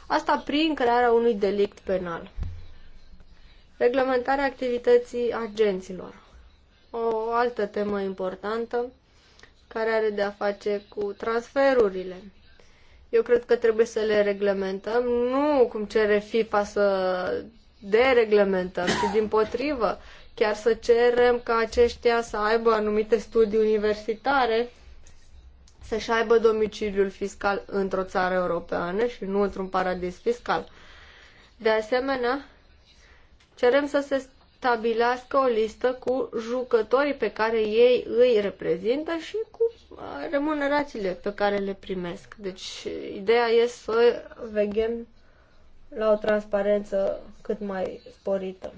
asta prin crearea unui delict penal. Reglementarea activității agenților. O altă temă importantă care are de a face cu transferurile. Eu cred că trebuie să le reglementăm, nu cum cere FIFA să dereglementăm, ci din potrivă chiar să cerem ca aceștia să aibă anumite studii universitare, să-și aibă domiciliul fiscal într-o țară europeană și nu într-un paradis fiscal. De asemenea, cerem să se stabilească o listă cu jucătorii pe care ei îi reprezintă și cu uh, remunerațiile pe care le primesc. Deci, ideea e să veghem la o transparență cât mai sporită.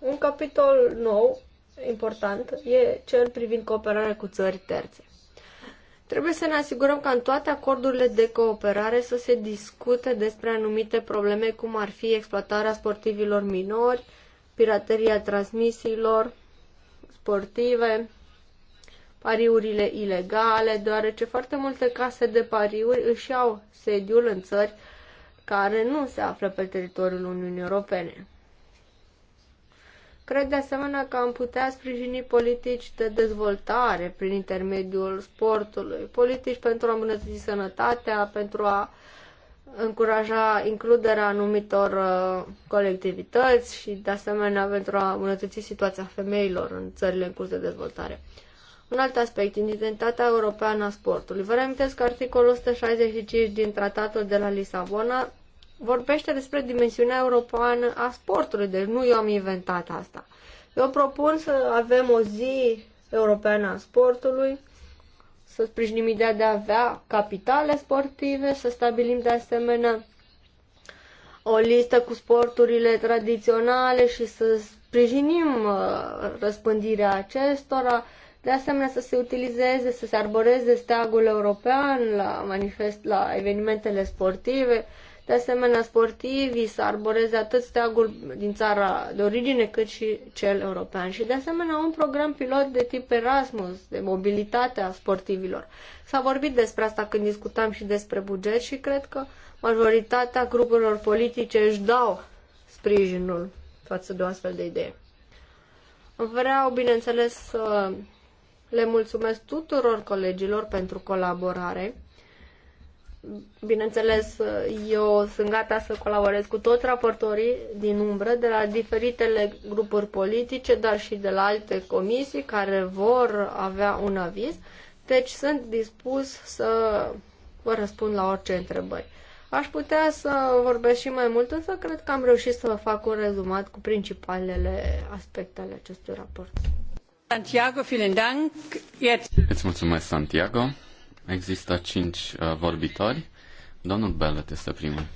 Un capitol nou, important, e cel privind cooperarea cu țări terțe. Trebuie să ne asigurăm ca în toate acordurile de cooperare să se discute despre anumite probleme, cum ar fi exploatarea sportivilor minori, pirateria transmisiilor sportive, pariurile ilegale, deoarece foarte multe case de pariuri își au sediul în țări care nu se află pe teritoriul Uniunii Europene. Cred de asemenea că am putea sprijini politici de dezvoltare prin intermediul sportului, politici pentru a îmbunătăți sănătatea, pentru a încuraja includerea anumitor uh, colectivități și, de asemenea, pentru a îmbunătăți situația femeilor în țările în curs de dezvoltare. Un alt aspect, identitatea europeană a sportului. Vă reamintesc că articolul 165 din Tratatul de la Lisabona vorbește despre dimensiunea europeană a sportului, deci nu eu am inventat asta. Eu propun să avem o zi europeană a sportului, să sprijinim ideea de a avea capitale sportive, să stabilim de asemenea o listă cu sporturile tradiționale și să sprijinim uh, răspândirea acestora, de asemenea să se utilizeze, să se arboreze steagul european la, manifest, la evenimentele sportive, uh, de asemenea, sportivii să arboreze atât steagul din țara de origine cât și cel european și de asemenea un program pilot de tip Erasmus, de mobilitate a sportivilor. S-a vorbit despre asta când discutam și despre buget și cred că majoritatea grupurilor politice își dau sprijinul față de o astfel de idee. Vreau, bineînțeles, să le mulțumesc tuturor colegilor pentru colaborare Bineînțeles, eu sunt gata să colaborez cu toți raportorii din umbră de la diferitele grupuri politice, dar și de la alte comisii care vor avea un aviz. Deci sunt dispus să vă răspund la orice întrebări. Aș putea să vorbesc și mai mult, însă cred că am reușit să vă fac un rezumat cu principalele aspecte ale acestui raport. Santiago, vielen Dank. Jetzt... Îți mulțumesc, Santiago. Există cinci uh, vorbitori. Domnul Bellet este primul.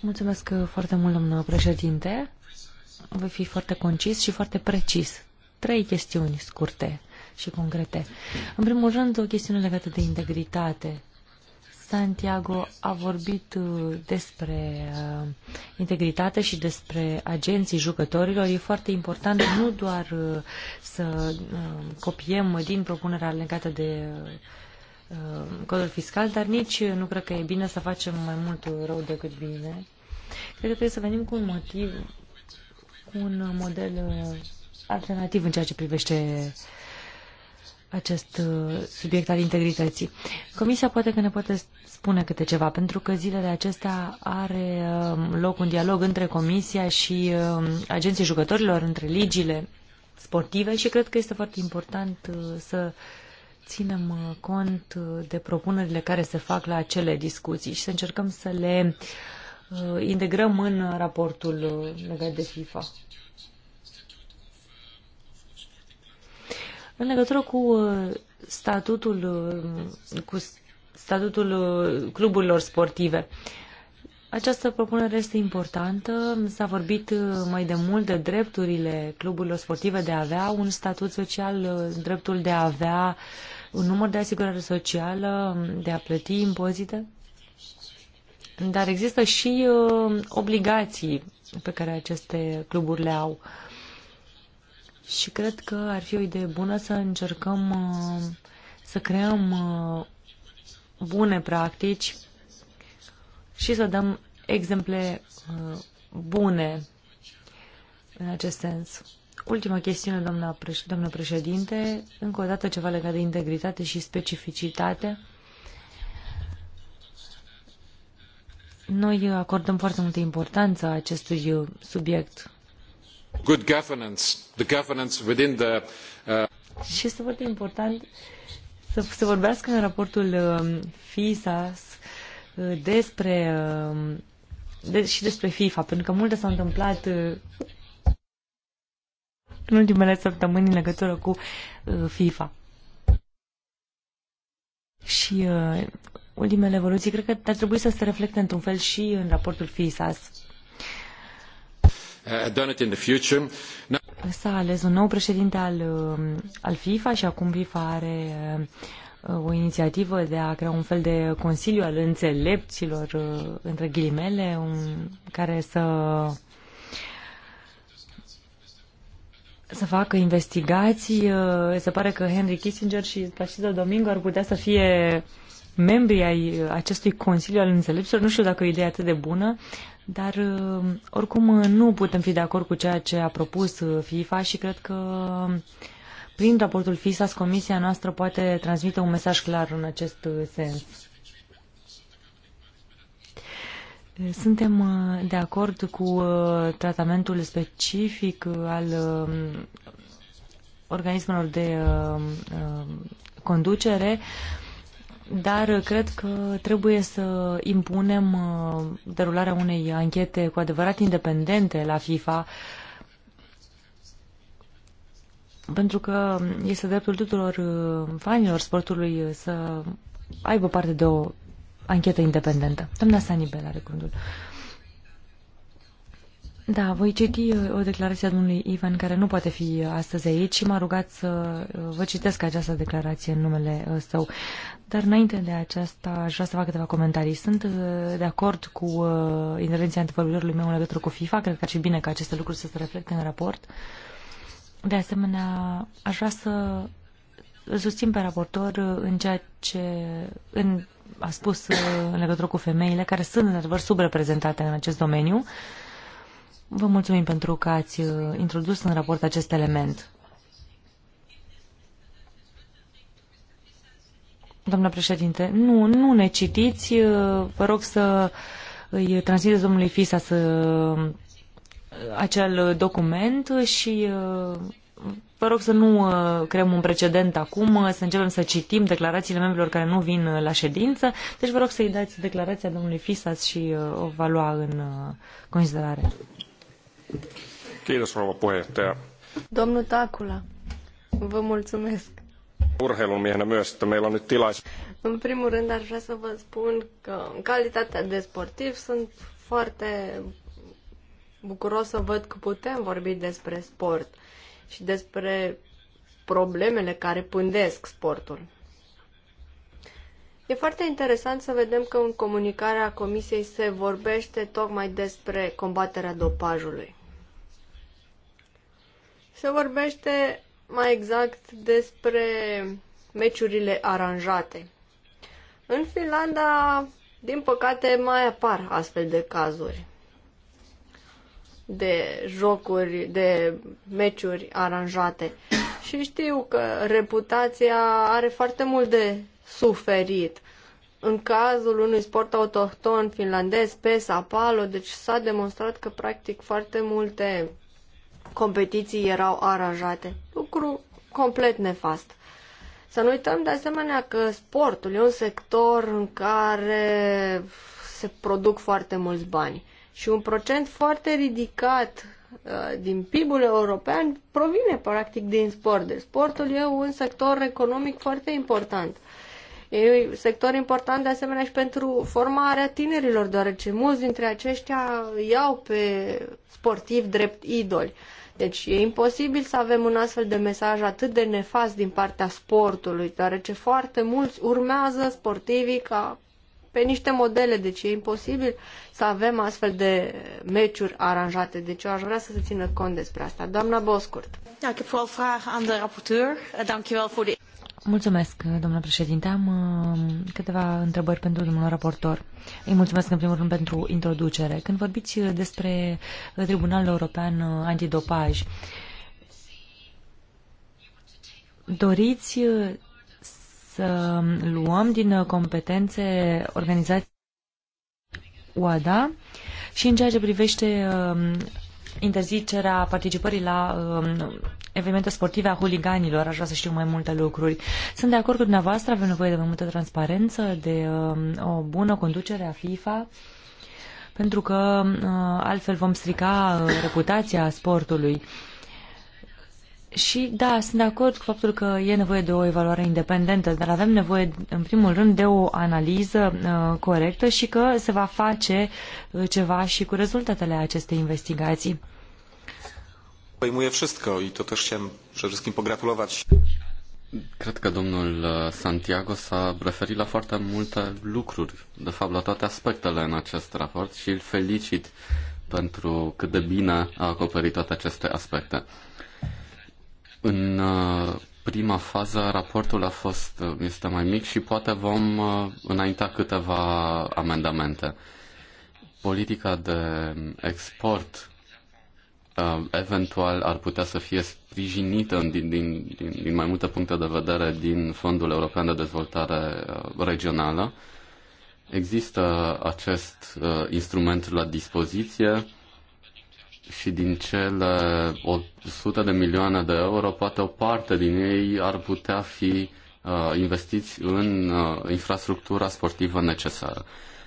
Mulțumesc uh, uh, foarte mult, domnul președinte. Voi fi foarte concis și foarte precis. Trei chestiuni scurte și concrete. În primul rând, o chestiune legată de integritate. Santiago a vorbit uh, despre uh, integritate și despre agenții jucătorilor. E foarte important nu doar uh, să copiem din propunerea legată de codul fiscal, dar nici nu cred că e bine să facem mai mult rău decât bine. Cred că trebuie să venim cu un motiv, cu un model alternativ în ceea ce privește uh, acest uh, subiect al integrității. Comisia poate că ne poate spune câte ceva, pentru că zilele acestea are um, loc un dialog între Comisia și um, agenții jucătorilor, între ligile sportive și cred că este foarte important uh, să ținem uh, cont de propunerile care se fac la acele discuții și să încercăm să le integrăm în raportul legat de FIFA. În legătură cu uh, statutul, uh, cu statutul uh, cluburilor sportive, această propunere este importantă. S-a vorbit mai de mult de drepturile cluburilor sportive de a avea un statut social, dreptul de a avea un număr de asigurare socială, de a plăti impozite. Dar există și obligații pe care aceste cluburi le au. Uh, și cred că ar fi o idee bună să încercăm uh, să creăm uh, bune practici și să dăm exemple uh, bune în acest sens. Ultima chestiune, doamna, preș- doamna președinte, încă o dată ceva legat de integritate și specificitate. Noi acordăm foarte multă importanță acestui subiect Good governance, the governance within the, uh, Și este foarte important să se vorbească în raportul um, FISA uh, despre um, de, și despre FIFA, pentru că multe s-au întâmplat uh, în ultimele săptămâni în legătură cu FIFA. Și ultimele evoluții, cred că ar trebui să se reflecte într-un fel și în raportul FISAS. Uh, S-a ales un nou președinte al, um, al FIFA și acum FIFA are uh, o inițiativă de a crea un fel de consiliu al înțelepților, uh, între ghilimele, un, care să să facă investigații. Se pare că Henry Kissinger și Placido Domingo ar putea să fie membri ai acestui Consiliu al Înțelepților. Nu știu dacă o idee atât de bună. Dar, uh, oricum, uh, nu putem fi de acord cu ceea ce a propus uh, FIFA și cred că prin raportul FISA, comisia noastră poate transmite un mesaj clar în acest sens. Suntem de acord cu tratamentul specific al um, organismelor de conducere dar cred că trebuie să impunem uh, derularea unei anchete cu adevărat independente la FIFA, pentru că este dreptul tuturor uh, fanilor sportului uh, să aibă parte de o anchetă independentă. Doamna Sanibel are cuvântul. Da, voi citi o declarație a domnului Ivan, care nu poate fi astăzi aici și m-a rugat să vă citesc această declarație în numele său. Dar înainte de aceasta, aș vrea să fac câteva comentarii. Sunt uh, de acord cu uh, intervenția antevorbitorului meu în legătură cu FIFA. Cred că ar fi bine ca aceste lucruri să se reflecte în raport. De asemenea, aș vrea să îl susțin pe raportor în ceea ce în, a spus uh, în legătură cu femeile, care sunt, într-adevăr, subreprezentate în acest domeniu. Vă mulțumim pentru că ați introdus în raport acest element. Doamna președinte, nu, nu ne citiți. Vă rog să îi transmiteți domnului Fisa să acel document și vă rog să nu uh, creăm un precedent acum, uh, să începem să citim declarațiile membrilor care nu vin uh, la ședință. Deci vă rog să-i dați declarația domnului Fisa și o va lua în considerare. Kiitos, Domnul Tacula, vă mulțumesc urheilumiehenä myös, että meillä on nyt tilaisuus. În primul rând aș vrea să vă spun că în calitatea de sportiv sunt foarte bucuros să văd că putem vorbi despre sport și despre problemele care pândesc sportul. E foarte interesant să vedem că în comunicarea Comisiei se vorbește tocmai despre combaterea dopajului. Se vorbește mai exact despre meciurile aranjate. În Finlanda, din păcate, mai apar astfel de cazuri de jocuri, de meciuri aranjate. Și știu că reputația are foarte mult de suferit. În cazul unui sport autohton finlandez, PESA, PALO, deci s-a demonstrat că practic foarte multe competiții erau aranjate. Lucru complet nefast. Să nu uităm de asemenea că sportul e un sector în care se produc foarte mulți bani și un procent foarte ridicat uh, din PIB-ul european provine practic din sport. De deci sportul e un sector economic foarte important. E un sector important de asemenea și pentru formarea tinerilor, deoarece mulți dintre aceștia iau pe sportivi drept idoli. Deci e imposibil să avem un astfel de mesaj atât de nefast din partea sportului, deoarece foarte mulți urmează sportivii ca pe niște modele, deci e imposibil să avem astfel de meciuri aranjate. Deci eu aș vrea să se țină cont despre asta. Doamna Boscurt. Dank u vooral vragen aan de rapporteur. Eh, dank pentru. wel voor de... Mulțumesc, domnule președinte. Am um, câteva întrebări pentru domnul raportor. Îi mulțumesc în primul rând pentru introducere. Când vorbiți despre Tribunalul European Antidopaj, doriți să luăm din competențe organizației OADA și în ceea ce privește um, interzicerea participării la um, evenimente sportive a huliganilor. Aș vrea să știu mai multe lucruri. Sunt de acord cu dumneavoastră, avem nevoie de mai multă transparență, de um, o bună conducere a FIFA, pentru că uh, altfel vom strica uh, reputația sportului. Uh, și da, sunt de acord cu faptul că e nevoie de o evaluare independentă, dar avem nevoie, în primul rând, de o analiză uh, corectă și că se va face uh, ceva și cu rezultatele acestei investigații. Păimuie wszystko i to też chciałem przede wszystkim pogratulować. Cred că domnul uh, Santiago s-a referit la foarte multe lucruri, de fapt la toate aspectele în acest raport și îl felicit pentru cât de bine a acoperit toate aceste aspecte. În uh, prima fază raportul a fost, uh, este mai mic și poate vom uh, înainta câteva amendamente. Politica de export eventual ar putea să fie sprijinită din, din, din, din mai multe puncte de vedere din Fondul European de Dezvoltare Regională. Există acest uh, instrument la dispoziție și din cele 100 de milioane de euro, poate o parte din ei ar putea fi uh, investiți în uh, infrastructura sportivă necesară.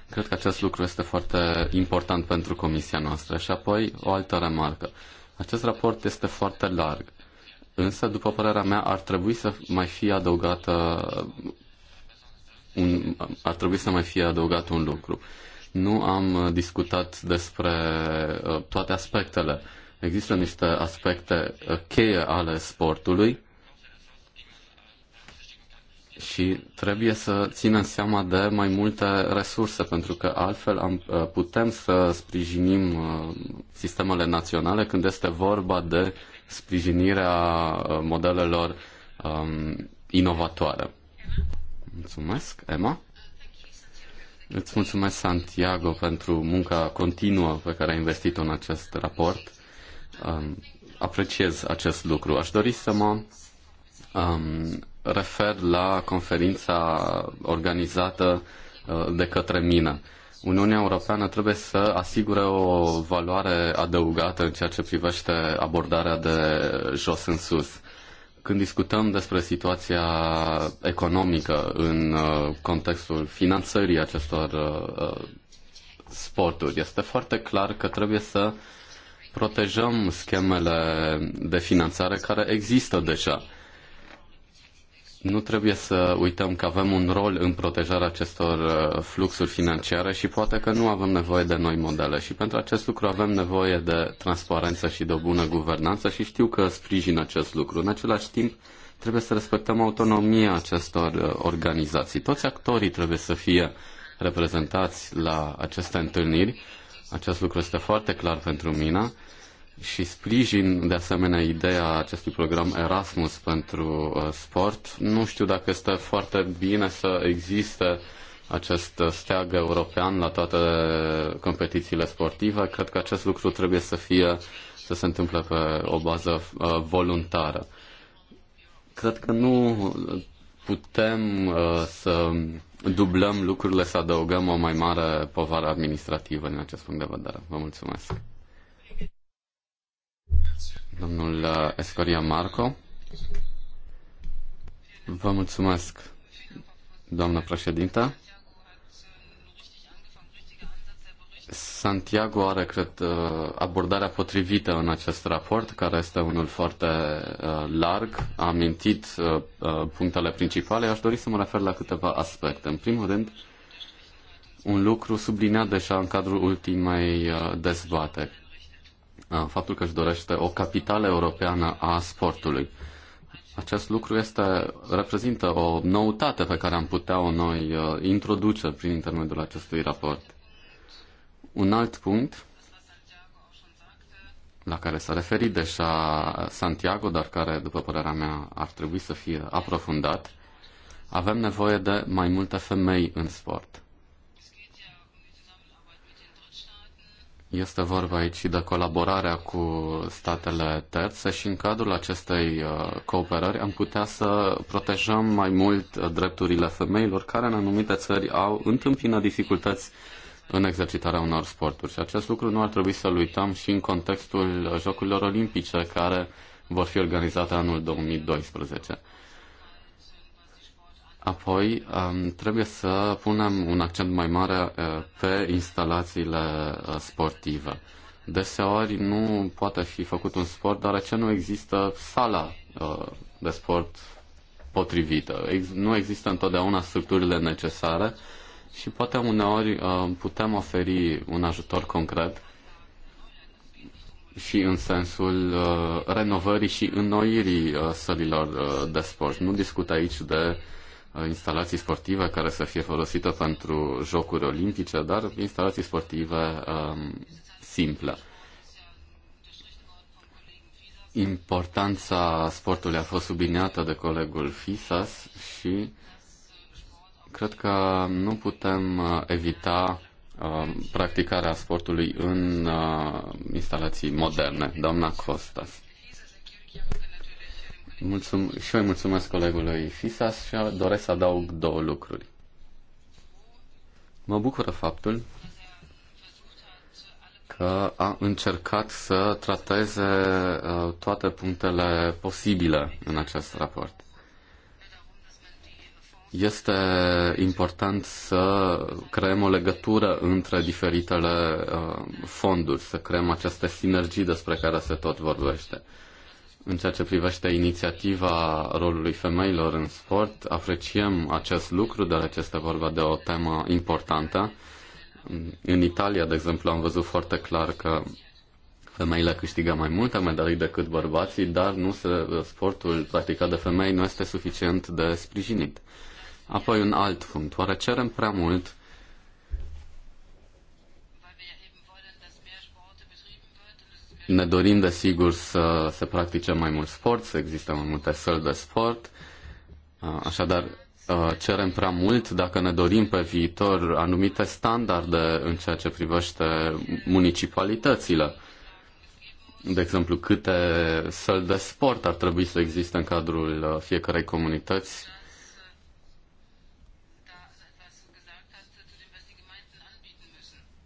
Cred că acest lucru este foarte important pentru comisia noastră. Și apoi o altă remarcă. Acest raport este foarte larg, însă, după părerea mea, ar trebui să mai fie adăugată un, ar trebui să mai fie adăugat un lucru. Uh, nu am uh, discutat despre uh, toate aspectele. Există niște aspecte uh, cheie ale sportului și trebuie să ținem seama de mai multe resurse, pentru că altfel am, putem să sprijinim sistemele naționale când este vorba de sprijinirea modelelor um, inovatoare. Mulțumesc, Emma. Îți mulțumesc, Santiago, pentru munca continuă pe care ai investit-o în acest raport. Um, apreciez acest lucru. Aș dori să mă um, refer la conferința organizată uh, de către mine. Uniunea Europeană trebuie să asigure o valoare adăugată în ceea ce privește abordarea de jos în sus. Când discutăm despre situația economică în uh, contextul finanțării acestor uh, uh, sporturi, este foarte clar că trebuie să protejăm schemele de finanțare care există deja nu trebuie să uităm că avem un rol în protejarea acestor uh, fluxuri financiare și poate că nu avem nevoie de noi modele și pentru acest lucru avem nevoie de transparență și de o bună guvernanță și știu că sprijin acest lucru. În același timp, trebuie să respectăm autonomia acestor uh, organizații. Toți actorii trebuie să fie reprezentați la aceste întâlniri. Acest lucru este foarte clar pentru mine și sprijin de asemenea ideea acestui program Erasmus pentru uh, sport. Nu știu dacă este foarte bine să existe acest steag european la toate competițiile sportive. Cred că acest lucru trebuie să fie să se întâmple pe o bază uh, voluntară. Cred că nu putem uh, să dublăm lucrurile, să adăugăm o mai mare povară administrativă din acest punct de vedere. Vă mulțumesc. Domnul uh, Escoria Marco. Vă mulțumesc, doamnă președintă. Santiago are, cred, uh, abordarea potrivită în acest raport, care este unul foarte uh, larg. A amintit punctele principale. Aș dori să mă refer la câteva aspecte. În primul rând, un lucru subliniat deja în cadrul ultimei dezbateri faptul că își dorește o capitală europeană a sportului. Acest lucru este, reprezintă o noutate pe care am putea-o noi introduce prin intermediul acestui raport. Un alt punct la care s-a referit deja Santiago, dar care, după părerea mea, ar trebui să fie aprofundat, avem nevoie de mai multe femei în sport. Este vorba aici de colaborarea cu statele terțe și în cadrul acestei uh, cooperări am putea să protejăm mai mult uh, drepturile femeilor care în anumite țări au întâmpină dificultăți în exercitarea unor sporturi. Și acest lucru nu ar trebui să-l uităm și în contextul Jocurilor Olimpice care vor fi organizate anul 2012. Apoi, um, trebuie să punem un accent mai mare uh, pe instalațiile uh, sportive. Deseori nu poate fi făcut un sport, deoarece nu există sala uh, de sport potrivită. Nu există întotdeauna structurile necesare și poate uneori putem oferi un ajutor concret și în sensul renovării și înnoirii sălilor de sport. Nu discut aici de uh, Uh, instalații sportive care să fie folosite pentru jocuri olimpice, dar instalații sportive um, simple. Importanța sportului a fost subliniată de colegul Fisas și cred că nu putem uh, evita um, practicarea sportului în uh, instalații moderne. Doamna Costas. Mulțum- și eu îi mulțumesc colegului Fisas și doresc să adaug două lucruri. Mă bucură faptul că a încercat să trateze uh, toate punctele posibile în acest raport. Este important să creăm o legătură între diferitele uh, fonduri, să creăm aceste sinergii despre care se tot vorbește. În ceea ce privește inițiativa rolului femeilor în sport, apreciem acest lucru, dar este vorba de o temă importantă. În Italia, de exemplu, am văzut foarte clar că femeile câștigă mai multe medalii decât bărbații, dar nu se, sportul practicat de femei nu este suficient de sprijinit. Apoi un alt punct. Oare cerem prea mult Ne dorim, desigur, să se practice mai mult sport, să existe mai multe săli de sport. Uh, așadar, uh, cerem prea mult dacă ne dorim pe viitor anumite standarde în ceea ce privește municipalitățile. De exemplu, câte săli de sport ar trebui să existe în cadrul uh, fiecarei comunități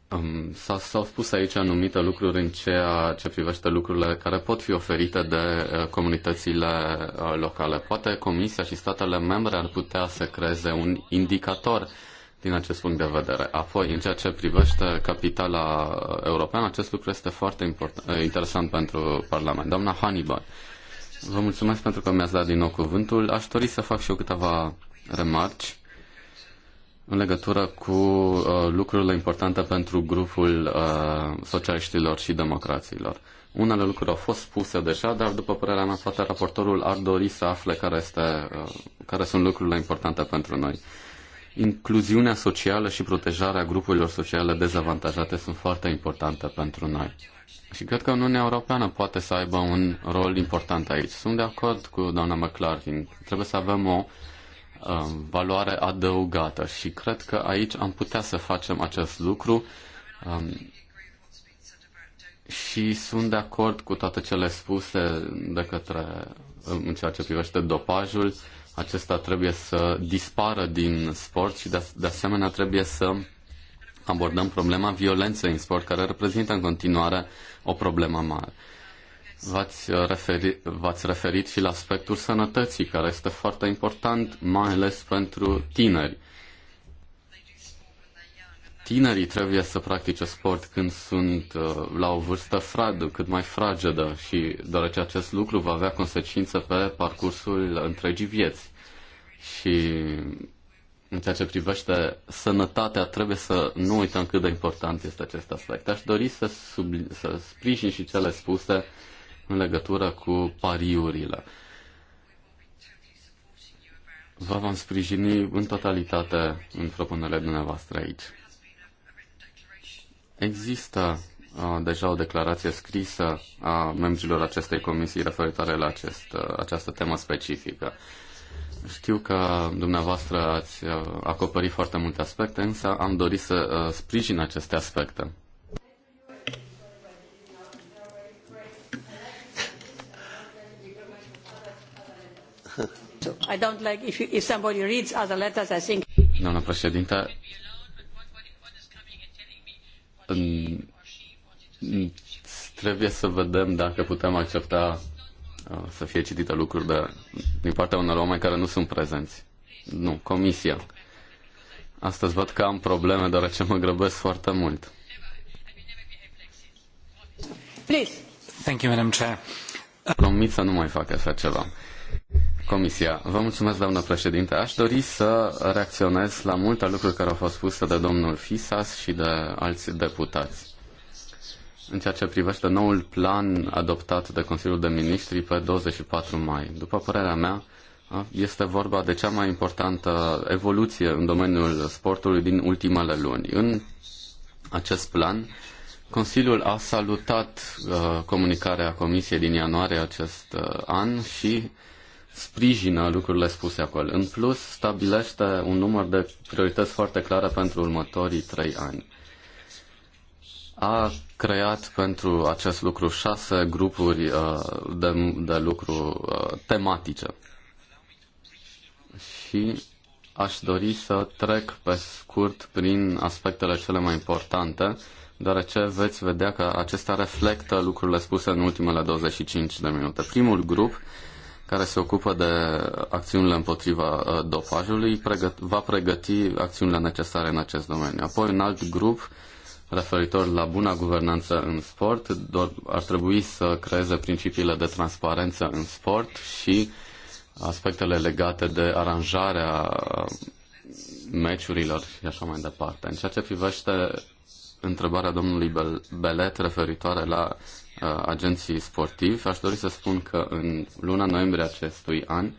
Um, s-au spus aici anumite lucruri în ceea ce privește lucrurile care pot fi oferite de uh, comunitățile uh, locale. Poate Comisia și statele membre ar putea să creeze un indicator din acest punct de vedere. Apoi, în ceea ce privește capitala europeană, acest lucru este foarte important, eh, interesant pentru Parlament. Doamna Hannibal, vă mulțumesc pentru că mi-ați dat din nou cuvântul. Aș dori să fac și eu câteva remarci în legătură cu uh, lucrurile importante pentru grupul uh, socialiștilor și democraților. Unele lucruri au fost spuse deja, dar după părerea mea, poate raportorul ar dori să afle care, este, uh, care sunt lucrurile importante pentru noi. Incluziunea socială și protejarea grupurilor sociale dezavantajate sunt foarte importante pentru noi. Și cred că Uniunea Europeană poate să aibă un rol important aici. Sunt de acord cu doamna McClarkin. Trebuie să avem o uh, Um, valoare adăugată și cred că aici am putea să facem acest lucru um, și sunt de acord cu toate cele spuse de către, în ceea ce privește dopajul. Acesta trebuie să dispară din sport și de, de asemenea trebuie să abordăm problema violenței în sport, care reprezintă în continuare o problemă mare. V-ați uh, referit, v-ați referit și la aspectul sănătății, care este foarte important, mai ales pentru tineri. Tinerii trebuie să practice sport când sunt uh, la o vârstă fragedă, cât mai fragedă și deoarece acest lucru va avea consecințe pe parcursul întregii vieți. Și în ceea ce privește sănătatea, trebuie să nu uităm cât de important este acest aspect. Aș dori să, sub, să sprijin și cele spuse uh, în legătură cu pariurile. Vă vom sprijini în totalitate în propunerea dumneavoastră aici. Există uh, deja o declarație scrisă a membrilor acestei comisii referitoare la acest, uh, această temă specifică. Știu că dumneavoastră ați uh, acoperit foarte multe aspecte, însă am dorit să uh, sprijin aceste aspecte. So Doamna președintă, trebuie să vedem dacă putem accepta uh, să fie citite lucruri de, din partea unor oameni care nu sunt prezenți. Nu, comisia. Astăzi văd că am probleme, deoarece mă grăbesc foarte mult. Please. Thank you, Madam Chair. Promit să nu mai fac așa ceva. Comisia. Vă mulțumesc, doamnă președinte. Aș dori să reacționez la multe lucruri care au fost spuse de domnul Fisas și de alți deputați. În ceea ce privește noul plan adoptat de Consiliul de Ministri pe 24 mai, după părerea mea, este vorba de cea mai importantă evoluție în domeniul sportului din ultimele luni. În acest plan, Consiliul a salutat uh, comunicarea Comisiei din ianuarie acest uh, an și sprijină lucrurile spuse acolo. În plus, stabilește un număr de priorități foarte clare pentru următorii trei ani. A creat pentru acest lucru șase grupuri uh, de, de lucru uh, tematice. Și aș dori să trec pe scurt prin aspectele cele mai importante, deoarece veți vedea că acestea reflectă lucrurile spuse în ultimele 25 de minute. Primul grup care se ocupă de acțiunile împotriva uh, dopajului, va pregăti acțiunile necesare în acest domeniu. Apoi, un alt grup referitor la buna guvernanță în sport ar trebui să creeze principiile de transparență în sport și aspectele legate de aranjarea meciurilor și așa mai departe. În ceea ce privește întrebarea domnului Belet referitoare la Uh, agenții sportivi, aș dori să spun că în luna noiembrie acestui an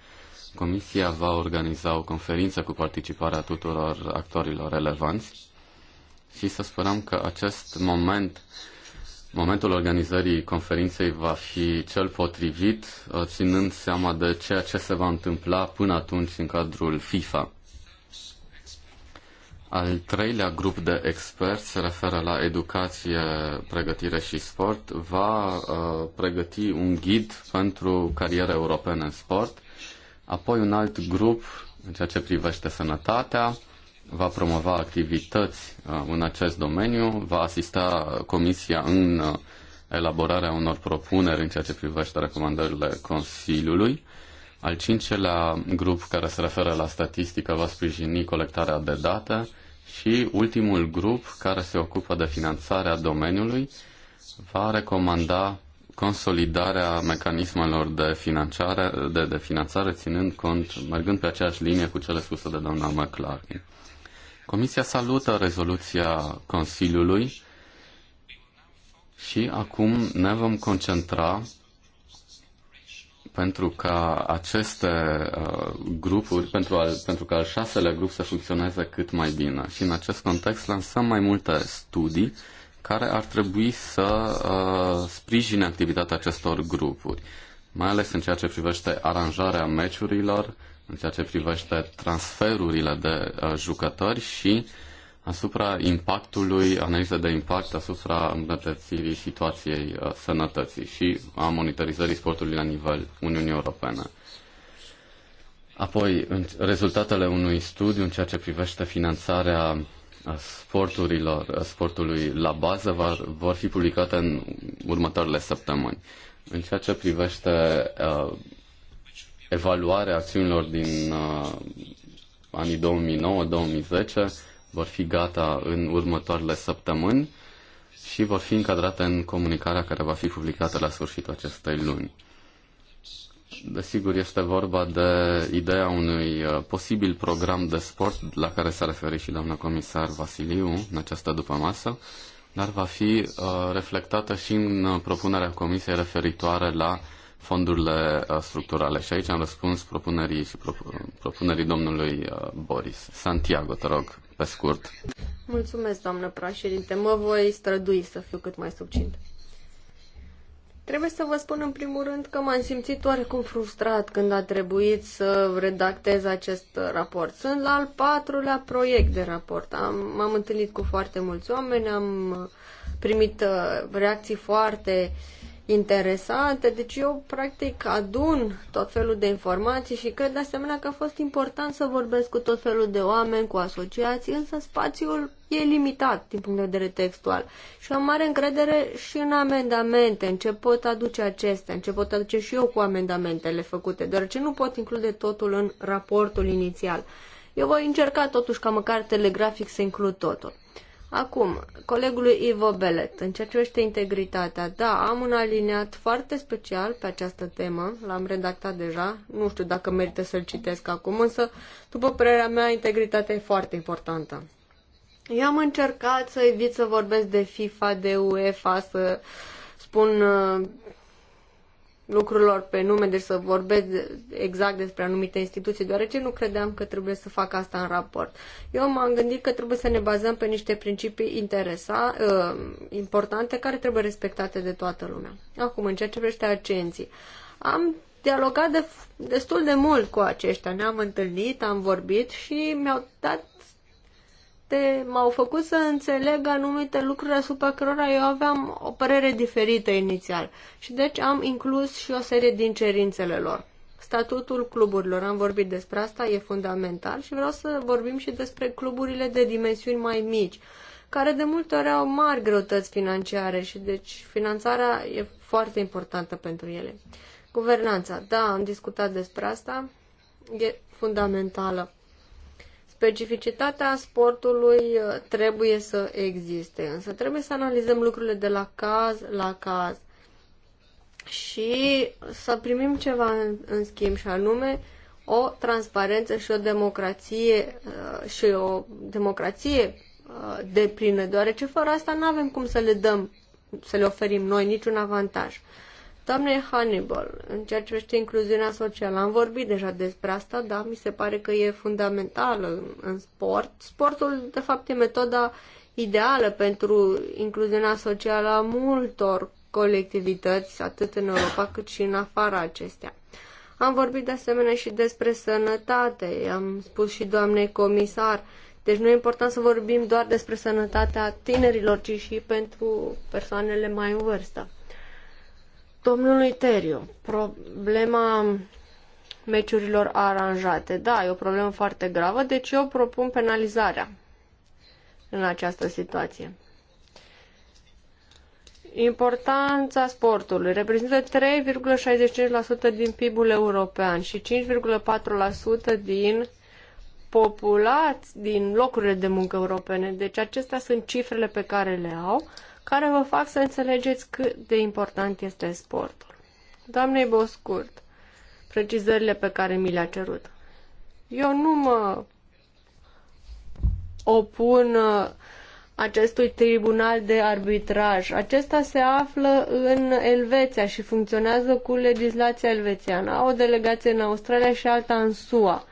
Comisia va organiza o conferință cu participarea tuturor actorilor relevanți și să sperăm că acest moment, momentul organizării conferinței va fi cel potrivit, uh, ținând seama de ceea ce se va întâmpla până atunci în cadrul FIFA. Al treilea grup de experți se referă la educație, pregătire și sport. Va uh, pregăti un ghid pentru cariere europene în sport. Apoi un alt grup, în ceea ce privește sănătatea, va promova activități uh, în acest domeniu, va asista Comisia în uh, elaborarea unor propuneri în ceea ce privește recomandările Consiliului al cincelea grup care se referă la statistică va sprijini colectarea de date și ultimul grup care se ocupă de finanțarea domeniului va recomanda consolidarea mecanismelor de finanțare, de, de finanțare ținând cont, mergând pe aceeași linie cu cele spuse de doamna McLaren. Comisia salută rezoluția Consiliului și acum ne vom concentra pentru ca aceste uh, grupuri, pentru, al, pentru ca al șaselea grup să funcționeze cât mai bine. Și în acest context lansăm mai multe studii care ar trebui să uh, sprijine activitatea acestor grupuri, mai ales în ceea ce privește aranjarea meciurilor, în ceea ce privește transferurile de uh, jucători și uh, asupra impactului, analiza de impact asupra îmbunătățirii situației uh, sănătății și a monitorizării sportului la nivel Uniunii Europene. Apoi, rezultatele unui studiu în ceea ce privește finanțarea uh, sporturilor, uh, sportului la bază vor fi publicate în următoarele săptămâni. În ceea ce privește uh, evaluarea acțiunilor din uh, anii 2009-2010, vor fi gata în următoarele săptămâni și vor fi încadrate în comunicarea care va fi publicată la sfârșitul acestei luni. Desigur, este vorba de ideea unui uh, posibil program de sport la care s-a referit și doamna comisar Vasiliu în această dupămasă, dar va fi uh, reflectată și în uh, propunerea comisiei referitoare la fondurile structurale. Și aici am răspuns propunerii și propunerii domnului Boris. Santiago, te rog pe scurt. Mulțumesc, doamnă președinte. Mă voi strădui să fiu cât mai subțint. Trebuie să vă spun în primul rând că m-am simțit oarecum frustrat când a trebuit să redactez acest raport. Sunt la al patrulea proiect de raport. Am, m-am întâlnit cu foarte mulți oameni, am primit uh, reacții foarte uh, Interesante, deci eu practic adun tot felul de informații și cred de asemenea că a fost important să vorbesc cu tot felul de oameni, cu asociații, însă spațiul e limitat din punct de vedere textual și am mare încredere și în amendamente, în ce pot aduce acestea, în ce pot aduce și eu cu amendamentele făcute, deoarece nu pot include totul în raportul inițial. Eu voi încerca totuși ca măcar telegrafic să includ totul. Acum, colegului Ivo Belet, în ceea ce privește integritatea, da, am un aliniat foarte special pe această temă, l-am redactat deja, nu știu dacă merită să-l citesc acum, însă, după părerea mea, integritatea e foarte importantă. Eu am încercat să evit să vorbesc de FIFA, de UEFA, să spun uh, lucrurilor pe nume, deci să vorbesc exact despre anumite instituții, deoarece nu credeam că trebuie să fac asta în raport. Eu m-am gândit că trebuie să ne bazăm pe niște principii interesa, uh, importante care trebuie respectate de toată lumea. Acum, în ceea ce privește agenții, am dialogat de, destul de mult cu aceștia, ne-am întâlnit, am vorbit și mi-au dat date m-au făcut să înțeleg anumite lucruri asupra cărora eu aveam o părere diferită inițial. Și deci am inclus și o serie din cerințele lor. Statutul cluburilor, am vorbit despre asta, e fundamental și vreau să vorbim și despre cluburile de dimensiuni mai mici, care de multe ori au mari greutăți financiare și deci finanțarea e foarte importantă pentru ele. Guvernanța, da, am discutat despre asta, e fundamentală. Specificitatea sportului uh, trebuie să existe, însă trebuie să analizăm lucrurile de la caz la caz și să primim ceva în, în schimb și anume o transparență și o democrație uh, și o democrație uh, de plină, deoarece fără asta nu avem cum să le dăm, să le oferim noi niciun avantaj. Doamne Hannibal, în ceea ce vește incluziunea socială, am vorbit deja despre asta, dar mi se pare că e fundamentală în, în sport. Sportul, de fapt, e metoda ideală pentru incluziunea socială a multor colectivități, atât în Europa cât și în afara acestea. Am vorbit de asemenea și despre sănătate, am spus și doamnei comisar, deci nu e important să vorbim doar despre sănătatea tinerilor, ci și pentru persoanele mai în vârstă. Domnului Teriu, problema meciurilor aranjate. Da, e o problemă foarte gravă, deci eu propun penalizarea în această situație. Importanța sportului reprezintă 3,65% din PIB-ul european și 5,4% din populați din locurile de muncă europene. Deci acestea sunt cifrele pe care le au care vă fac să înțelegeți cât de important este sportul. Doamnei Boscurt, precizările pe care mi le-a cerut. Eu nu mă opun uh, acestui tribunal de arbitraj. Acesta se află în Elveția și funcționează cu legislația elvețiană. Au o delegație în Australia și alta în SUA.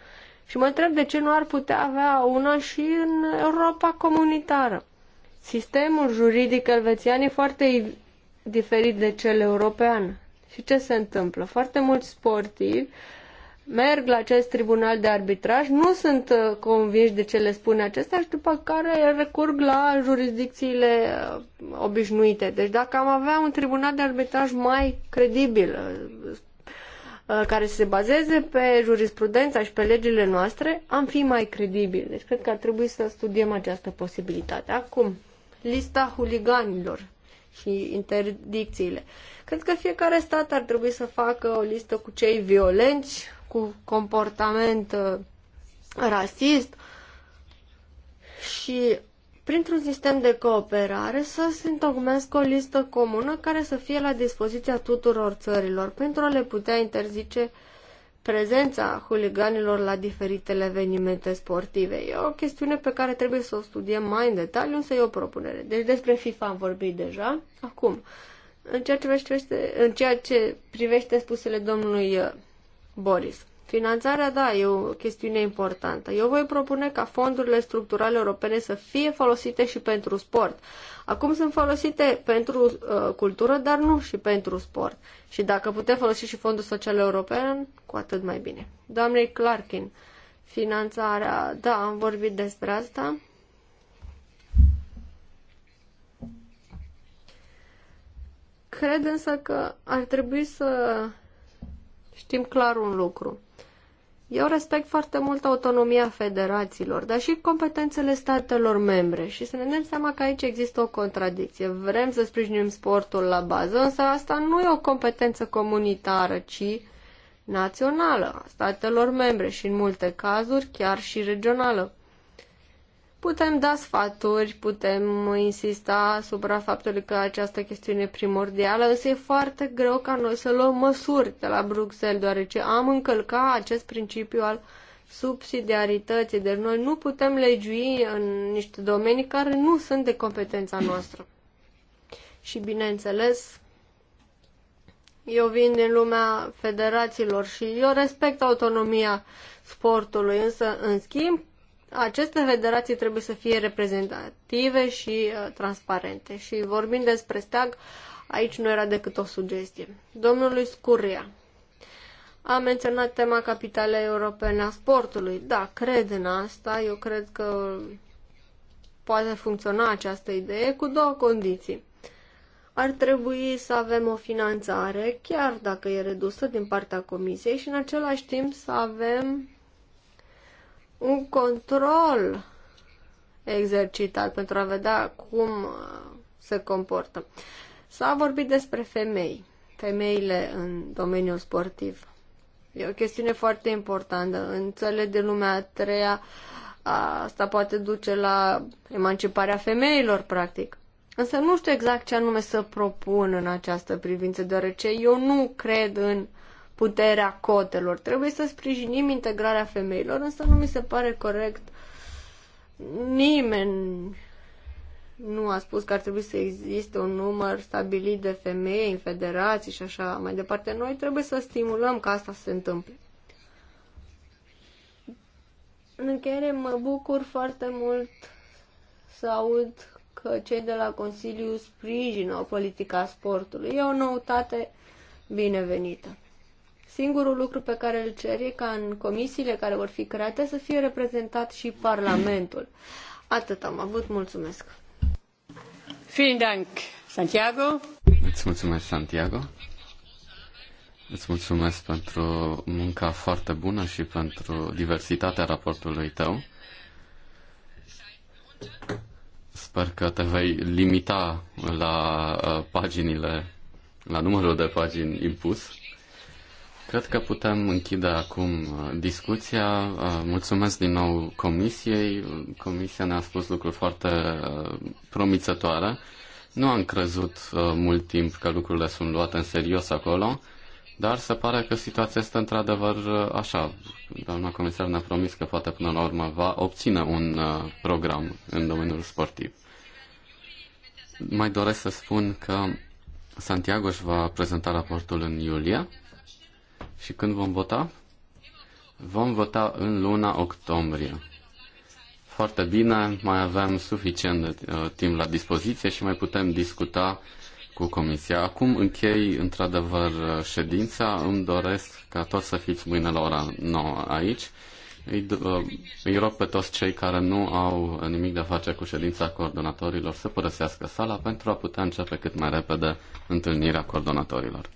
Și mă întreb de ce nu ar putea avea una și în Europa comunitară. Sistemul juridic elvețian e foarte diferit de cel european. Și ce se întâmplă? Foarte mulți sportivi merg la acest tribunal de arbitraj, nu sunt uh, convinși de ce le spune acesta și după care recurg la jurisdicțiile uh, obișnuite. Deci dacă am avea un tribunal de arbitraj mai credibil, uh, care se bazeze pe jurisprudența și pe legile noastre, am fi mai credibili. Deci cred că ar trebui să studiem această posibilitate. Acum, lista huliganilor și interdicțiile. Cred că fiecare stat ar trebui să facă o listă cu cei violenți, cu comportament uh, rasist și printr-un sistem de cooperare să se întocmească o listă comună care să fie la dispoziția tuturor țărilor pentru a le putea interzice uh, prezența huliganilor la diferitele evenimente sportive. E o chestiune pe care trebuie să o studiem mai în detaliu, însă e o propunere. Deci despre FIFA am vorbit deja. Acum, în ceea ce privește, în ceea ce privește spusele domnului uh, Boris. Finanțarea, da, e o chestiune importantă. Eu voi propune ca fondurile structurale europene să fie folosite și pentru sport. Acum sunt folosite pentru uh, cultură, dar nu și pentru sport. Și dacă putem folosi și Fondul Social European, cu atât mai bine. Doamnei Clarkin, finanțarea, da, am vorbit despre asta. Cred însă că ar trebui să știm clar un lucru. Eu respect foarte mult autonomia federațiilor, dar și competențele statelor membre și să ne dăm seama că aici există o contradicție. Vrem să sprijinim sportul la bază, însă asta nu e o competență comunitară, ci națională a statelor membre și în multe cazuri chiar și regională. Putem da sfaturi, putem insista asupra faptului că această chestiune e primordială, însă e foarte greu ca noi să luăm măsuri de la Bruxelles, deoarece am încălcat acest principiu al subsidiarității, deci noi nu putem legiui în niște domenii care nu sunt de competența noastră. Și bineînțeles, eu vin din lumea federațiilor și eu respect autonomia sportului, însă, în schimb, aceste federații trebuie să fie reprezentative și uh, transparente. Și vorbind despre steag, aici nu era decât o sugestie. Domnului Scuria a menționat tema capitalei europene a sportului. Da, cred în asta. Eu cred că poate funcționa această idee cu două condiții. Ar trebui să avem o finanțare, chiar dacă e redusă din partea comisiei, și în același timp să avem un control exercitat pentru a vedea cum uh, se comportă. S-a vorbit despre femei, femeile în domeniul sportiv. E o chestiune foarte importantă. În țările de lumea a treia, asta poate duce la emanciparea femeilor, practic. Însă nu știu exact ce anume să propun în această privință, deoarece eu nu cred în uh, puterea cotelor. Trebuie să sprijinim integrarea femeilor, însă nu mi se pare corect. Nimeni nu a spus că ar trebui să existe un număr stabilit de femei în federații și așa mai departe. Noi trebuie să stimulăm ca asta să se întâmple. În încheiere, mă bucur foarte mult să aud că cei de la Consiliu sprijină o politică a sportului. E o noutate binevenită. Singurul lucru pe care îl cer e ca în comisiile care vor fi create să fie reprezentat și Parlamentul. Atât am avut, mulțumesc. Vielen Dank, Santiago. Îți mulțumesc, Santiago. Îți mulțumesc pentru munca foarte bună și pentru diversitatea raportului tău. Sper că te vei limita la uh, paginile, la numărul de pagini impus. Cred că putem închide acum uh, discuția. Uh, mulțumesc din nou comisiei. Comisia ne-a spus lucruri foarte uh, promițătoare. Nu am crezut mult timp că lucrurile sunt luate în serios acolo, dar se pare că situația este într-adevăr așa. Doamna comisar ne-a promis că poate până la urmă va obține un program în domeniul sportiv. Mai doresc să spun că Santiago își va prezenta raportul în iulie și când vom vota? Vom vota în luna octombrie. Foarte bine, mai avem suficient de, uh, timp la dispoziție și mai putem discuta cu Comisia. Acum închei într-adevăr ședința. Îmi doresc ca toți să fiți mâine la ora 9 aici. Îi, uh, îi rog pe toți cei care nu au nimic de a face cu ședința coordonatorilor să părăsească sala pentru a putea începe cât mai repede întâlnirea coordonatorilor.